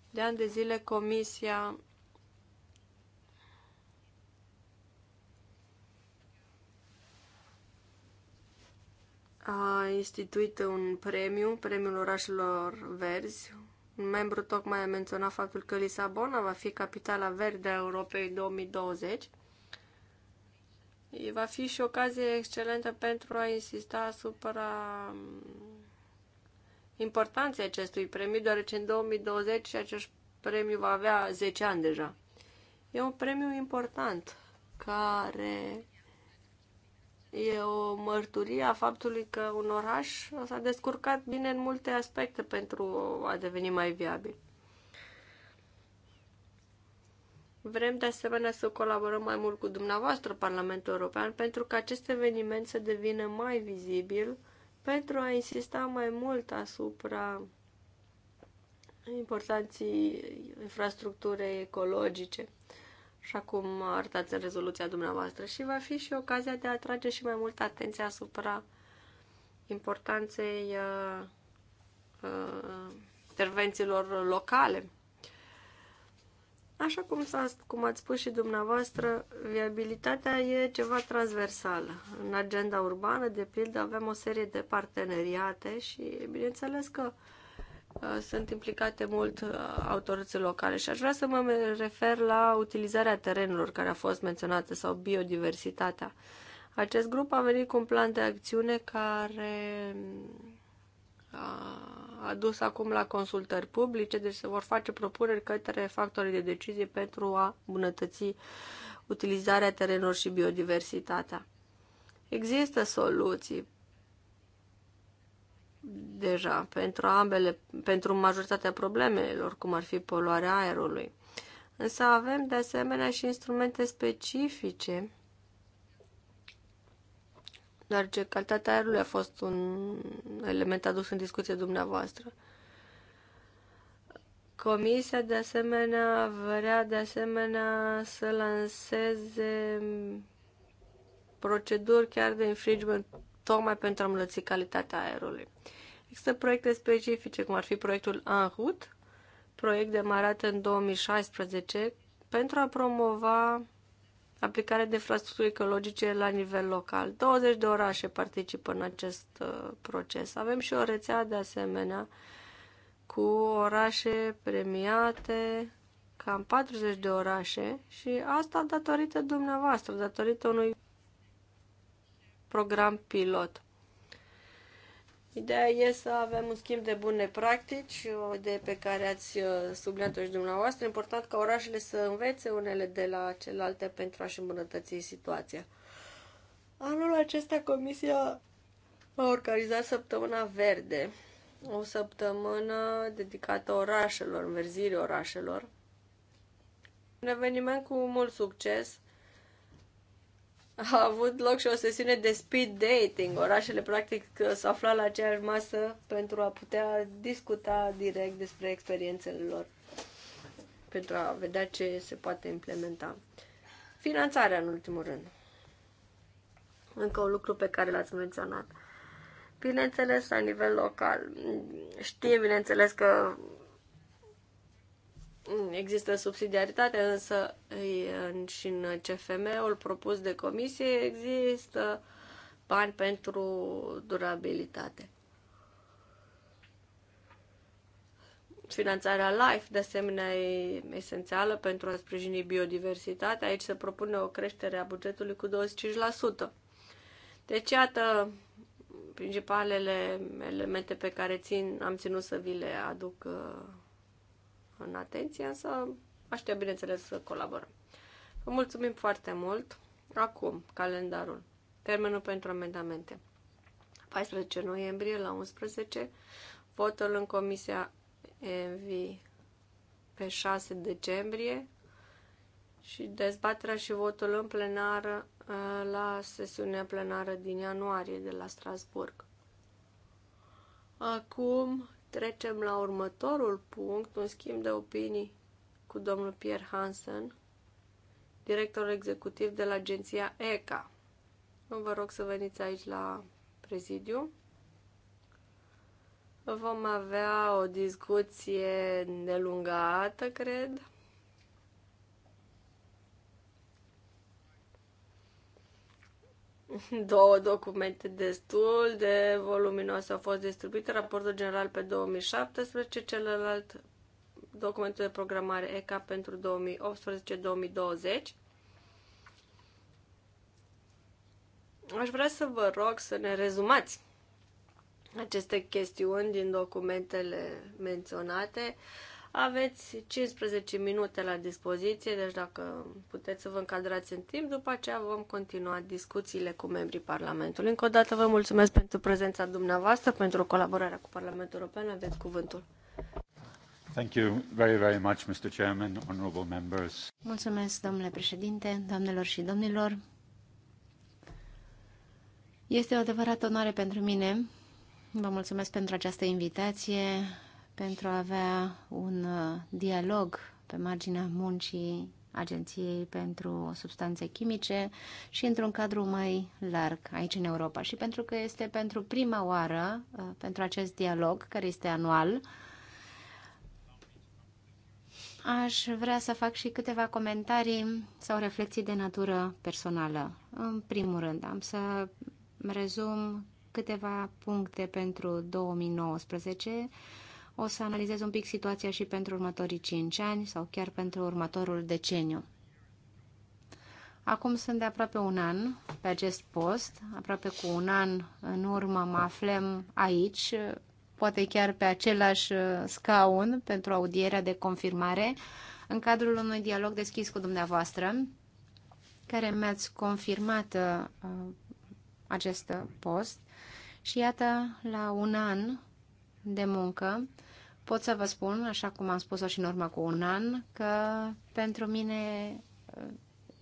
De ani de zile, Comisia a instituit un premiu, premiul orașelor verzi. Un membru tocmai a menționat faptul că Lisabona va fi capitala verde a Europei 2020 va fi și ocazie excelentă pentru a insista asupra um, importanței acestui premiu, deoarece în 2020 acest premiu va avea 10 ani deja. E un premiu important care e o mărturie a faptului că un oraș s-a descurcat bine în multe aspecte pentru a deveni mai viabil. Vrem de asemenea să colaborăm mai mult cu dumneavoastră, Parlamentul European, pentru că acest eveniment să devină mai vizibil, pentru a insista mai mult asupra importanții infrastructurii ecologice, așa cum arătați în rezoluția dumneavoastră. Și va fi și ocazia de a atrage și mai mult atenția asupra importanței uh, uh, intervențiilor locale Așa cum, s-a, cum ați spus și dumneavoastră, viabilitatea e ceva transversală. În agenda urbană, de pildă, avem o serie de parteneriate și, bineînțeles că uh, sunt implicate mult uh, autorități locale și aș vrea să mă refer la utilizarea terenurilor care a fost menționată sau biodiversitatea. Acest grup a venit cu un plan de acțiune care uh, adus acum la consultări publice, deci se vor face propuneri către factorii de decizie pentru a îmbunătăți utilizarea terenurilor și biodiversitatea. Există soluții deja pentru ambele, pentru majoritatea problemelor, cum ar fi poluarea aerului. Însă avem de asemenea și instrumente specifice deoarece calitatea aerului a fost un element adus în discuție dumneavoastră. Comisia, de asemenea, vrea de asemenea să lanseze proceduri chiar de infringement tocmai pentru a îmbunătăți calitatea aerului. Există proiecte specifice, cum ar fi proiectul Anhut, proiect demarat în 2016, pentru a promova aplicare de infrastructuri ecologice la nivel local. 20 de orașe participă în acest uh, proces. Avem și o rețea de asemenea cu orașe premiate, cam 40 de orașe și asta datorită dumneavoastră, datorită unui program pilot. Ideea e să avem un schimb de bune practici, o idee pe care ați uh, subliniat-o și dumneavoastră. Important ca orașele să învețe unele de la celelalte pentru a-și îmbunătăți situația. Anul acesta Comisia a organizat Săptămâna Verde, o săptămână dedicată orașelor, înverzirii orașelor. Un eveniment cu mult succes, a avut loc și o sesiune de speed dating. Orașele, practic, s-au aflat la aceeași masă pentru a putea discuta direct despre experiențele lor, pentru a vedea ce se poate implementa. Finanțarea, în ultimul rând. Încă un lucru pe care l-ați menționat. Bineînțeles, la nivel local. Știm, bineînțeles, că Există subsidiaritate, însă și în CFM-ul propus de comisie există bani pentru durabilitate. Finanțarea LIFE, de asemenea, e esențială pentru a sprijini biodiversitatea. Aici se propune o creștere a bugetului cu 25%. Deci, iată principalele elemente pe care țin, am ținut să vi le aduc uh, în atenție, însă aștept, bineînțeles, să colaborăm. Vă mulțumim foarte mult. Acum, calendarul. Termenul pentru amendamente. 14 noiembrie la 11, votul în Comisia ENVI pe 6 decembrie și dezbaterea și votul în plenară ă, la sesiunea plenară din ianuarie de la Strasburg. Acum Trecem la următorul punct, un schimb de opinii cu domnul Pierre Hansen, director executiv de la agenția ECA. Vă rog să veniți aici la prezidiu. Vom avea o discuție nelungată, cred. Două documente destul de voluminoase au fost distribuite, raportul general pe 2017, celălalt documentul de programare ECA pentru 2018-2020. Aș vrea să vă rog să ne rezumați aceste chestiuni din documentele menționate. Uh, aveți 15 minute la dispoziție, deci dacă puteți să vă încadrați în timp, după aceea vom continua discuțiile cu membrii Parlamentului. Încă o dată vă mulțumesc pentru prezența dumneavoastră, pentru colaborarea cu Parlamentul European. Aveți cuvântul. Thank you very, very much, Mr. Chairman, honorable members. Mulțumesc, domnule președinte, doamnelor și domnilor. Este o adevărată onoare pentru mine. Vă mulțumesc pentru această invitație pentru a avea un uh, dialog pe marginea muncii Agenției pentru Substanțe Chimice și într-un cadru mai larg aici în Europa. Și pentru că este pentru prima oară uh, pentru acest dialog, care este anual, aș vrea să fac și câteva comentarii sau reflexii de natură personală. În primul rând, am să rezum câteva puncte pentru 2019 o să analizez un pic situația și pentru următorii 5 ani sau chiar pentru următorul deceniu. Acum sunt de aproape un an pe acest post, aproape cu un an în urmă mă aflăm aici, poate chiar pe același uh, scaun pentru audierea de confirmare, în cadrul unui dialog deschis cu dumneavoastră, care mi-ați confirmat uh, acest post. Și iată, la un an de muncă, pot să vă spun, așa cum am spus-o și în urmă cu un an, că pentru mine uh,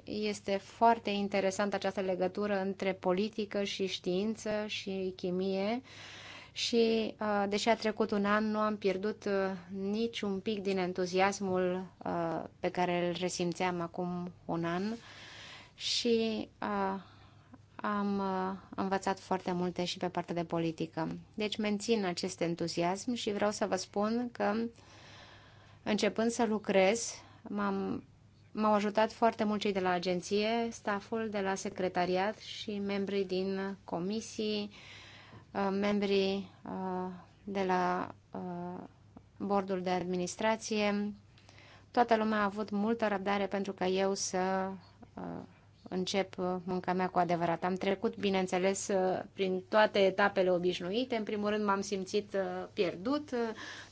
este foarte interesantă această legătură între politică și știință și chimie și uh, deși a trecut un an, nu am pierdut uh, nici un pic din entuziasmul pe care îl resimțeam acum un an și am uh, învățat foarte multe și pe partea de politică. Deci mențin acest entuziasm și vreau să vă spun că începând să lucrez, m-am, m-au ajutat foarte mult cei de la agenție, stafful de la secretariat și membrii din comisii, uh, membrii uh, de la bordul de administrație. Toată lumea a avut multă răbdare pentru ca eu să încep uh, munca mea cu adevărat. Am trecut, bineînțeles, uh, prin toate etapele obișnuite. În primul rând m-am simțit uh, pierdut,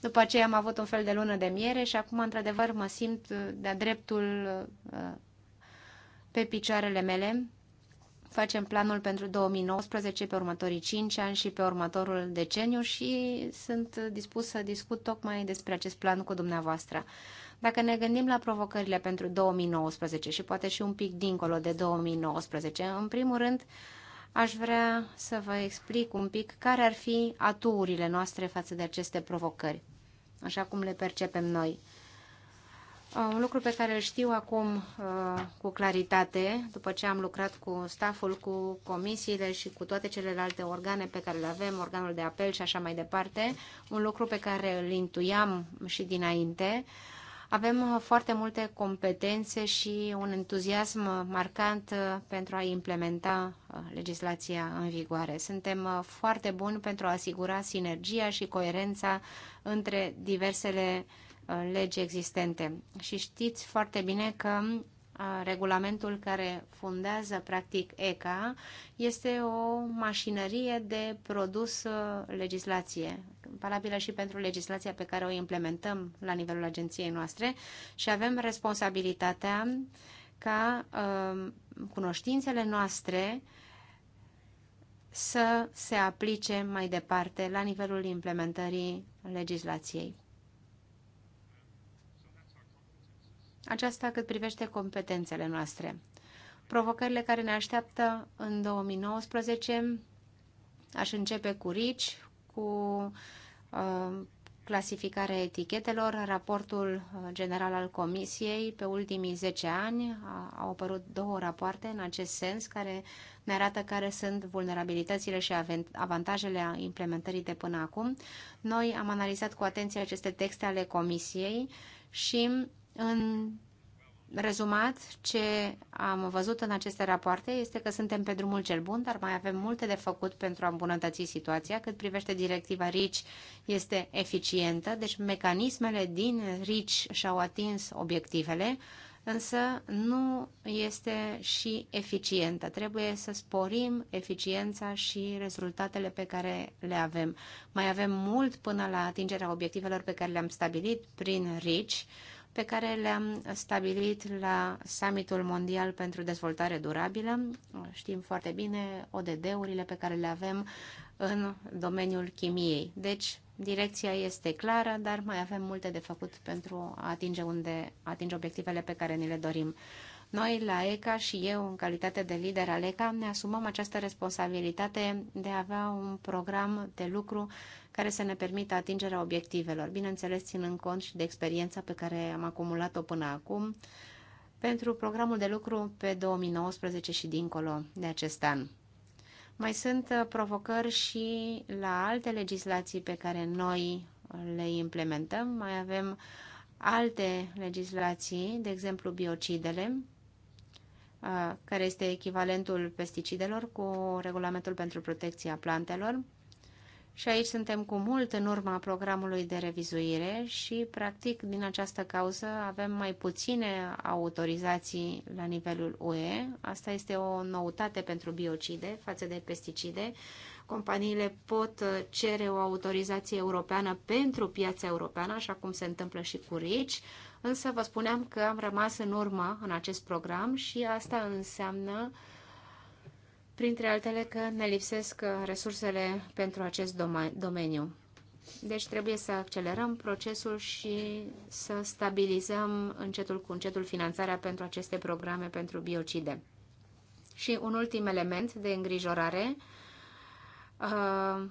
după aceea am avut un fel de lună de miere și acum, într-adevăr, mă simt de-a dreptul pe picioarele mele. Facem planul pentru 2019 pe următorii 5 ani și pe următorul deceniu și sunt dispus să discut tocmai despre acest plan cu dumneavoastră. Dacă ne gândim la provocările pentru 2019 și poate și un pic dincolo de 2019, în primul rând aș vrea să vă explic un pic care ar fi aturile noastre față de aceste provocări, așa cum le percepem noi. Uh, un lucru pe care îl știu acum uh, cu claritate, după ce am lucrat cu staful, cu comisiile și cu toate celelalte organe pe care le avem, organul de apel și așa mai departe, un lucru pe care îl intuiam și dinainte, uh, avem uh, foarte multe competențe și un entuziasm marcant uh, pentru a implementa uh, legislația în vigoare. Suntem foarte buni pentru a asigura sinergia și coerența între diversele legi existente. Și știți foarte bine că regulamentul care fundează practic ECA este o mașinărie de produs legislație, valabilă și pentru legislația pe care o implementăm la nivelul agenției noastre și avem responsabilitatea ca cunoștințele noastre să se aplice mai departe la nivelul implementării legislației. aceasta cât privește competențele noastre. Provocările care ne așteaptă în 2019 aș începe cu RICI, cu uh, clasificarea etichetelor, raportul uh, general al Comisiei pe ultimii 10 ani. Au apărut două rapoarte în acest sens care ne arată care sunt vulnerabilitățile și avantajele a implementării de până acum. Noi am analizat cu atenție aceste texte ale Comisiei și în rezumat, ce am văzut în aceste rapoarte este că suntem pe drumul cel bun, dar mai avem multe de făcut pentru a îmbunătăți situația. Cât privește directiva RICI, este eficientă, deci mecanismele din RICI și-au atins obiectivele, însă nu este și eficientă. Trebuie să sporim eficiența și rezultatele pe care le avem. Mai avem mult până la atingerea obiectivelor pe care le-am stabilit prin RICI, pe care le-am stabilit la Summitul Mondial pentru Dezvoltare Durabilă. Știm foarte bine ODD-urile pe care le avem în domeniul chimiei. Deci, direcția este clară, dar mai avem multe de făcut pentru a atinge, unde, atinge obiectivele pe care ni le dorim. Noi, la ECA și eu, în calitate de lider al ECA, ne asumăm această responsabilitate de a avea un program de lucru care să ne permită atingerea obiectivelor, bineînțeles ținând cont și de experiența pe care am acumulat-o până acum pentru programul de lucru pe 2019 și dincolo de acest an. Mai sunt uh, provocări și la alte legislații pe care noi le implementăm. Mai avem alte legislații, de exemplu biocidele, uh, care este echivalentul pesticidelor cu regulamentul pentru protecția plantelor și aici suntem cu mult în urma programului de revizuire și, practic, din această cauză avem mai puține autorizații la nivelul UE. Asta este o noutate pentru biocide față de pesticide. Companiile pot cere o autorizație europeană pentru piața europeană, așa cum se întâmplă și cu RICI, însă vă spuneam că am rămas în urmă în acest program și asta înseamnă uh, printre altele că ne lipsesc uh, resursele pentru acest domeniu. Deci trebuie să accelerăm procesul și să stabilizăm încetul cu încetul finanțarea pentru aceste programe pentru biocide. Și un ultim element de îngrijorare, uh,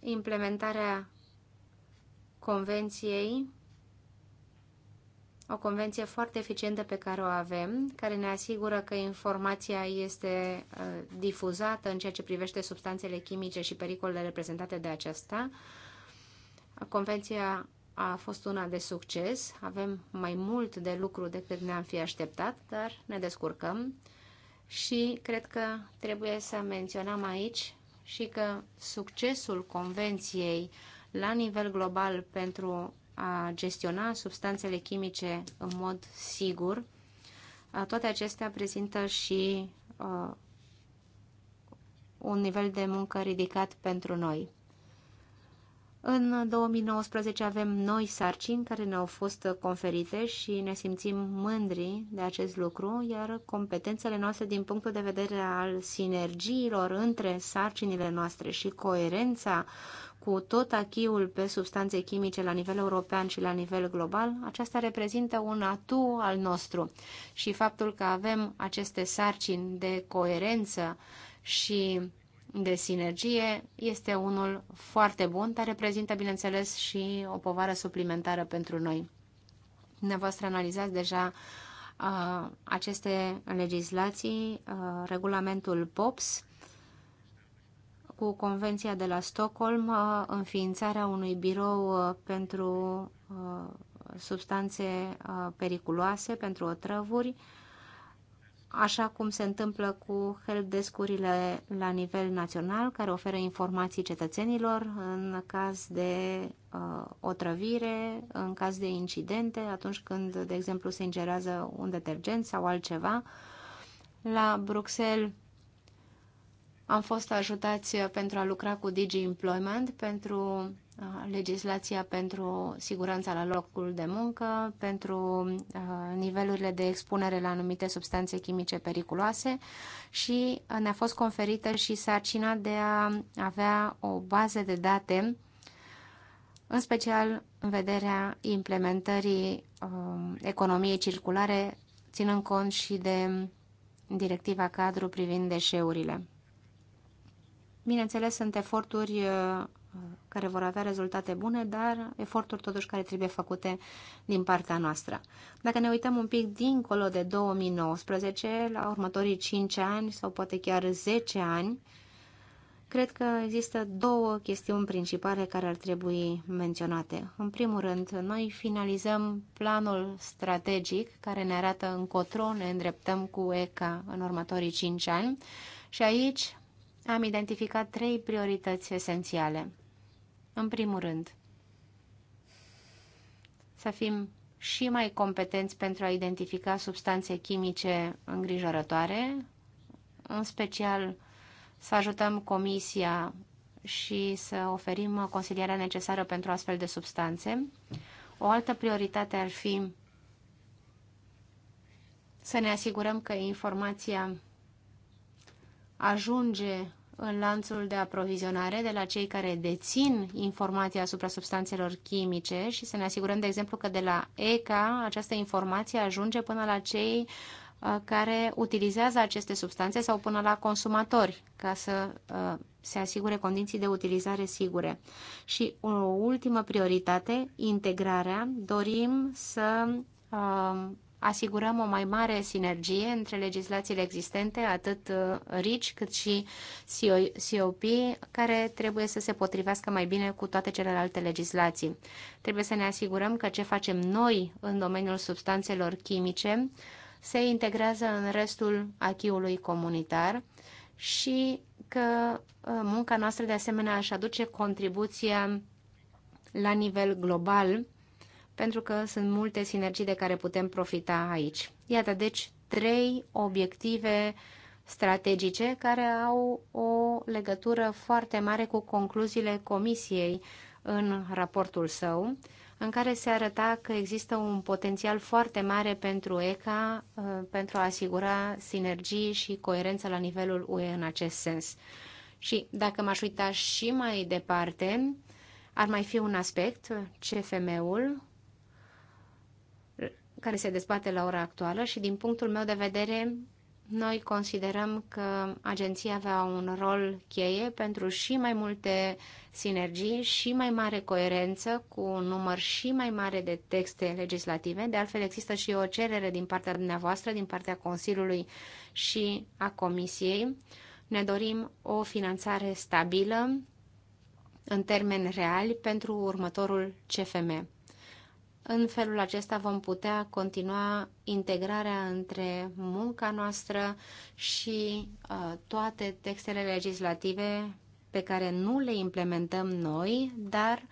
implementarea Convenției o convenție foarte eficientă pe care o avem, care ne asigură că informația este uh, difuzată în ceea ce privește substanțele chimice și pericolele reprezentate de aceasta. Convenția a fost una de succes, avem mai mult de lucru decât ne-am fi așteptat, dar ne descurcăm și cred că trebuie să menționăm aici și că succesul convenției la nivel global pentru a gestiona substanțele chimice în mod sigur, toate acestea prezintă și uh, un nivel de muncă ridicat pentru noi. În 2019 avem noi sarcini care ne-au fost conferite și ne simțim mândri de acest lucru, iar competențele noastre din punctul de vedere al sinergiilor între sarcinile noastre și coerența cu tot achiul pe substanțe chimice la nivel european și la nivel global, aceasta reprezintă un atu al nostru. Și faptul că avem aceste sarcini de coerență și de sinergie este unul foarte bun, dar reprezintă, bineînțeles, și o povară suplimentară pentru noi. Dumneavoastră analizați deja uh, aceste legislații, uh, regulamentul POPS, cu Convenția de la Stockholm uh, înființarea unui birou uh, pentru uh, substanțe periculoase, pentru otrăvuri, așa cum se întâmplă cu helpdesk-urile la nivel național, care oferă informații cetățenilor în caz de uh, otrăvire, în caz de incidente, atunci când, de exemplu, se ingerează un detergent sau altceva. La Bruxelles am fost ajutați uh, pentru a lucra cu Digi Employment, pentru uh, legislația pentru siguranța la locul de muncă, pentru uh, nivelurile de expunere la anumite substanțe chimice periculoase și ne-a fost conferită și sarcina de a avea o bază de date, în special în vederea implementării um, economiei circulare, ținând cont și de directiva cadru privind deșeurile. Bineînțeles, sunt eforturi uh, care vor avea rezultate bune, dar eforturi totuși care trebuie făcute din partea noastră. Dacă ne uităm un pic dincolo de 2019, la următorii 5 ani sau poate chiar 10 ani, cred că există două chestiuni principale care ar trebui menționate. În primul rând, noi finalizăm planul strategic care ne arată încotro ne îndreptăm cu ECA în următorii 5 ani și aici am identificat trei priorități esențiale. În primul rând, să fim și mai competenți pentru a identifica substanțe chimice îngrijorătoare, în special să ajutăm Comisia și să oferim consilierea necesară pentru astfel de substanțe. O altă prioritate ar fi să ne asigurăm că informația ajunge în lanțul de aprovizionare de la cei care dețin informația asupra substanțelor chimice și să ne asigurăm, de exemplu, că de la ECA această informație ajunge până la cei uh, care utilizează aceste substanțe sau până la consumatori ca să uh, se asigure condiții de utilizare sigure. Și o uh, ultimă prioritate, integrarea. Dorim să asigurăm o mai mare sinergie între legislațiile existente, atât uh, RICI cât și COP, care trebuie să se potrivească mai bine cu toate celelalte legislații. Trebuie să ne asigurăm că ce facem noi în domeniul substanțelor chimice se integrează în restul achiului comunitar și că uh, munca noastră de asemenea își aduce contribuția la nivel global pentru că sunt multe sinergii de care putem profita aici. Iată, deci, trei obiective strategice care au o legătură foarte mare cu concluziile Comisiei în raportul său, în care se arăta că există un potențial foarte mare pentru ECA uh, pentru a asigura sinergii și coerență la nivelul UE în acest sens. Și dacă m-aș uita și mai departe, ar mai fi un aspect, CFM-ul, care se dezbate la ora actuală și din punctul meu de vedere noi considerăm că agenția avea un rol cheie pentru și mai multe sinergii și mai mare coerență cu un număr și mai mare de texte legislative. De altfel, există și o cerere din partea dumneavoastră, din partea Consiliului și a Comisiei. Ne dorim o finanțare stabilă în termeni reali pentru următorul CFM. În felul acesta vom putea continua integrarea între munca noastră și uh, toate textele legislative pe care nu le implementăm noi, dar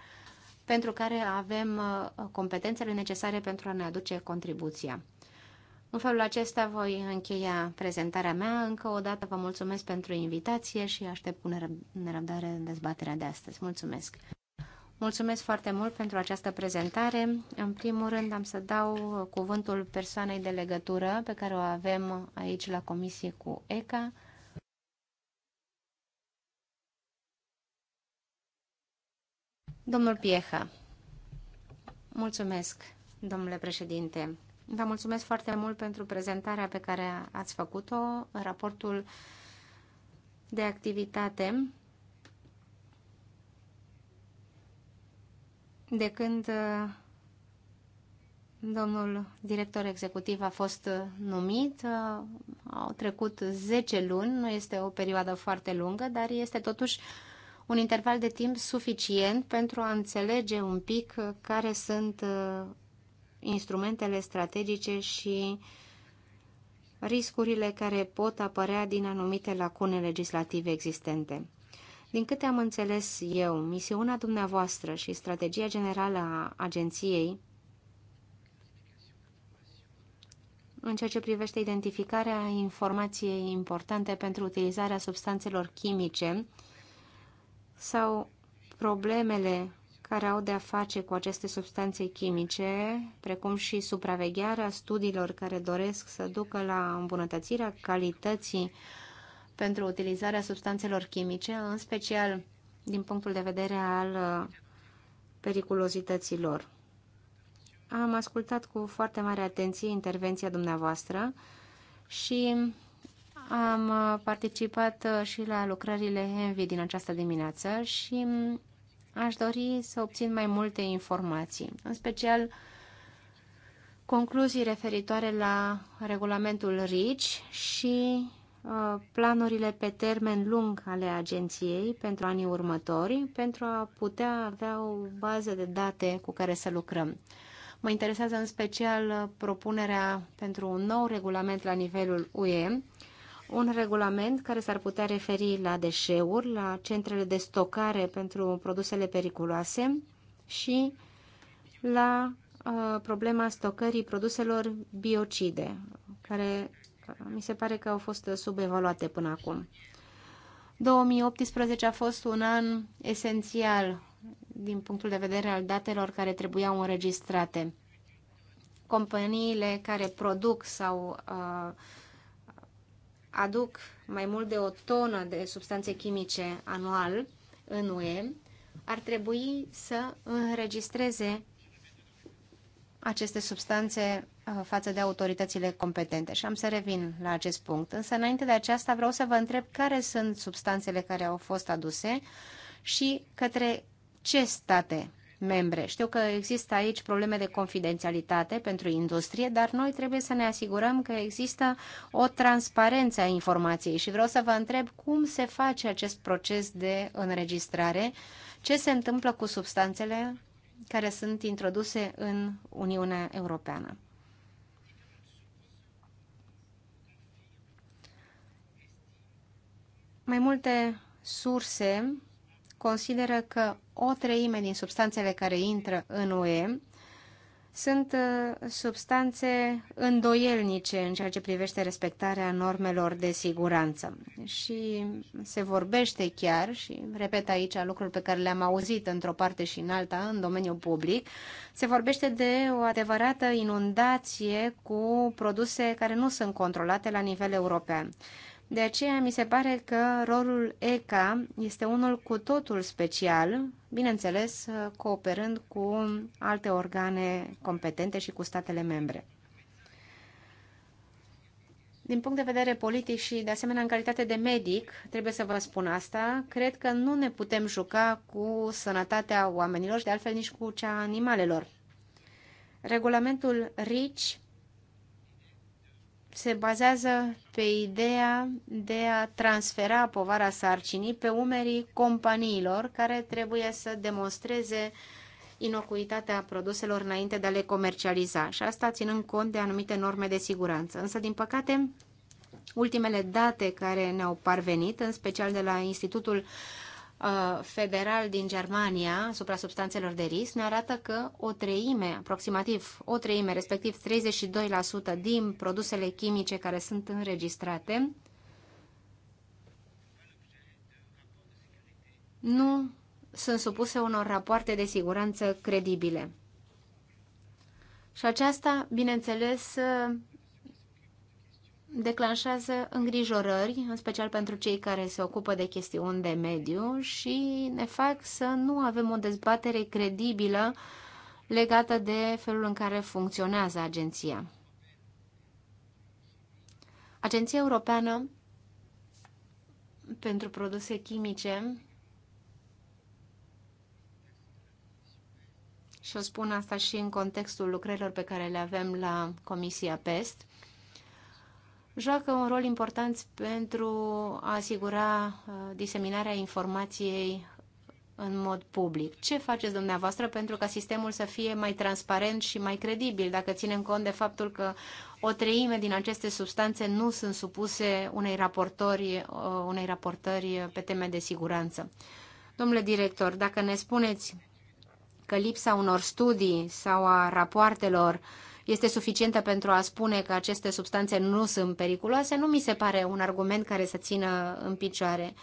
pentru care avem uh, competențele necesare pentru a ne aduce contribuția. În felul acesta voi încheia prezentarea mea. Încă o dată vă mulțumesc pentru invitație și aștept cu nerăbdare dezbaterea de astăzi. Mulțumesc! Mulțumesc foarte mult pentru această prezentare. În primul rând am să dau cuvântul persoanei de legătură pe care o avem aici la comisie cu ECA. Domnul Pieha, mulțumesc, domnule președinte. Vă mulțumesc foarte mult pentru prezentarea pe care ați făcut-o, raportul de activitate de când uh, domnul director executiv a fost uh, numit. Uh, au trecut 10 luni, nu este o perioadă foarte lungă, dar este totuși un interval de timp suficient pentru a înțelege un pic care sunt instrumentele strategice și riscurile care pot apărea din anumite lacune legislative existente. Din câte am înțeles eu, misiunea dumneavoastră și strategia generală a agenției în ceea ce privește identificarea informației importante pentru utilizarea substanțelor chimice sau problemele care au de-a face cu aceste substanțe chimice, precum și supravegherea studiilor care doresc să ducă la îmbunătățirea calității pentru utilizarea substanțelor chimice, în special din punctul de vedere al uh, periculozității lor. Am ascultat cu foarte mare atenție intervenția dumneavoastră și am uh, participat uh, și la lucrările Envi din această dimineață și mm, aș dori să obțin mai multe informații, în special concluzii referitoare la regulamentul RICI și Uh, planurile pe termen lung ale agenției pentru anii următori, pentru a putea avea o bază de date cu care să lucrăm. Mă interesează în special propunerea pentru un nou regulament la nivelul UE, un regulament care s-ar putea referi la deșeuri, la centrele de stocare pentru produsele periculoase și la uh, problema stocării produselor biocide, care mi se pare că au fost subevaluate până acum. 2018 a fost un an esențial din punctul de vedere al datelor care trebuiau înregistrate. Companiile care produc sau uh, aduc mai mult de o tonă de substanțe chimice anual în UE ar trebui să înregistreze aceste substanțe uh, față de autoritățile competente și am să revin la acest punct. Însă înainte de aceasta vreau să vă întreb care sunt substanțele care au fost aduse și către ce state membre. Știu că există aici probleme de confidențialitate pentru industrie, dar noi trebuie să ne asigurăm că există o transparență a informației și vreau să vă întreb cum se face acest proces de înregistrare, ce se întâmplă cu substanțele care sunt introduse în Uniunea Europeană. Mai multe surse consideră că o treime din substanțele care intră în UE sunt uh, substanțe îndoielnice în ceea ce privește respectarea normelor de siguranță. Și se vorbește chiar, și repet aici lucruri pe care le-am auzit într-o parte și în alta, în domeniul public, se vorbește de o adevărată inundație cu produse care nu sunt controlate la nivel european. De aceea mi se pare că rolul ECA este unul cu totul special, bineînțeles cooperând cu alte organe competente și cu statele membre. Din punct de vedere politic și, de asemenea, în calitate de medic, trebuie să vă spun asta, cred că nu ne putem juca cu sănătatea oamenilor și, de altfel, nici cu cea a animalelor. Regulamentul RICI se bazează pe ideea de a transfera povara sarcinii pe umerii companiilor care trebuie să demonstreze inocuitatea produselor înainte de a le comercializa și asta ținând cont de anumite norme de siguranță. Însă, din păcate, ultimele date care ne-au parvenit, în special de la Institutul Uh, federal din Germania asupra substanțelor de risc ne arată că o treime, aproximativ o treime, respectiv 32% din produsele chimice care sunt înregistrate, nu sunt supuse unor rapoarte de siguranță credibile. Și aceasta, bineînțeles, declanșează îngrijorări, în special pentru cei care se ocupă de chestiuni de mediu și ne fac să nu avem o dezbatere credibilă legată de felul în care funcționează agenția. Agenția Europeană pentru Produse Chimice și o spun asta și în contextul lucrărilor pe care le avem la Comisia PEST, joacă un rol important pentru a asigura uh, diseminarea informației în mod public. Ce faceți dumneavoastră pentru ca sistemul să fie mai transparent și mai credibil, dacă ținem cont de faptul că o treime din aceste substanțe nu sunt supuse unei raportări, uh, unei raportări pe teme de siguranță? Domnule director, dacă ne spuneți că lipsa unor studii sau a rapoartelor uh, este suficientă pentru a spune că aceste substanțe nu sunt periculoase, nu mi se pare un argument care să țină în picioare.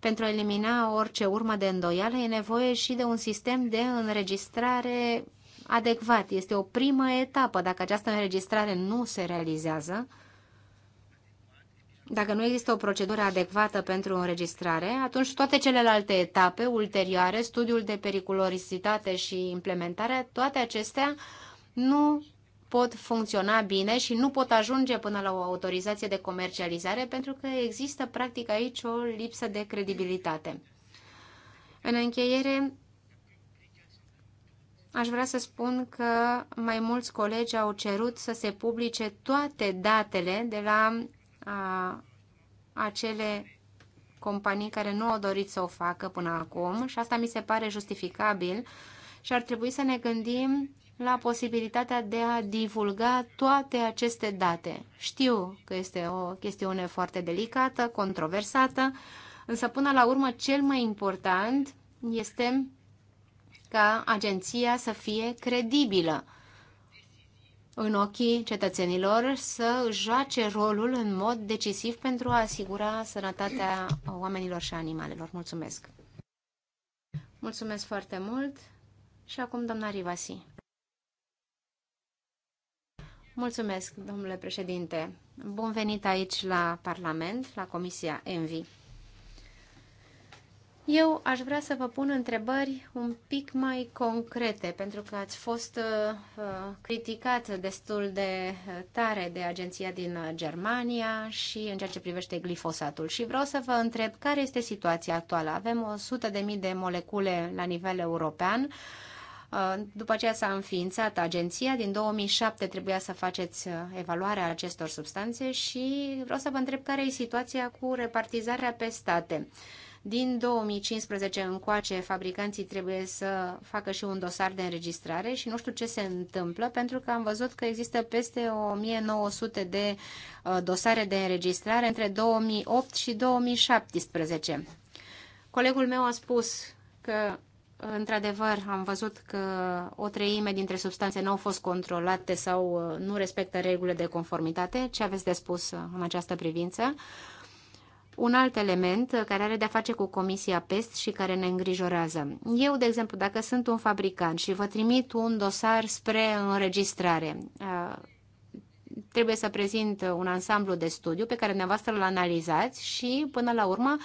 Pentru a elimina orice urmă de îndoială e nevoie și de un sistem de înregistrare adecvat. Este o primă etapă. Dacă această înregistrare nu se realizează, dacă nu există o procedură adecvată pentru înregistrare, atunci toate celelalte etape ulterioare, studiul de periculozitate și implementarea, toate acestea nu pot funcționa bine și nu pot ajunge până la o autorizație de comercializare pentru că există practic aici o lipsă de credibilitate. În încheiere, aș vrea să spun că mai mulți colegi au cerut să se publice toate datele de la a, acele companii care nu au dorit să o facă până acum și asta mi se pare justificabil și ar trebui să ne gândim la posibilitatea de a divulga toate aceste date. Știu că este o chestiune foarte delicată, controversată, însă până la urmă cel mai important este ca agenția să fie credibilă în ochii cetățenilor să joace rolul în mod decisiv pentru a asigura sănătatea oamenilor și animalelor. Mulțumesc! Mulțumesc foarte mult și acum doamna Rivasi. Mulțumesc, domnule președinte. Bun venit aici la Parlament, la Comisia ENVI. Eu aș vrea să vă pun întrebări un pic mai concrete, pentru că ați fost uh, uh criticat destul de uh, tare de agenția din uh, Germania și în ceea ce privește glifosatul. Și vreau să vă întreb care este situația actuală. Avem 100.000 de molecule la nivel european. Uh, Uh, după aceea s-a înființat agenția, din 2007 trebuia să faceți uh, evaluarea acestor substanțe și vreau să vă întreb care e situația cu repartizarea pe state. Din 2015 încoace, fabricanții trebuie să facă și un dosar de înregistrare și nu știu ce se întâmplă, pentru că am văzut că există peste 1900 de uh, dosare de înregistrare între 2008 și 2017. Colegul meu a spus că Într-adevăr, am văzut că o treime dintre substanțe nu au fost controlate sau uh, nu respectă regulile de conformitate. Ce aveți de spus uh, în această privință? Un alt element uh, care are de-a face cu Comisia PEST și care ne îngrijorează. Eu, de exemplu, dacă sunt un fabricant și vă trimit un dosar spre înregistrare, trebuie să prezint un ansamblu de studiu pe care dumneavoastră îl analizați și, până la urmă,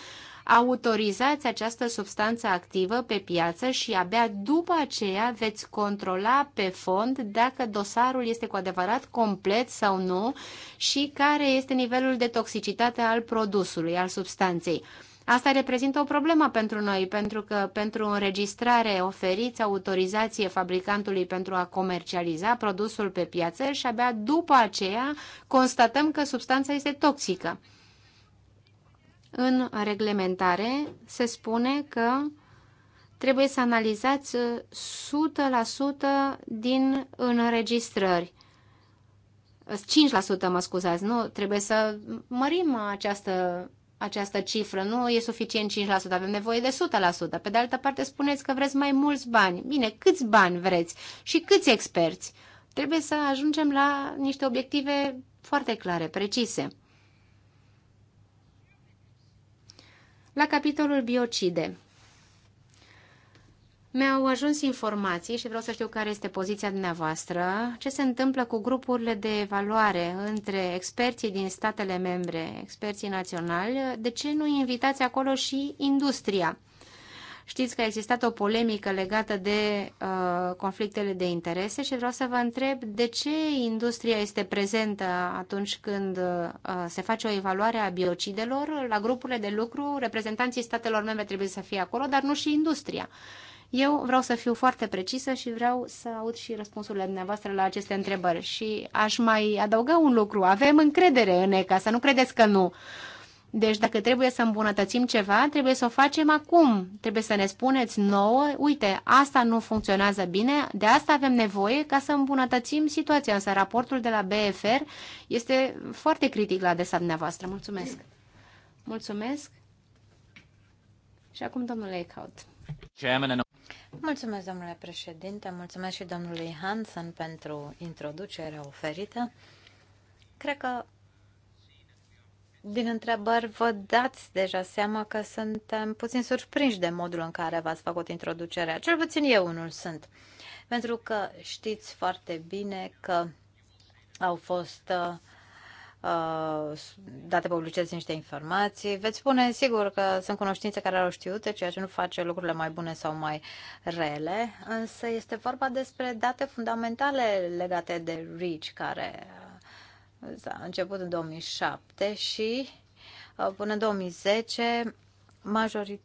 autorizați această substanță activă pe piață și abia după aceea veți controla pe fond dacă dosarul este cu adevărat complet sau nu și care este nivelul de toxicitate al produsului, al substanței. Asta reprezintă o problemă pentru noi, pentru că pentru înregistrare oferiți autorizație fabricantului pentru a comercializa produsul pe piață și abia după aceea constatăm că substanța este toxică în reglementare se spune că trebuie să analizați 100% din înregistrări. 5% mă scuzați, nu? Trebuie să mărim această, această cifră. Nu e suficient 5%, avem nevoie de 100%. Pe de altă parte spuneți că vreți mai mulți bani. Bine, câți bani vreți și câți experți? Trebuie să ajungem la niște obiective foarte clare, precise. La capitolul biocide, mi-au ajuns informații și vreau să știu care este poziția dumneavoastră, ce se întâmplă cu grupurile de evaluare între experții din statele membre, experții naționali, de ce nu invitați acolo și industria? Știți că a existat o polemică legată de uh, conflictele de interese și vreau să vă întreb de ce industria este prezentă atunci când uh, se face o evaluare a biocidelor. La grupurile de lucru, reprezentanții statelor membre trebuie să fie acolo, dar nu și industria. Eu vreau să fiu foarte precisă și vreau să aud și răspunsurile dumneavoastră la aceste întrebări. Și aș mai adăuga un lucru. Avem încredere în ECA, să nu credeți că nu. Uh, deci dacă trebuie să îmbunătățim ceva, trebuie să o facem acum. Trebuie să ne spuneți nouă, uite, asta nu funcționează bine, de asta avem nevoie ca să îmbunătățim situația. Însă raportul de la BFR este foarte critic la adresa dumneavoastră. Mulțumesc! Mulțumesc! Și acum domnule Eichhout. Mulțumesc, domnule președinte, mulțumesc și domnului Hansen pentru introducerea oferită. Cred că din întrebări vă dați deja seama că suntem puțin surprinși de modul în care v-ați făcut introducerea. Cel puțin eu unul sunt. Pentru că știți foarte bine că au fost uh, date publice niște informații. Veți spune, sigur, că sunt cunoștințe care au știute, ceea ce nu face lucrurile mai bune sau mai rele, însă este vorba despre date fundamentale legate de RICI, care a început în 2007 și uh, până în 2010 majorit-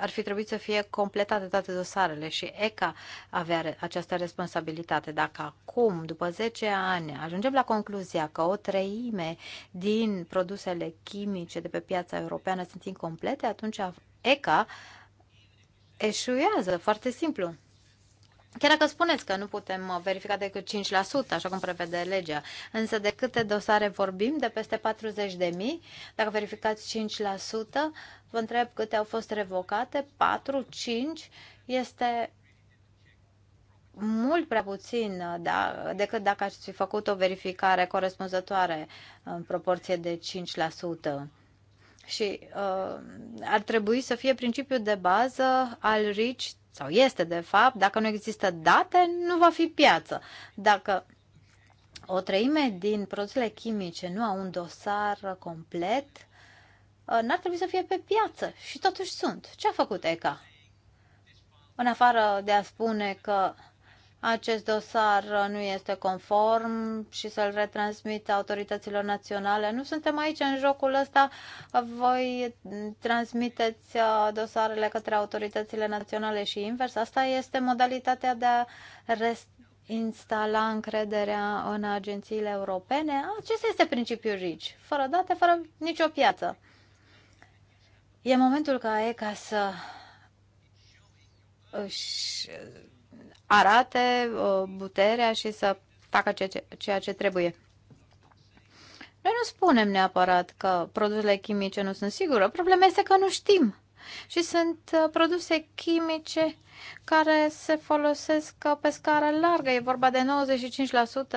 ar fi trebuit să fie completate toate dosarele și ECA avea această responsabilitate. Dacă acum, după 10 ani, ajungem la concluzia că o treime din produsele chimice de pe piața europeană sunt incomplete, atunci ECA eșuează, foarte simplu. Chiar dacă spuneți că nu putem uh, verifica decât 5%, așa cum prevede legea, însă de câte dosare vorbim, de peste 40 de mii, dacă verificați 5%, vă întreb câte au fost revocate, 4, 5, este mult prea puțin uh, da, decât dacă ați fi făcut o verificare corespunzătoare în proporție de 5%. Și uh, ar trebui să fie principiul de bază al RICI sau este de fapt, dacă nu există date, nu va fi piață. Dacă o treime din produsele chimice nu au un dosar complet, uh, n-ar trebui să fie pe piață și totuși sunt. Ce a făcut ECA? În afară de a spune că acest dosar nu este conform și să-l retransmit autorităților naționale. Nu suntem aici în jocul ăsta. Voi transmiteți uh, dosarele către autoritățile naționale și invers. Asta este modalitatea de a instala încrederea în agențiile europene. Acesta este principiul RICI. Fără date, fără nicio piață. E momentul ca ECA să își arate uh, puterea și să facă ceea ce trebuie. Noi nu spunem neapărat că produsele chimice nu sunt sigure. Problema este că nu știm. Și sunt uh, produse chimice care se folosesc uh, pe scară largă. E vorba de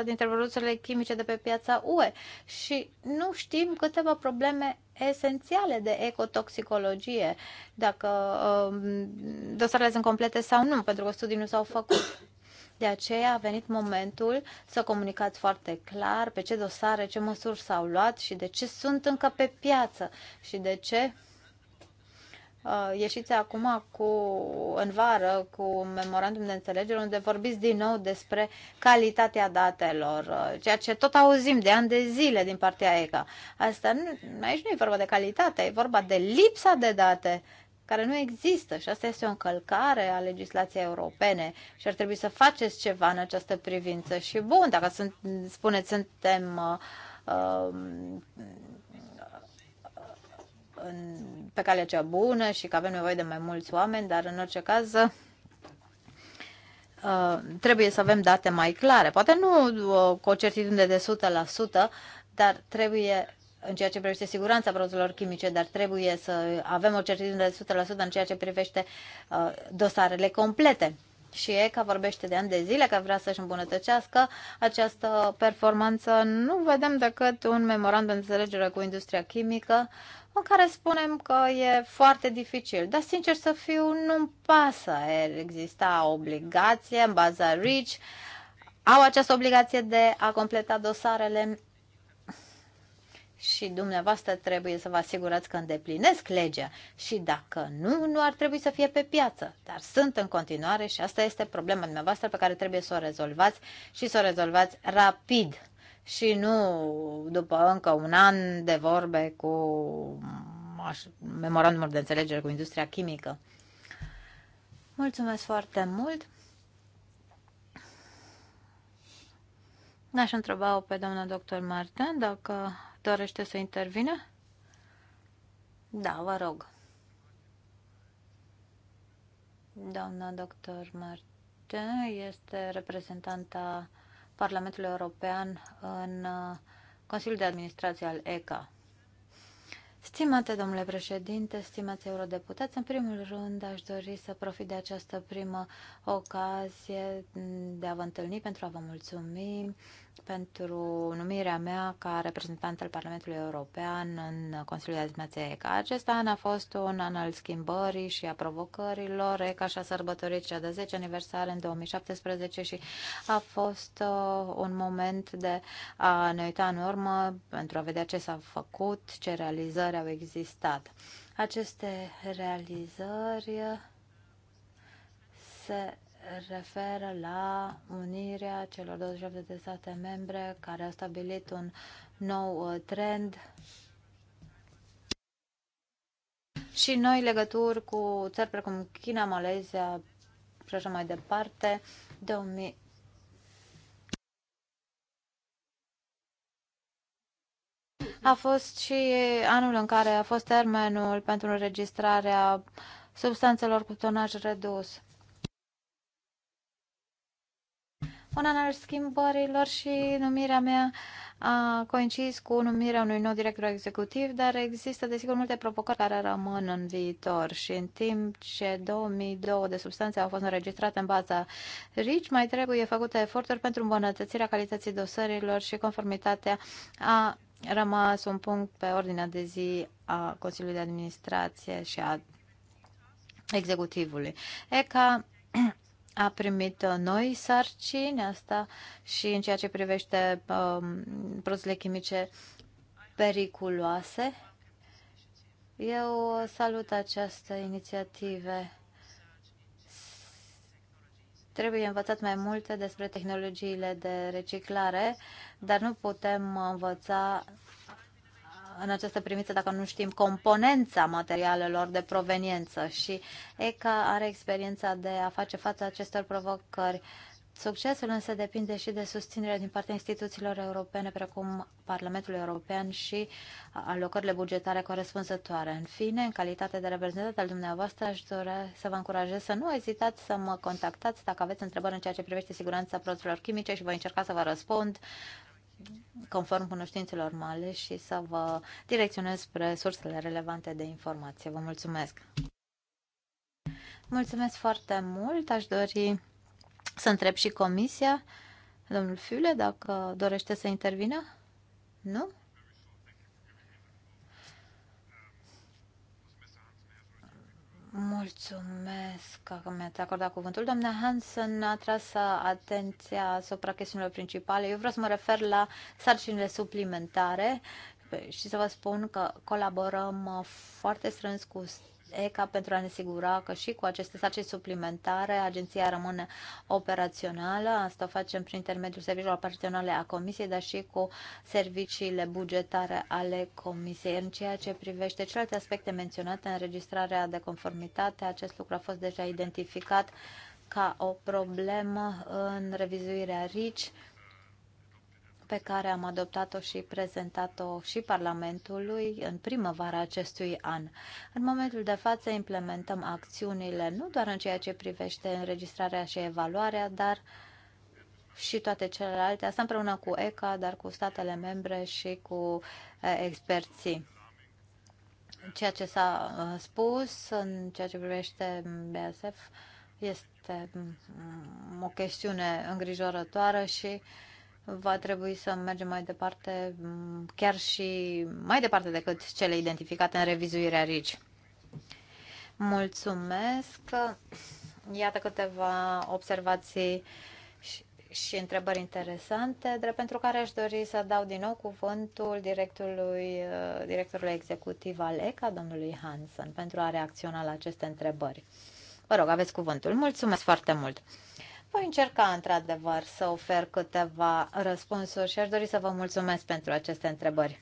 95% dintre produsele chimice de pe piața UE. Și nu știm câteva probleme esențiale de ecotoxicologie, dacă um, dosarele sunt complete sau nu, pentru că studii nu s-au făcut. De aceea a venit momentul să comunicați foarte clar pe ce dosare, ce măsuri s-au luat și de ce sunt încă pe piață și de ce Uh, ieșiți acum cu, în vară cu memorandum de înțelegere unde vorbiți din nou despre calitatea datelor, uh, ceea ce tot auzim de ani de zile din partea ECA. Asta nu, aici nu e vorba de calitate, e vorba de lipsa de date care nu există și asta este o încălcare a legislației europene și ar trebui să faceți ceva în această privință. Și bun, dacă sunt, spuneți, suntem uh, uh în, pe calea cea bună și că avem nevoie de mai mulți oameni, dar în orice caz uh, trebuie să avem date mai clare. Poate nu uh, cu o certitudine de 100%, dar trebuie în ceea ce privește siguranța produselor chimice, dar trebuie să avem o certitudine de 100% în ceea ce privește uh, dosarele complete. Și ECA vorbește de ani de zile că vrea să-și îmbunătățească această performanță. Nu vedem decât un memorandum de înțelegere cu industria chimică în care spunem că e foarte dificil. Dar, sincer să fiu, nu-mi pasă. Exista obligație în baza RICH, au această obligație de a completa dosarele și dumneavoastră trebuie să vă asigurați că îndeplinesc legea și dacă nu, nu ar trebui să fie pe piață. Dar sunt în continuare și asta este problema dumneavoastră pe care trebuie să o rezolvați și să o rezolvați rapid și nu după încă un an de vorbe cu memorandumul de înțelegere cu industria chimică. Mulțumesc foarte mult! N-aș întreba-o pe doamna doctor Martin dacă dorește să intervine. Da, vă rog. Doamna doctor Martin este reprezentanta Parlamentul European în uh, Consiliul de Administrație al ECA. Stimate domnule președinte, stimați eurodeputați, în primul rând aș dori să profit de această primă ocazie de a vă întâlni pentru a vă mulțumi pentru numirea mea ca reprezentant al Parlamentului European în Consiliul de Administrație ECA. Acest an a fost un an al schimbării și a provocărilor. ECA și-a sărbătorit cea de 10 aniversare în 2017 și a fost uh, un moment de a ne uita în urmă pentru a vedea ce s-a făcut, ce realizări au existat. Aceste realizări se referă la unirea celor 27 de state membre care au stabilit un nou uh, trend și noi legături cu țări precum China, Malezia și așa mai departe. 2000 a fost și anul în care a fost termenul pentru înregistrarea substanțelor cu tonaj redus. un an al schimbărilor și numirea mea a coincis cu numirea unui nou director executiv, dar există desigur multe provocări care rămân în viitor și în timp ce 2002 de substanțe au fost înregistrate în baza RICI, mai trebuie făcute eforturi pentru îmbunătățirea calității dosărilor și conformitatea a rămas un punct pe ordinea de zi a Consiliului de Administrație și a executivului. ECA a primit uh, noi sarcini, asta și în ceea ce privește um, produsele chimice periculoase. Eu salut această inițiative. Trebuie învățat mai multe despre tehnologiile de reciclare, dar nu putem învăța în această privință dacă nu știm componența materialelor de proveniență și ECA are experiența de a face față acestor provocări. Succesul însă depinde și de susținerea din partea instituțiilor europene, precum Parlamentul European și alocările bugetare corespunzătoare. În fine, în calitate de reprezentant al dumneavoastră, aș dori să vă încurajez să nu ezitați să mă contactați dacă aveți întrebări în ceea ce privește siguranța produselor chimice și voi încerca să vă răspund conform cunoștințelor mele și să vă direcționez spre sursele relevante de informație. Vă mulțumesc! Mulțumesc foarte mult! Aș dori să întreb și comisia, domnul Fiule, dacă dorește să intervină. Nu? Mulțumesc că mi-ați acordat cuvântul. Doamna Hansen a tras atenția asupra chestiunilor principale. Eu vreau să mă refer la sarcinile suplimentare păi, și să vă spun că colaborăm foarte strâns cu ECA pentru a ne asigura că și cu aceste sarcini suplimentare agenția rămâne operațională. Asta o facem prin intermediul serviciilor operaționale a Comisiei, dar și cu serviciile bugetare ale Comisiei. În ceea ce privește celelalte aspecte menționate, înregistrarea de conformitate, acest lucru a fost deja identificat ca o problemă în revizuirea RICI pe care am adoptat-o și prezentat-o și Parlamentului în primăvara acestui an. În momentul de față implementăm acțiunile nu doar în ceea ce privește înregistrarea și evaluarea, dar și toate celelalte, asta împreună cu ECA, dar cu statele membre și cu eh, experții ceea ce s-a eh, spus în ceea ce privește BSF este mm, mm, o chestiune îngrijorătoare și va trebui să mergem mai departe, chiar și mai departe decât cele identificate în revizuirea RIGI. Mulțumesc! Iată câteva observații și, și întrebări interesante, drept pentru care aș dori să dau din nou cuvântul directorului, directorului executiv al ECA, domnului Hansen, pentru a reacționa la aceste întrebări. Vă rog, aveți cuvântul. Mulțumesc foarte mult! Voi încerca într-adevăr să ofer câteva răspunsuri și aș dori să vă mulțumesc pentru aceste întrebări.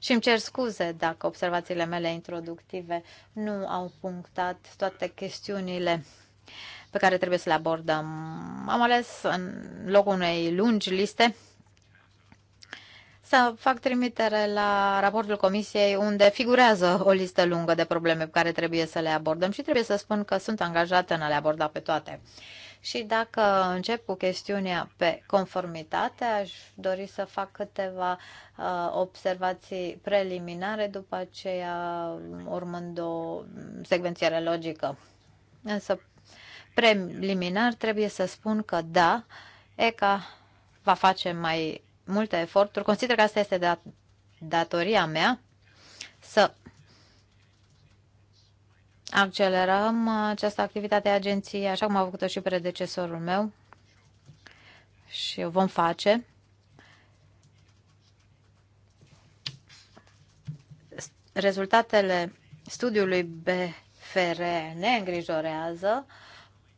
Și îmi cer scuze dacă observațiile mele introductive nu au punctat toate chestiunile pe care trebuie să le abordăm. Am ales în locul unei lungi liste să fac trimitere la raportul comisiei unde figurează o listă lungă de probleme pe care trebuie să le abordăm și trebuie să spun că sunt angajată în a le aborda pe toate. Și dacă încep cu chestiunea pe conformitate, aș dori să fac câteva uh, observații preliminare, după aceea urmând o secvențiere logică. Însă, preliminar, trebuie să spun că da, ECA va face mai multe eforturi. Consider că asta este dat- datoria mea să accelerăm uh, această activitate a agenției, așa cum a făcut-o și predecesorul meu și o vom face. Rezultatele studiului BFR ne îngrijorează,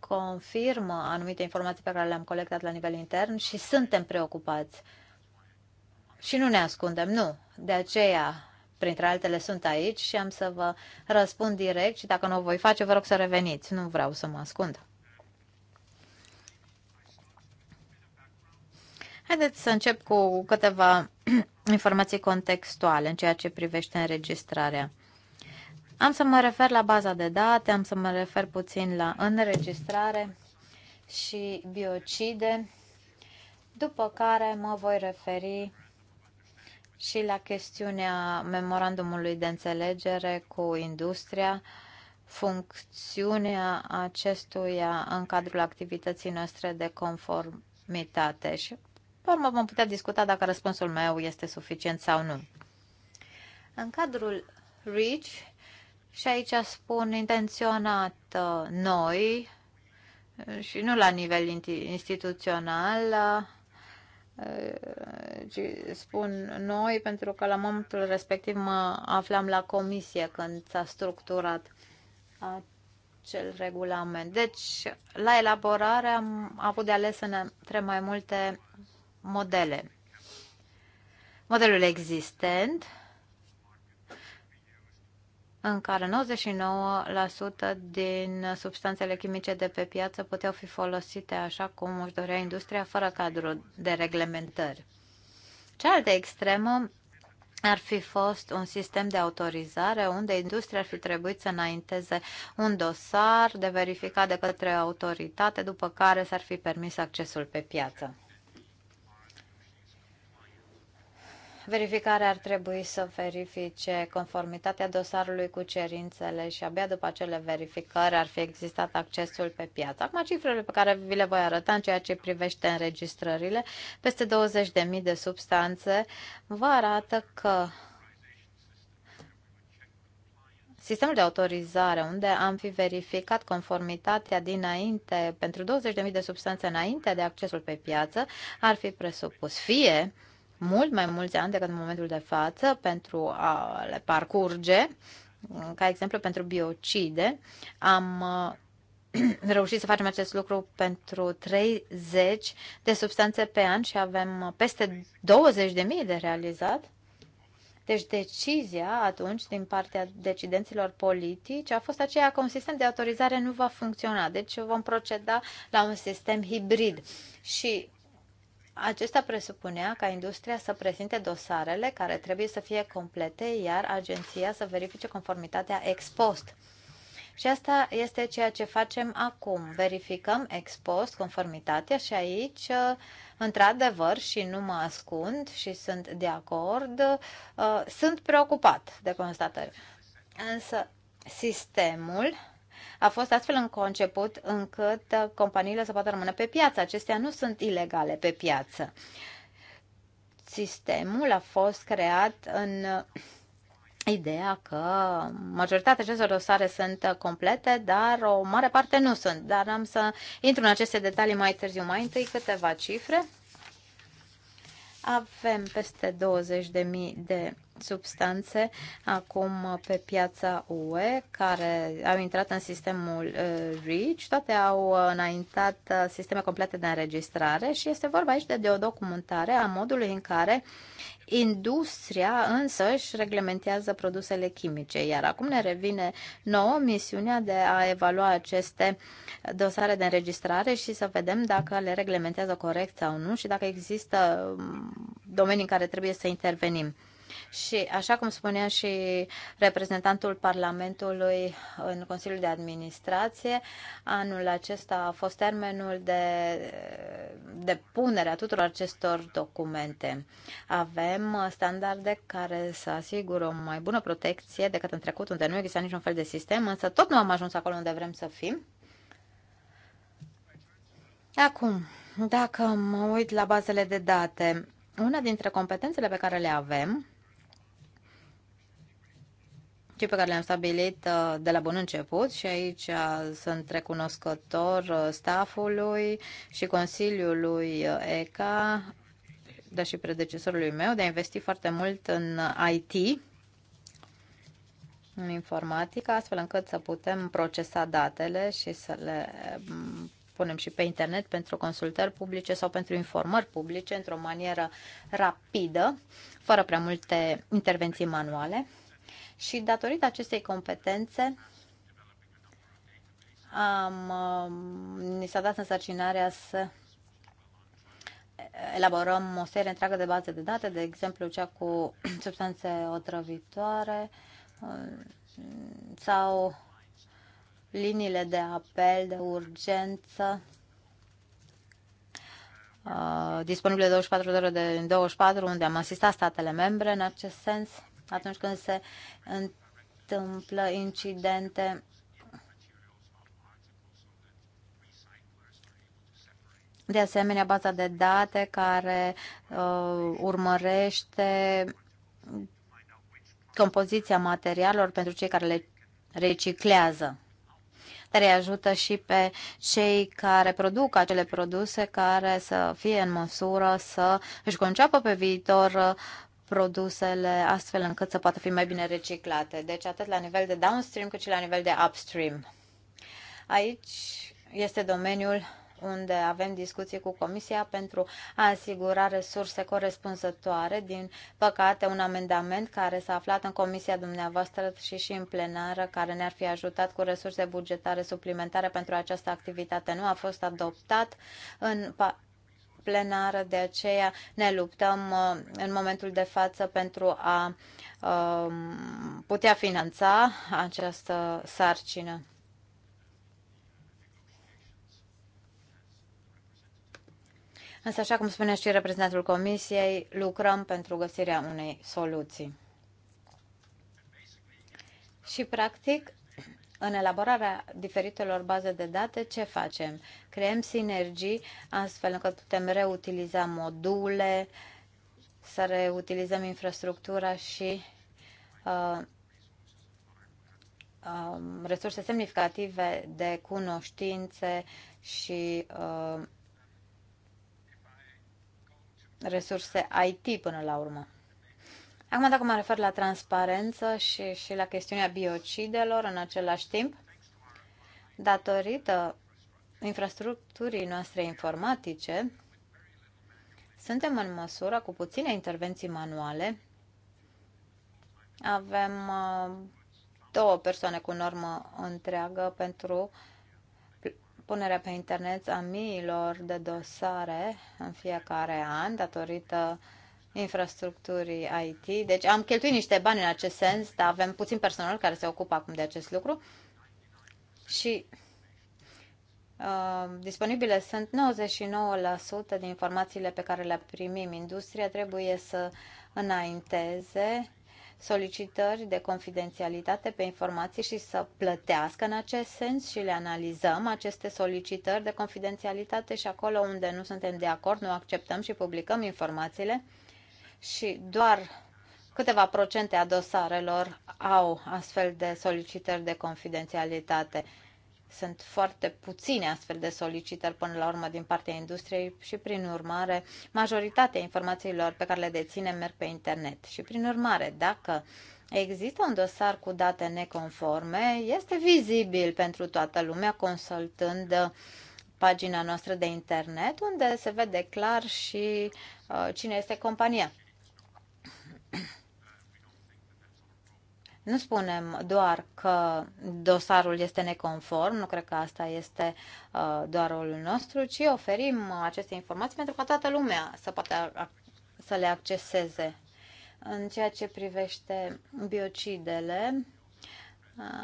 confirmă anumite informații pe care le-am colectat la nivel intern și suntem preocupați. Și nu ne ascundem, nu. De aceea printre altele, sunt aici și am să vă răspund direct și dacă nu o voi face, vă rog să reveniți. Nu vreau să mă ascund. Haideți să încep cu câteva informații contextuale în ceea ce privește înregistrarea. Am să mă refer la baza de date, am să mă refer puțin la înregistrare și biocide, după care mă voi referi și la chestiunea memorandumului de înțelegere cu industria, funcțiunea acestuia în cadrul activității noastre de conformitate și pe urmă vom putea discuta dacă răspunsul meu este suficient sau nu. În cadrul REACH, și aici spun intenționat uh, noi și nu la nivel instituțional, uh, ci eh, spun noi pentru că la momentul respectiv mă aflam la comisie când s-a structurat acel regulament. Deci, la elaborare am avut de ales între mai multe modele. Modelul existent, în care 99% din substanțele chimice de pe piață puteau fi folosite așa cum își dorea industria, fără cadru de reglementări. Cealaltă extremă ar fi fost un sistem de autorizare unde industria ar fi trebuit să înainteze un dosar de verificat de către autoritate, după care s-ar fi permis accesul pe piață. verificarea ar trebui să verifice conformitatea dosarului cu cerințele și abia după acele verificări ar fi existat accesul pe piață. Acum cifrele pe care vi le voi arăta în ceea ce privește înregistrările, peste 20.000 de substanțe, vă arată că Sistemul de autorizare, unde am fi verificat conformitatea dinainte, pentru 20.000 de substanțe înainte de accesul pe piață, ar fi presupus fie mult mai mulți ani decât în momentul de față pentru a le parcurge. Ca exemplu, pentru biocide am uh, reușit să facem acest lucru pentru 30 de substanțe pe an și avem peste 20.000 de realizat. Deci decizia atunci din partea decidenților politici a fost aceea că un sistem de autorizare nu va funcționa. Deci vom proceda la un sistem hibrid. Și acesta presupunea ca industria să prezinte dosarele care trebuie să fie complete, iar agenția să verifice conformitatea ex post. Și asta este ceea ce facem acum. Verificăm ex post conformitatea și aici, într-adevăr, și nu mă ascund și sunt de acord, uh, sunt preocupat de constatări. Însă sistemul a fost astfel înconceput încât companiile să poată rămâne pe piață. Acestea nu sunt ilegale pe piață. Sistemul a fost creat în ideea că majoritatea acestor dosare sunt complete, dar o mare parte nu sunt. Dar am să intru în aceste detalii mai târziu. Mai întâi câteva cifre. Avem peste 20.000 de substanțe acum pe piața UE care au intrat în sistemul uh, REACH. Toate au înaintat uh, sisteme complete de înregistrare și este vorba aici de, de o documentare a modului în care Industria însă își reglementează produsele chimice, iar acum ne revine nouă misiunea de a evalua aceste dosare de înregistrare și să vedem dacă le reglementează corect sau nu și dacă există mm, domenii în care trebuie să intervenim. Și așa cum spunea și reprezentantul Parlamentului în Consiliul de Administrație, anul acesta a fost termenul de depunere a tuturor acestor documente. Avem standarde care să asigură o mai bună protecție decât în trecut, unde nu exista niciun fel de sistem, însă tot nu am ajuns acolo unde vrem să fim. Acum, dacă mă uit la bazele de date, una dintre competențele pe care le avem cei pe care le-am stabilit uh, de la bun început și aici uh, sunt recunoscător uh, staffului și Consiliului ECA, dar și predecesorului meu, de a investi foarte mult în IT, în informatică, astfel încât să putem procesa datele și să le um, punem și pe internet pentru consultări publice sau pentru informări publice într-o manieră rapidă, fără prea multe intervenții manuale. Și datorită acestei competențe, am, um, ni s-a dat însărcinarea să elaborăm o serie întreagă de baze de date, de exemplu cea cu substanțe otrăvitoare uh, sau liniile de apel, de urgență uh, disponibile 24 de ore de 24, unde am asistat statele membre în acest sens atunci când se întâmplă incidente De asemenea, baza de date care uh, urmărește compoziția materialelor pentru cei care le reciclează. Dar îi ajută și pe cei care produc acele produse care să fie în măsură să își conceapă pe viitor produsele astfel încât să poată fi mai bine reciclate. Deci atât la nivel de downstream cât și la nivel de upstream. Aici este domeniul unde avem discuții cu Comisia pentru a asigura resurse corespunzătoare. Din păcate, un amendament care s-a aflat în Comisia dumneavoastră și și în plenară, care ne-ar fi ajutat cu resurse bugetare suplimentare pentru această activitate, nu a fost adoptat în plenară, de aceea ne luptăm uh, în momentul de față pentru a um, putea finanța această sarcină. Însă, așa cum spune și reprezentantul Comisiei, lucrăm pentru găsirea unei soluții. Și, practic, în elaborarea diferitelor baze de date, ce facem? Creăm sinergii astfel încât putem reutiliza module, să reutilizăm infrastructura și uh, uh, resurse semnificative de cunoștințe și uh, resurse IT până la urmă. Acum, dacă mă refer la transparență și, și la chestiunea biocidelor în același timp, datorită infrastructurii noastre informatice, suntem în măsură, cu puține intervenții manuale, avem uh, două persoane cu normă întreagă pentru punerea pe internet a miilor de dosare în fiecare an, datorită uh, infrastructurii IT. Deci am cheltuit niște bani în acest sens, dar avem puțin personal care se ocupă acum de acest lucru. Și uh, disponibile sunt 99% din informațiile pe care le primim. Industria trebuie să înainteze solicitări de confidențialitate pe informații și să plătească în acest sens și le analizăm aceste solicitări de confidențialitate și acolo unde nu suntem de acord, nu acceptăm și publicăm informațiile și doar câteva procente a dosarelor au astfel de solicitări de confidențialitate. Sunt foarte puține astfel de solicitări până la urmă din partea industriei și, prin urmare, majoritatea informațiilor pe care le deținem merg pe internet. Și, prin urmare, dacă există un dosar cu date neconforme, este vizibil pentru toată lumea consultând uh, pagina noastră de internet, unde se vede clar și uh, cine este compania Nu spunem doar că dosarul este neconform, nu cred că asta este uh, doar rolul nostru, ci oferim aceste informații pentru ca toată lumea să poată să le acceseze. În ceea ce privește biocidele,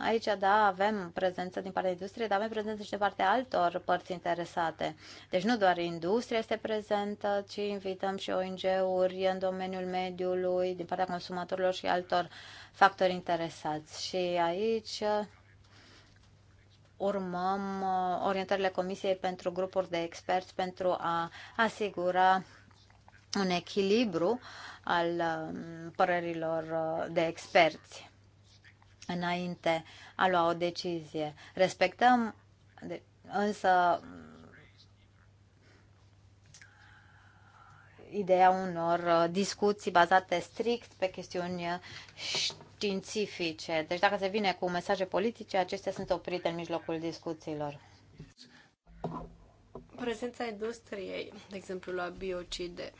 Aici, da, avem prezență din partea industriei, dar avem prezență și de partea altor părți interesate. Deci nu doar industria este prezentă, ci invităm și ONG-uri în domeniul mediului, din partea consumatorilor și altor factori interesați. Și aici urmăm uh, orientările Comisiei pentru grupuri de experți pentru a asigura un echilibru al um, părerilor uh, de experți înainte a lua o decizie. Respectăm însă ideea unor uh, discuții bazate strict pe chestiuni științifice. Deci dacă se vine cu mesaje politice, acestea sunt oprite în mijlocul discuțiilor. Prezența industriei, de exemplu, la biocide,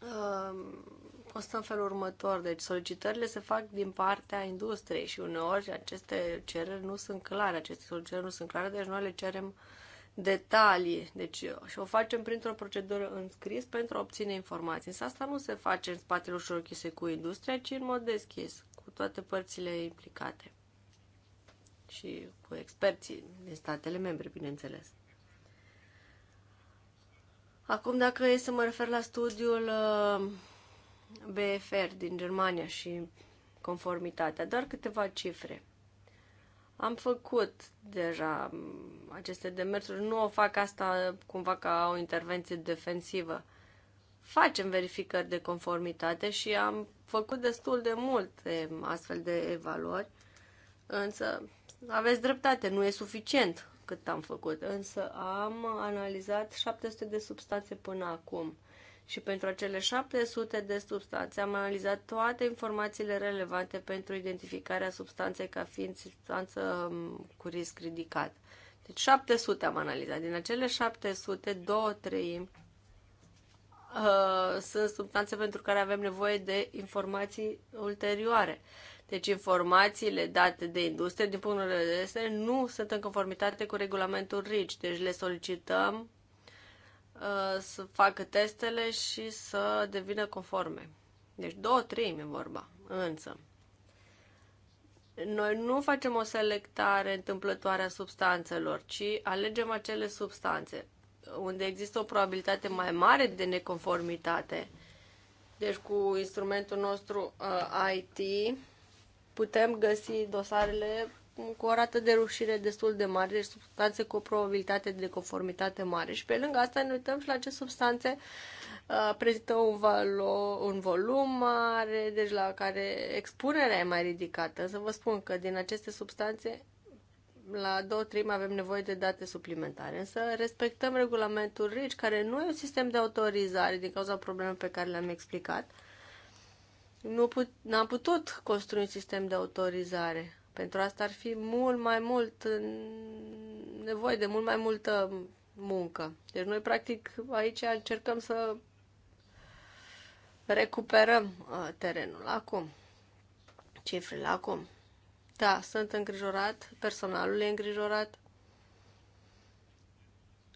um constă în felul următor. Deci solicitările se fac din partea industriei și uneori aceste cereri nu sunt clare, aceste solicitări nu sunt clare, deci noi le cerem detalii. Deci și o facem printr-o procedură în scris pentru a obține informații. Însă asta nu se face în spatele ușor închise cu industria, ci în mod deschis, cu toate părțile implicate și cu experții din statele membre, bineînțeles. Acum, dacă e să mă refer la studiul uh, BFR din Germania și conformitatea, doar câteva cifre. Am făcut deja aceste demersuri, nu o fac asta cumva ca o intervenție defensivă. Facem verificări de conformitate și am făcut destul de multe astfel de evaluări, însă aveți dreptate, nu e suficient cât am făcut, însă am analizat 700 de substanțe până acum – și pentru acele 700 de substanțe am analizat toate informațiile relevante pentru identificarea substanței ca fiind substanță um, cu risc ridicat. Deci 700 am analizat. Din acele 700, două treimi uh, sunt substanțe pentru care avem nevoie de informații ulterioare. Deci informațiile date de industrie, din punctul de vedere, nu sunt în conformitate cu regulamentul RIC, Deci le solicităm Uh, să facă testele și să devină conforme. Deci două treimi vorba. Însă, noi nu facem o selectare întâmplătoare a substanțelor, ci alegem acele substanțe unde există o probabilitate mai mare de neconformitate. Deci cu instrumentul nostru uh, IT putem găsi dosarele cu o rată de rușire destul de mare, deci substanțe cu o probabilitate de conformitate mare. Și pe lângă asta ne uităm și la ce substanțe uh, prezintă un, valo, un volum mare, deci la care expunerea e mai ridicată. Să vă spun că din aceste substanțe la două treimi avem nevoie de date suplimentare, însă respectăm regulamentul RICI, care nu e un sistem de autorizare din cauza problemelor pe care le-am explicat. Nu put, n-am putut construi un sistem de autorizare pentru asta ar fi mult mai mult nevoie de mult mai multă muncă. Deci noi, practic, aici încercăm să recuperăm uh, terenul. Acum, cifrele, acum. Da, sunt îngrijorat, personalul e îngrijorat.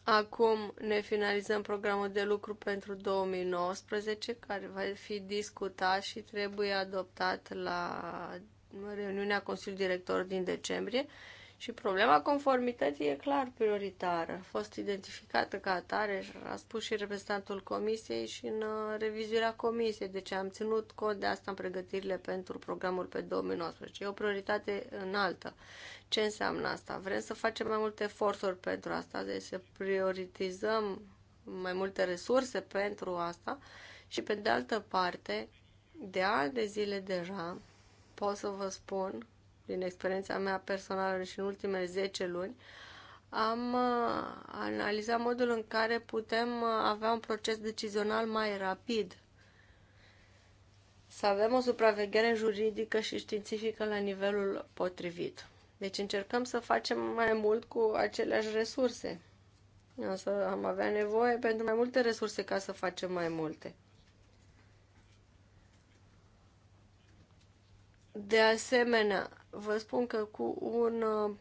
Acum ne finalizăm programul de lucru pentru 2019, care va fi discutat și trebuie adoptat la reuniunea Consiliului Director din decembrie și problema conformității e clar prioritară. A fost identificată ca atare, a spus și reprezentantul Comisiei și în uh, revizuirea Comisiei, deci am ținut cont de asta în pregătirile pentru programul pe 2019. E o prioritate înaltă. Ce înseamnă asta? Vrem să facem mai multe eforturi pentru asta, deci să prioritizăm mai multe resurse pentru asta și pe de altă parte, de ani de zile deja, pot să vă spun, din experiența mea personală și în ultimele 10 luni, am uh, analizat modul în care putem uh, avea un proces decizional mai rapid. Să avem o supraveghere juridică și științifică la nivelul potrivit. Deci încercăm să facem mai mult cu aceleași resurse. Însă am avea nevoie pentru mai multe resurse ca să facem mai multe. De asemenea, vă spun că cu un uh,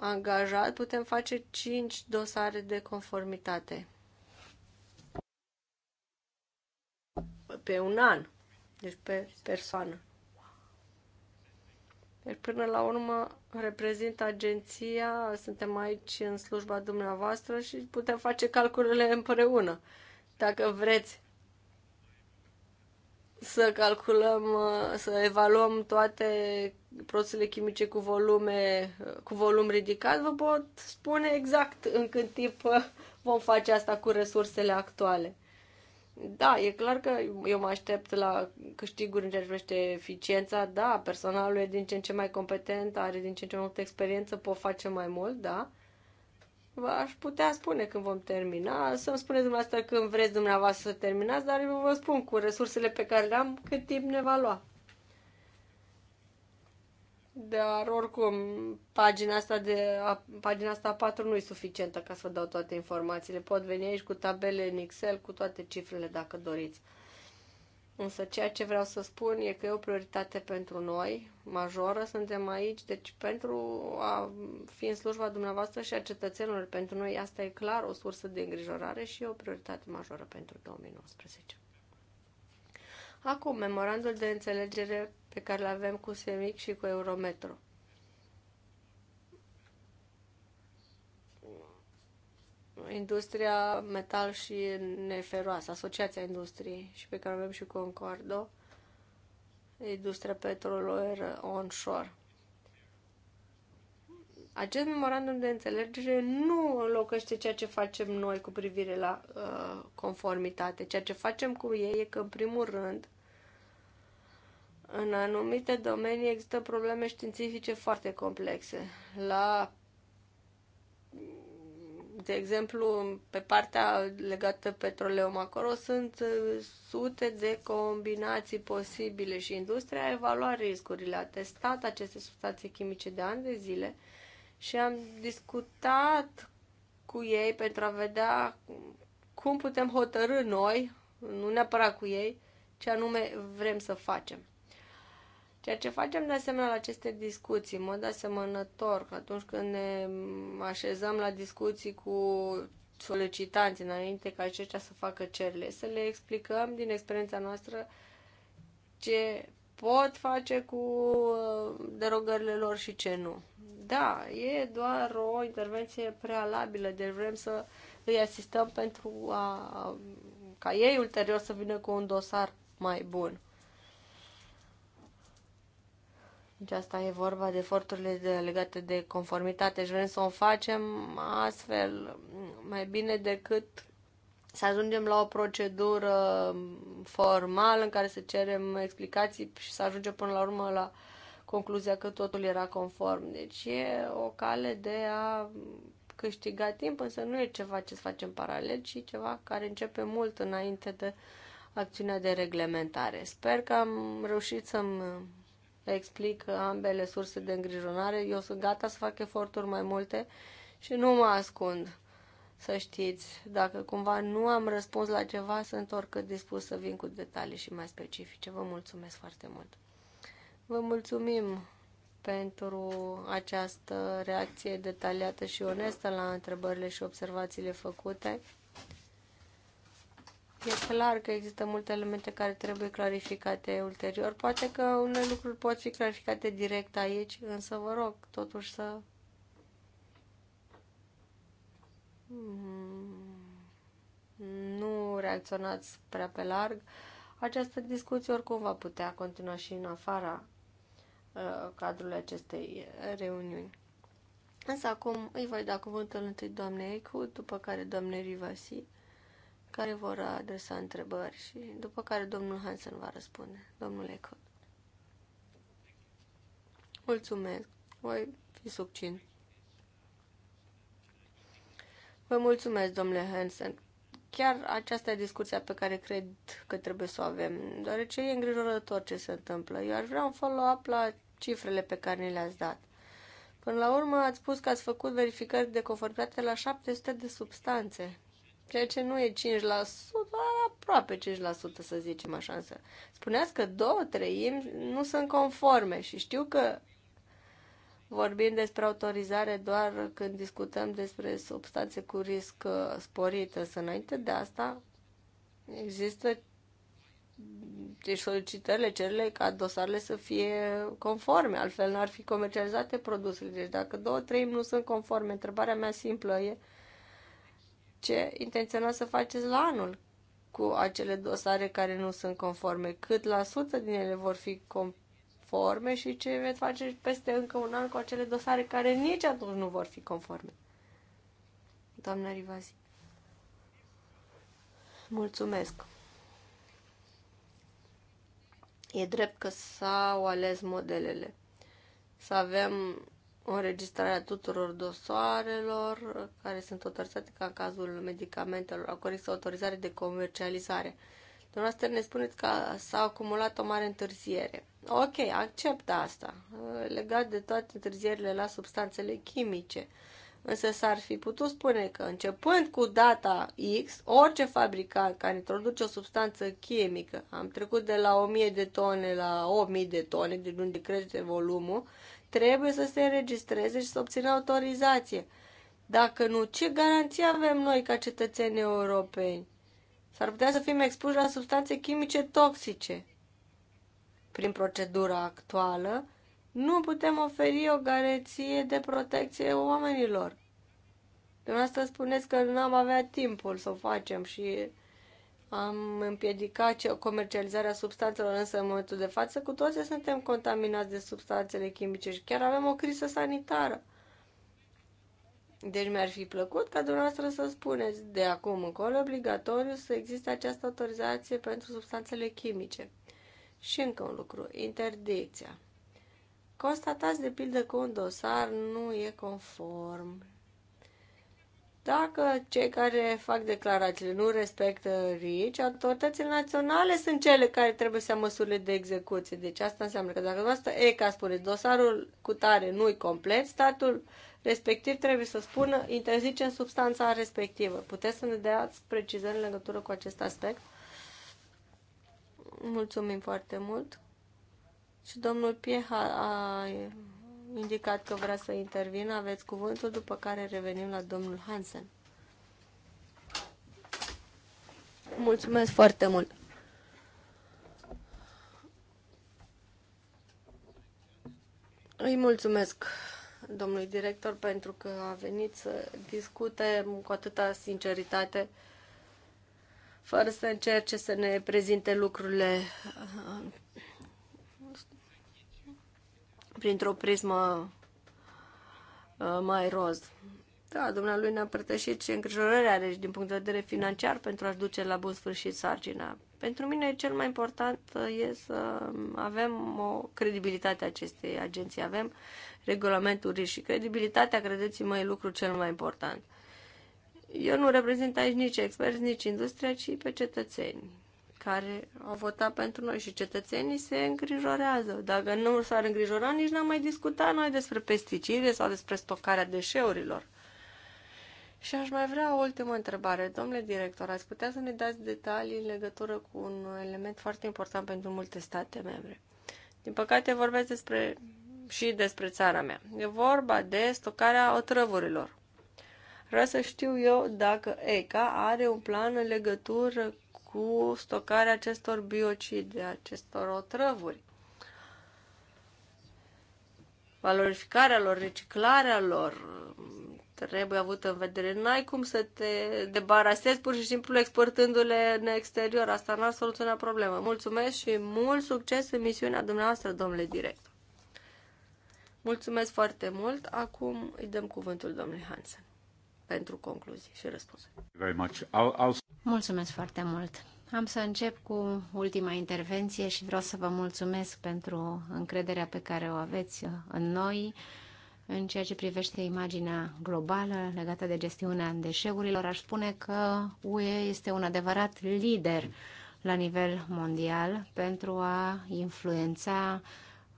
angajat putem face 5 dosare de conformitate pe un an, deci pe persoană. Deci până la urmă reprezint agenția, suntem aici în slujba dumneavoastră și putem face calculele împreună. Dacă vreți să calculăm, uh, să evaluăm toate produsele chimice cu, volume, uh, cu volum ridicat, vă pot spune exact în cât timp uh, vom face asta cu resursele actuale. Da, e clar că eu mă aștept la câștiguri în ceea ce privește eficiența, da, personalul e din ce în ce mai competent, are din ce în ce mai multă experiență, pot face mai mult, da, v-aș putea spune când vom termina, să-mi spuneți dumneavoastră când vreți dumneavoastră să terminați, dar eu vă spun cu resursele pe care le am cât timp ne va lua. Dar oricum, pagina asta, de, a, pagina asta 4 nu e suficientă ca să vă dau toate informațiile. Pot veni aici cu tabele în Excel, cu toate cifrele dacă doriți. Însă ceea ce vreau să spun e că e o prioritate pentru noi, majoră, suntem aici, deci pentru a fi în slujba dumneavoastră și a cetățenilor, pentru noi asta e clar o sursă de îngrijorare și e o prioritate majoră pentru 2019. Acum, memorandul de înțelegere pe care îl avem cu SEMIC și cu Eurometro. industria metal și neferoasă, Asociația Industriei și pe care avem și Concordo, industria petrolieră onshore. Acest memorandum de înțelegere nu înlocuiește ceea ce facem noi cu privire la uh, conformitate. Ceea ce facem cu ei e că, în primul rând, în anumite domenii există probleme științifice foarte complexe. La de exemplu, pe partea legată petroleum, acolo sunt uh, sute de combinații posibile și industria a evaluat riscurile, a testat aceste substanțe chimice de ani de zile și am discutat cu ei pentru a vedea cum putem hotărâ noi, nu neapărat cu ei, ce anume vrem să facem. Ceea ce facem de asemenea la aceste discuții, în mod asemănător, că atunci când ne așezăm la discuții cu solicitanți înainte ca aceștia să facă cerile, să le explicăm din experiența noastră ce pot face cu uh, derogările lor și ce nu. Da, e doar o intervenție prealabilă, deci vrem să îi asistăm pentru a, ca ei ulterior să vină cu un dosar mai bun. Deci asta e vorba de eforturile de, legate de conformitate și deci vrem să o facem astfel mai bine decât să ajungem la o procedură formală în care să cerem explicații și să ajungem până la urmă la concluzia că totul era conform. Deci e o cale de a câștiga timp, însă nu e ceva ce să facem paralel, ci ceva care începe mult înainte de acțiunea de reglementare. Sper că am reușit să-mi explic ambele surse de îngrijorare. Eu sunt gata să fac eforturi mai multe și nu mă ascund, să știți. Dacă cumva nu am răspuns la ceva, sunt oricât dispus să vin cu detalii și mai specifice. Vă mulțumesc foarte mult. Vă mulțumim pentru această reacție detaliată și onestă la întrebările și observațiile făcute. E clar că există multe elemente care trebuie clarificate ulterior. Poate că unele lucruri pot fi clarificate direct aici, însă vă rog totuși să mm, nu reacționați prea pe larg. Această discuție oricum va putea continua și în afara uh, cadrului acestei reuniuni. Însă acum îi voi da cuvântul întâi doamnei Eichhut, după care doamnei Rivasi care vor adresa întrebări și după care domnul Hansen va răspunde. Domnul Ecot. Mulțumesc. Voi fi subțin. Vă mulțumesc, domnule Hansen. Chiar aceasta e discuția pe care cred că trebuie să o avem, deoarece e îngrijorător ce se întâmplă. Eu aș vrea un follow-up la cifrele pe care ni le-ați dat. Până la urmă, ați spus că ați făcut verificări de conformitate la 700 de substanțe ceea ce nu e 5%, aproape 5% să zicem așa, însă spuneați că două treimi nu sunt conforme și știu că vorbim despre autorizare doar când discutăm despre substanțe cu risc uh, sporit, însă înainte de asta există deci solicitările, cererile ca dosarele să fie conforme, altfel n-ar fi comercializate produsele. Deci dacă două, trei nu sunt conforme, întrebarea mea simplă e ce intenționați să faceți la anul cu acele dosare care nu sunt conforme, cât la sută din ele vor fi conforme și ce veți face peste încă un an cu acele dosare care nici atunci nu vor fi conforme. Doamna Rivazi. Mulțumesc. E drept că s-au ales modelele. Să avem o înregistrare a tuturor dosoarelor care sunt autorizate ca în cazul medicamentelor, acolo sau autorizare de comercializare. Dumneavoastră ne spuneți că s-a acumulat o mare întârziere. Ok, accept asta, legat de toate întârzierile la substanțele chimice. Însă s-ar fi putut spune că începând cu data X, orice fabricant care introduce o substanță chimică, am trecut de la 1000 de tone la 8000 de tone, din unde crește volumul, trebuie să se înregistreze și să obțină autorizație. Dacă nu, ce garanție avem noi ca cetățeni europeni? S-ar putea să fim expuși la substanțe chimice toxice. Prin procedura actuală, nu putem oferi o garanție de protecție oamenilor. Dumneavoastră spuneți că nu am avea timpul să o facem și am împiedicat comercializarea substanțelor, însă în momentul de față cu toții suntem contaminați de substanțele chimice și chiar avem o criză sanitară. Deci mi-ar fi plăcut ca dumneavoastră să spuneți de acum încolo obligatoriu să existe această autorizație pentru substanțele chimice. Și încă un lucru, interdicția. Constatați de pildă că un dosar nu e conform dacă cei care fac declarațiile nu respectă RICI, autoritățile naționale sunt cele care trebuie să ia măsurile de execuție. Deci asta înseamnă că dacă asta e ca spuneți, dosarul cu tare nu e complet, statul respectiv trebuie să spună în substanța respectivă. Puteți să ne dați precizări în legătură cu acest aspect? Mulțumim foarte mult. Și domnul Pieha a indicat că vrea să intervină, aveți cuvântul, după care revenim la domnul Hansen. Mulțumesc foarte mult! Îi mulțumesc domnului director pentru că a venit să discute cu atâta sinceritate fără să încerce să ne prezinte lucrurile printr-o prismă uh, mai roz. Da, dumnealui ne-a părtășit și îngrijorările are deci, din punct de vedere financiar pentru a-și duce la bun sfârșit sarcina. Pentru mine cel mai important uh, e să avem o credibilitate acestei agenții. Avem regulamentul RIS și credibilitatea, credeți-mă, e lucru cel mai important. Eu nu reprezint aici nici experți, nici industria, ci pe cetățeni care au votat pentru noi și cetățenii se îngrijorează. Dacă nu s-ar îngrijora, nici n-am mai discutat noi despre pesticide sau despre stocarea deșeurilor. Și aș mai vrea o ultimă întrebare. Domnule director, ați putea să ne dați detalii în legătură cu un element foarte important pentru multe state membre. Din păcate vorbesc despre și despre țara mea. E vorba de stocarea otrăvurilor. Vreau să știu eu dacă ECA are un plan în legătură cu stocarea acestor biocide, acestor otrăvuri. Valorificarea lor, reciclarea lor, trebuie avut în vedere. N-ai cum să te debarasezi pur și simplu exportându-le în exterior. Asta n-ar soluționa problema. Mulțumesc și mult succes în misiunea dumneavoastră, domnule director. Mulțumesc foarte mult. Acum îi dăm cuvântul domnului Hansen pentru concluzii și răspunsuri. Mulțumesc foarte mult! Am să încep cu ultima intervenție și vreau să vă mulțumesc pentru încrederea pe care o aveți în noi în ceea ce privește imaginea globală legată de gestiunea deșeurilor. Aș spune că UE este un adevărat lider la nivel mondial pentru a influența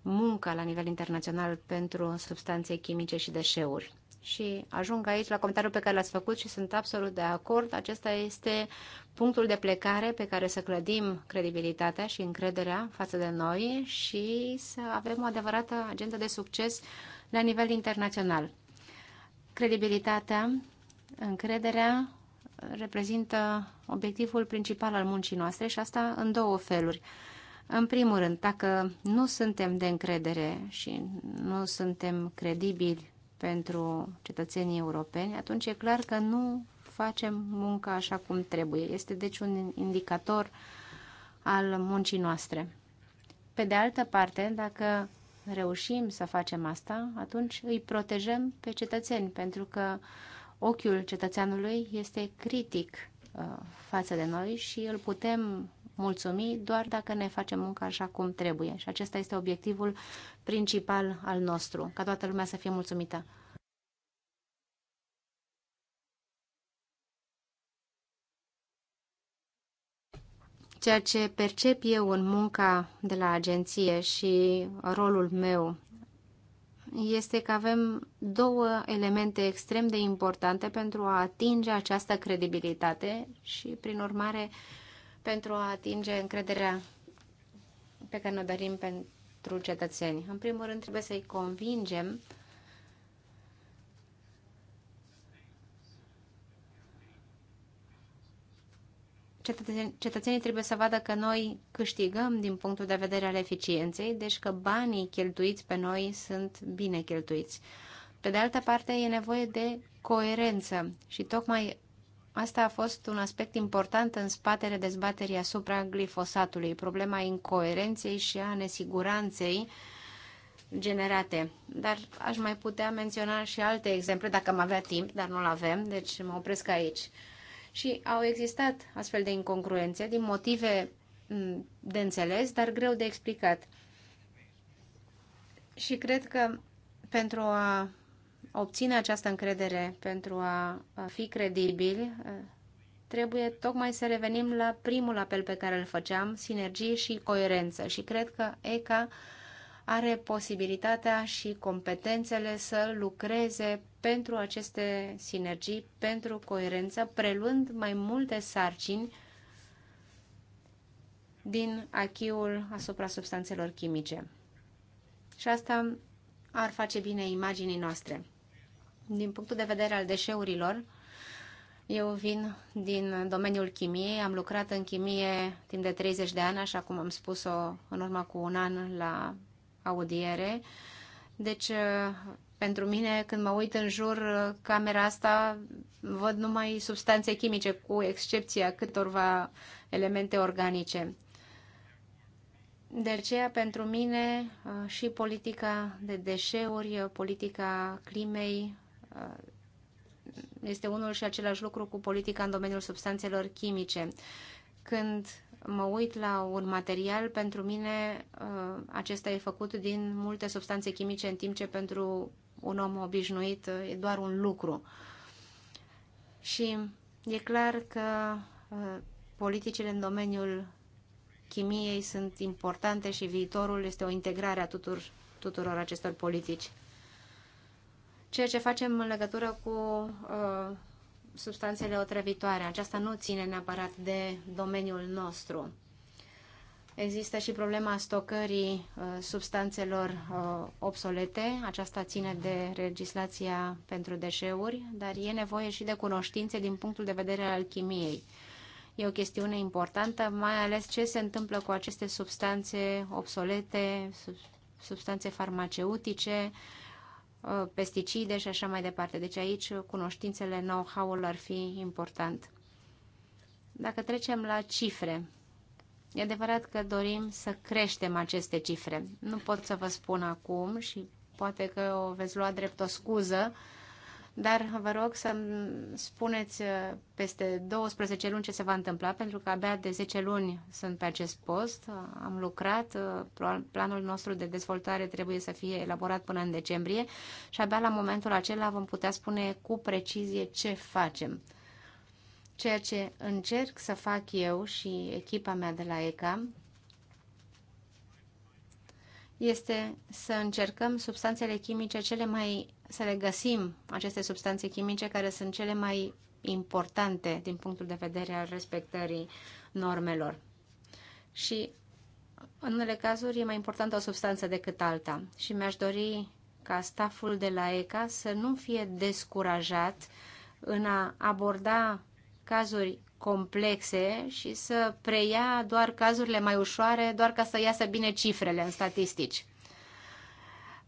munca la nivel internațional pentru substanțe chimice și deșeuri. Și ajung aici la comentariul pe care l-ați făcut și sunt absolut de acord. Acesta este punctul de plecare pe care să clădim credibilitatea și încrederea față de noi și să avem o adevărată agendă de succes la nivel internațional. Credibilitatea, încrederea reprezintă obiectivul principal al muncii noastre și asta în două feluri. În primul rând, dacă nu suntem de încredere și nu suntem credibili pentru cetățenii europeni, atunci e clar că nu facem munca așa cum trebuie. Este deci un indicator al muncii noastre. Pe de altă parte, dacă reușim să facem asta, atunci îi protejăm pe cetățeni, pentru că ochiul cetățeanului este critic uh, față de noi și îl putem mulțumi doar dacă ne facem munca așa cum trebuie. Și acesta este obiectivul principal al nostru, ca toată lumea să fie mulțumită. Ceea ce percep eu în munca de la agenție și rolul meu este că avem două elemente extrem de importante pentru a atinge această credibilitate și, prin urmare, pentru a atinge încrederea pe care ne dorim pentru cetățeni. În primul rând, trebuie să-i convingem cetățenii trebuie să vadă că noi câștigăm din punctul de vedere al eficienței, deci că banii cheltuiți pe noi sunt bine cheltuiți. Pe de altă parte, e nevoie de coerență și tocmai Asta a fost un aspect important în spatele dezbaterii asupra glifosatului, problema incoerenței și a nesiguranței generate. Dar aș mai putea menționa și alte exemple, dacă am avea timp, dar nu-l avem, deci mă opresc aici. Și au existat astfel de incongruențe din motive de înțeles, dar greu de explicat. Și cred că pentru a obține această încredere, pentru a fi credibili, trebuie tocmai să revenim la primul apel pe care îl făceam, sinergie și coerență. Și cred că ECA are posibilitatea și competențele să lucreze pentru aceste sinergii, pentru coerență, preluând mai multe sarcini din achiul asupra substanțelor chimice. Și asta ar face bine imaginii noastre din punctul de vedere al deșeurilor, eu vin din domeniul chimiei, am lucrat în chimie timp de 30 de ani, așa cum am spus-o în urmă cu un an la audiere. Deci, pentru mine, când mă uit în jur, camera asta, văd numai substanțe chimice, cu excepția câtorva elemente organice. De aceea, pentru mine, și politica de deșeuri, politica climei, Uh, este unul și același lucru cu politica în domeniul substanțelor chimice. Când mă uit la un material, pentru mine uh, acesta e făcut din multe substanțe chimice, în timp ce pentru un om obișnuit uh, e doar un lucru. Și e clar că politicile în domeniul chimiei sunt importante și viitorul este o integrare a tuturor, tuturor acestor politici ceea ce facem în legătură cu uh, substanțele otrăvitoare. Aceasta nu ține neapărat de domeniul nostru. Există și problema stocării uh, substanțelor uh, obsolete. Aceasta ține de legislația pentru deșeuri, dar e nevoie și de cunoștințe din punctul de vedere al chimiei. E o chestiune importantă, mai ales ce se întâmplă cu aceste substanțe obsolete, sub, substanțe farmaceutice, uh, Uh, pesticide și așa mai departe. Deci aici cunoștințele, know-how-ul ar fi important. Dacă trecem la cifre, e adevărat că dorim să creștem aceste cifre. Nu pot să vă spun acum și poate că o veți lua drept o scuză, uh, dar vă rog să spuneți uh, peste 12 luni ce se va întâmpla, pentru că abia de 10 luni sunt pe acest post, uh, am lucrat, uh, planul nostru de dezvoltare trebuie să fie elaborat până în decembrie și abia la momentul acela vom putea spune cu precizie ce facem. Ceea ce încerc să fac eu și echipa mea de la ECA este să încercăm substanțele chimice cele mai să le găsim aceste substanțe chimice care sunt cele mai importante din punctul de vedere al respectării normelor. Și în unele cazuri e mai importantă o substanță decât alta și mi-aș dori ca staful de la ECA să nu fie descurajat în a aborda cazuri complexe și să preia doar cazurile mai ușoare, doar ca să iasă bine cifrele în statistici.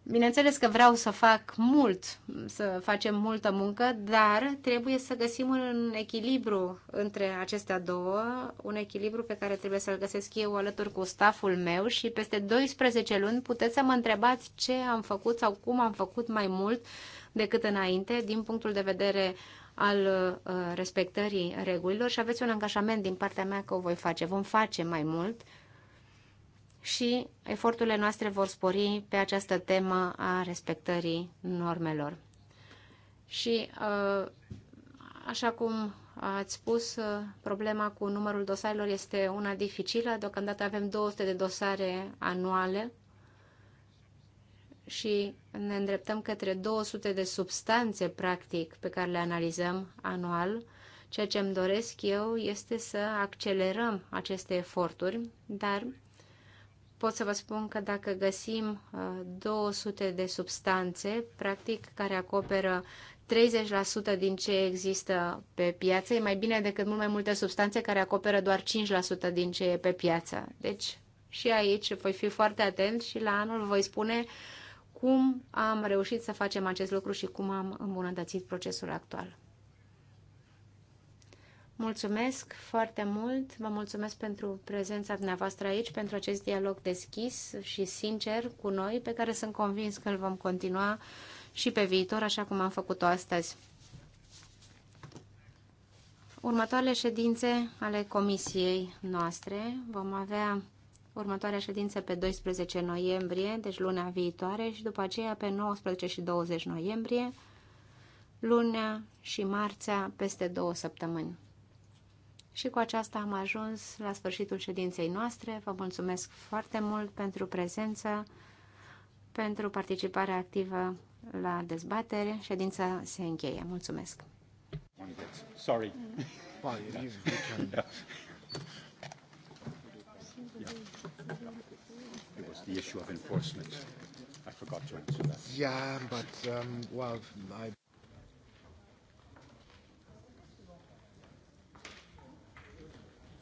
Bineînțeles că vreau să fac mult, să facem multă muncă, dar trebuie să găsim un echilibru între acestea două, un echilibru pe care trebuie să-l găsesc eu alături cu staful meu și peste 12 luni puteți să mă întrebați ce am făcut sau cum am făcut mai mult decât înainte din punctul de vedere al uh, respectării regulilor și aveți un angajament din partea mea că o voi face. Vom face mai mult și eforturile noastre vor spori pe această temă a respectării normelor. Și, uh, așa cum ați spus, uh, problema cu numărul dosarelor este una dificilă. Deocamdată avem 200 de dosare anuale și ne îndreptăm către 200 de substanțe, practic, pe care le analizăm anual. Ceea ce îmi doresc eu este să accelerăm aceste eforturi, dar pot să vă spun că dacă găsim 200 uh, de substanțe, practic, care acoperă 30% din ce există pe piață, e mai bine decât mult mai multe substanțe care acoperă doar 5% din ce e pe piață. Deci și aici voi fi foarte atent și la anul voi spune cum am reușit să facem acest lucru și cum am îmbunătățit procesul actual. Mulțumesc foarte mult, vă mulțumesc pentru prezența dumneavoastră aici, pentru acest dialog deschis și sincer cu noi, pe care sunt convins că îl vom continua și pe viitor, așa cum am făcut-o astăzi. Următoarele ședințe ale comisiei noastre vom avea următoarea ședință pe 12 noiembrie, deci luna viitoare, și după aceea pe 19 și 20 noiembrie, lunea și marțea peste două săptămâni. Și cu aceasta am ajuns la sfârșitul ședinței noastre. Vă mulțumesc foarte mult pentru prezență, pentru participarea activă la dezbatere. Ședința se încheie. Mulțumesc! Sorry. yeah. It was the issue of enforcement. I forgot to answer that. Yeah, but, um, well, I...